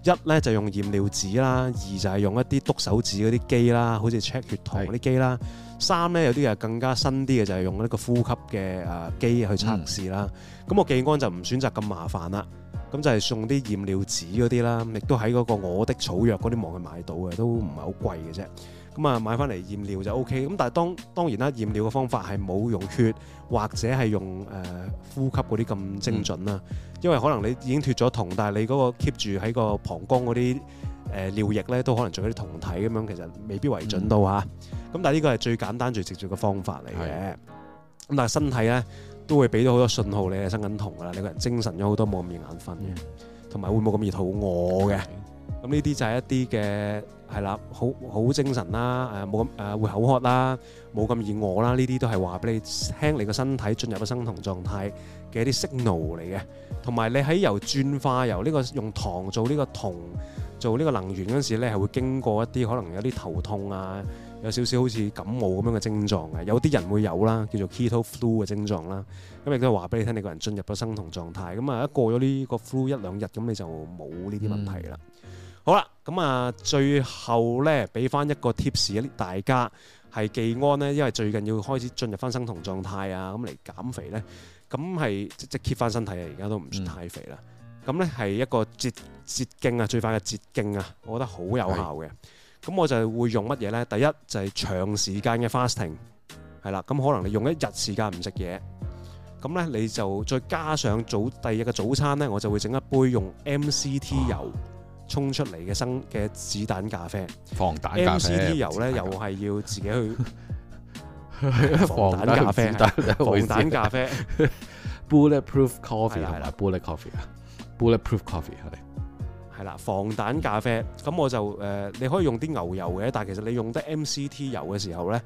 一咧就用驗尿紙啦，二就係用一啲篤手指嗰啲機啦，好似 check 血糖嗰啲機啦。是三咧有啲嘢更加新啲嘅就係、是、用嗰個呼吸嘅誒機去測試啦。咁、嗯、我技安就唔選擇咁麻煩啦，咁就係送啲驗尿紙嗰啲啦，亦都喺嗰、那個我的草藥嗰啲網去買到嘅，都唔係好貴嘅啫。咁啊，買翻嚟驗尿就 O、OK, K。咁但係當當然啦，驗尿嘅方法係冇用血或者係用誒、呃、呼吸嗰啲咁精準啦。嗯、因為可能你已經脫咗酮，但係你嗰、那個 keep 住喺個膀胱嗰啲誒尿液咧，都可能仲有啲酮體咁樣，其實未必為準到嚇。咁、嗯、但係呢個係最簡單最直接嘅方法嚟嘅。咁的但係身體咧都會俾到好多信號，你係生緊酮㗎啦。你個人精神咗好多，冇咁易眼瞓，同埋、嗯、會冇咁易肚餓嘅。咁呢啲就係一啲嘅。係啦，好好精神啦，誒冇咁誒會口渴啦，冇咁易餓啦，呢啲都係話俾你聽，你個身體進入咗生酮狀態嘅一啲 signal 嚟嘅。同埋你喺由轉化由呢個用糖做呢個酮做呢個能源嗰陣時咧，係會經過一啲可能有啲頭痛啊，有少少好似感冒咁樣嘅症狀嘅。有啲人會有啦，叫做 keto flu 嘅症狀啦。咁亦都係話俾你聽，你個人進入咗生酮狀態。咁啊，一過咗呢個 flu 一兩日，咁你就冇呢啲問題啦。嗯。好啦，咁啊，最後咧俾翻一個 tips，大家係技安呢，因為最近要開始進入翻生酮狀態啊，咁嚟減肥呢，咁係即係 keep 翻身體啊。而家都唔算太肥啦。咁呢係一個捷捷徑啊，最快嘅捷徑啊，我覺得好有效嘅。咁是我就會用乜嘢呢？第一就係、是、長時間嘅 fasting，係啦，咁可能你用一日時間唔食嘢，咁呢你就再加上早第二日嘅早餐呢，我就會整一杯用 MCT 油，啊沖出嚟嘅生嘅子彈咖啡，防彈咖啡。MCT 油咧，又係要自己去防彈咖啡。防彈咖啡，bulletproof coffee 係咪？Bullet coffee 啊，bulletproof coffee 係咪？係啦，防彈咖啡。咁我就誒，你可以用啲牛油嘅，但係其實你用得 MCT 油嘅時候咧。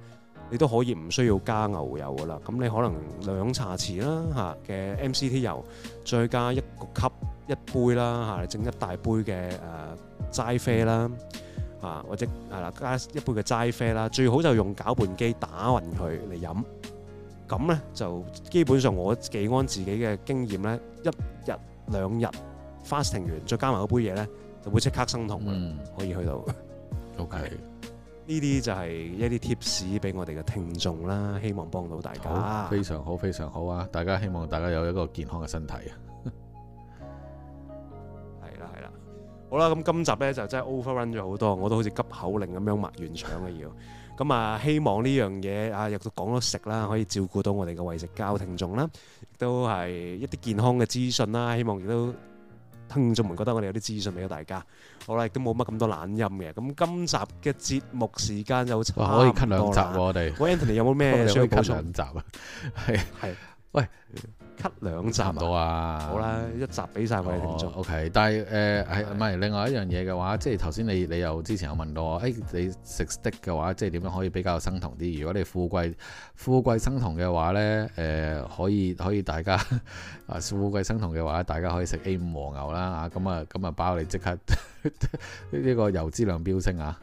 你都可以唔需要加牛油噶啦，咁你可能兩茶匙啦嚇嘅、啊、MCT 油，再加一個吸一杯啦你整、啊、一大杯嘅誒齋啡啦嚇、啊，或者係啦、啊、加一杯嘅齋啡啦，最好就用攪拌機打勻佢嚟飲。咁咧就基本上我技安自己嘅經驗咧，一日兩日 fasting 完，再加埋嗰杯嘢咧，就會即刻生酮嘅，嗯、可以去到。O K。呢啲就係一啲 tips 俾我哋嘅聽眾啦，希望幫到大家。非常好，非常好啊！大家希望大家有一個健康嘅身體啊！係啦，係啦，好啦，咁今集呢就真係 overrun 咗好多，我都好似急口令咁樣抹完腸，嘅要。咁啊，希望呢樣嘢，啊，入到講到食啦，可以照顧到我哋嘅為食交聽眾啦，亦都係一啲健康嘅資訊啦，希望亦都。聽眾們覺得我哋有啲資訊俾到大家，好啦，亦都冇乜咁多懶音嘅。咁今集嘅節目時間又可以 cut 兩集，啊、我哋。Anthony 有冇咩需要 cut 兩集啊？係係。喂 cut 兩集到啊！好啦吧，一集俾晒我哋聽眾。O K、哦、但係誒係唔係另外一樣嘢嘅話，即係頭先你你又之前有問到我，哎，你食 steak 嘅話，即係點樣可以比較生酮啲？如果你富貴富貴生酮嘅話呢，誒、呃、可以可以大家啊富貴生酮嘅話，大家可以食 A 五和牛啦嚇，咁啊咁啊，包你即刻呢、這個油脂量飆升啊！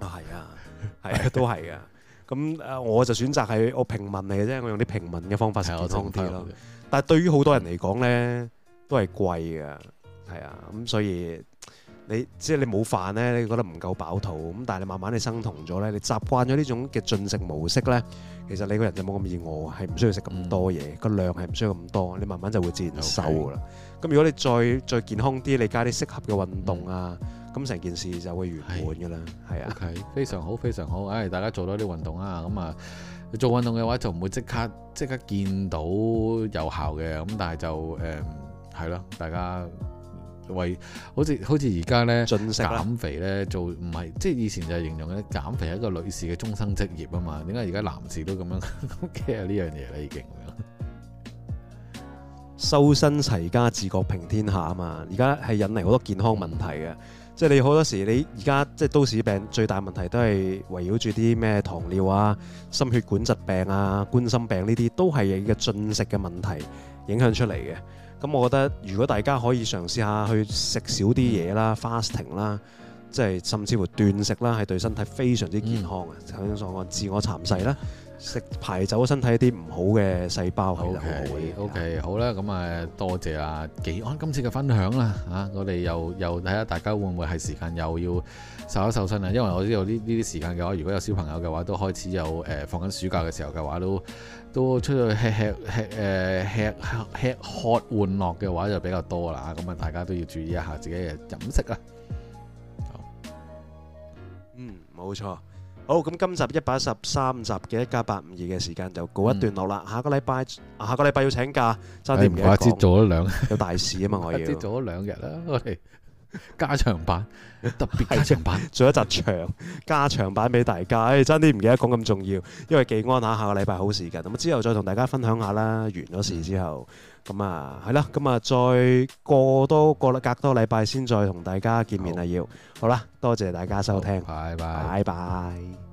啊係啊，係啊，都係啊。 *laughs* 咁誒，我就選擇係我平民嚟嘅啫，我用啲平民嘅方法食健康啲咯。但係對於好多人嚟講咧，都係貴嘅。係啊，咁所以你即係你冇飯咧，fire, 你覺得唔夠飽肚。咁但係你慢慢你生酮咗咧，你習慣咗呢種嘅進食模式咧，其實你個人就冇咁易餓，係唔、嗯、seeing that. 需要食咁多嘢，個量係唔需要咁多，你慢慢就會自然瘦噶啦。咁如果你再再健康啲，你加啲適合嘅運動啊，咁成、嗯、件事就會圓滿嘅啦。係啊是的，OK，非常好，非常好。誒、哎，大家做多啲運動啊，咁、嗯、啊，做運動嘅話就唔會即刻即刻見到有效嘅，咁、嗯、但係就誒係咯，大家為好似好似而家咧減肥咧做唔係即係以前就係形容咧減肥係一個女士嘅終生職業啊嘛，點解而家男士都咁樣 care 呢樣嘢咧已經？修身齊家治國平天下啊嘛！而家係引嚟好多健康問題嘅，即係你好多時你而家即係都市病最大問題都係圍繞住啲咩糖尿啊、心血管疾病啊、冠心病呢啲都係你嘅進食嘅問題影響出嚟嘅。咁我覺得如果大家可以嘗試下去食少啲嘢啦、fasting 啦、嗯，嗯、即係甚至乎斷食啦，係對身體非常之健康，頭先所講自我蠶食啦。食排走身體一啲唔好嘅細胞，好啦，會 OK 好啦，咁啊多謝啊，技安今次嘅分享啦、啊、嚇、啊，我哋又又睇下大家會唔會係時間又要瘦一瘦身啊？因為我知道呢呢啲時間嘅話，如果有小朋友嘅話，都開始有誒、呃、放緊暑假嘅時候嘅話，都都出去吃吃吃誒、呃、吃吃喝玩樂嘅話就比較多啦，咁啊大家都要注意一下自己嘅飲食啦、啊。嗯，冇錯。好，咁今集一百一十三集嘅一家八五二嘅時間就告一段落啦。嗯、下個禮拜下個禮拜要請假，差啲唔記得講。我、哎、知做咗兩日有大事啊嘛，我要做咗兩日啦。我哋加長版特別加長版，做 *laughs* 一集長加長版俾大家。唉，差啲唔記得講咁重要，因為技安下下個禮拜好時間。咁之後再同大家分享下啦。完咗事之後。咁啊，係啦，咁啊，再過多個隔多個禮拜先再同大家見面好啊！要好啦，多謝大家收聽，拜拜。拜拜，拜拜。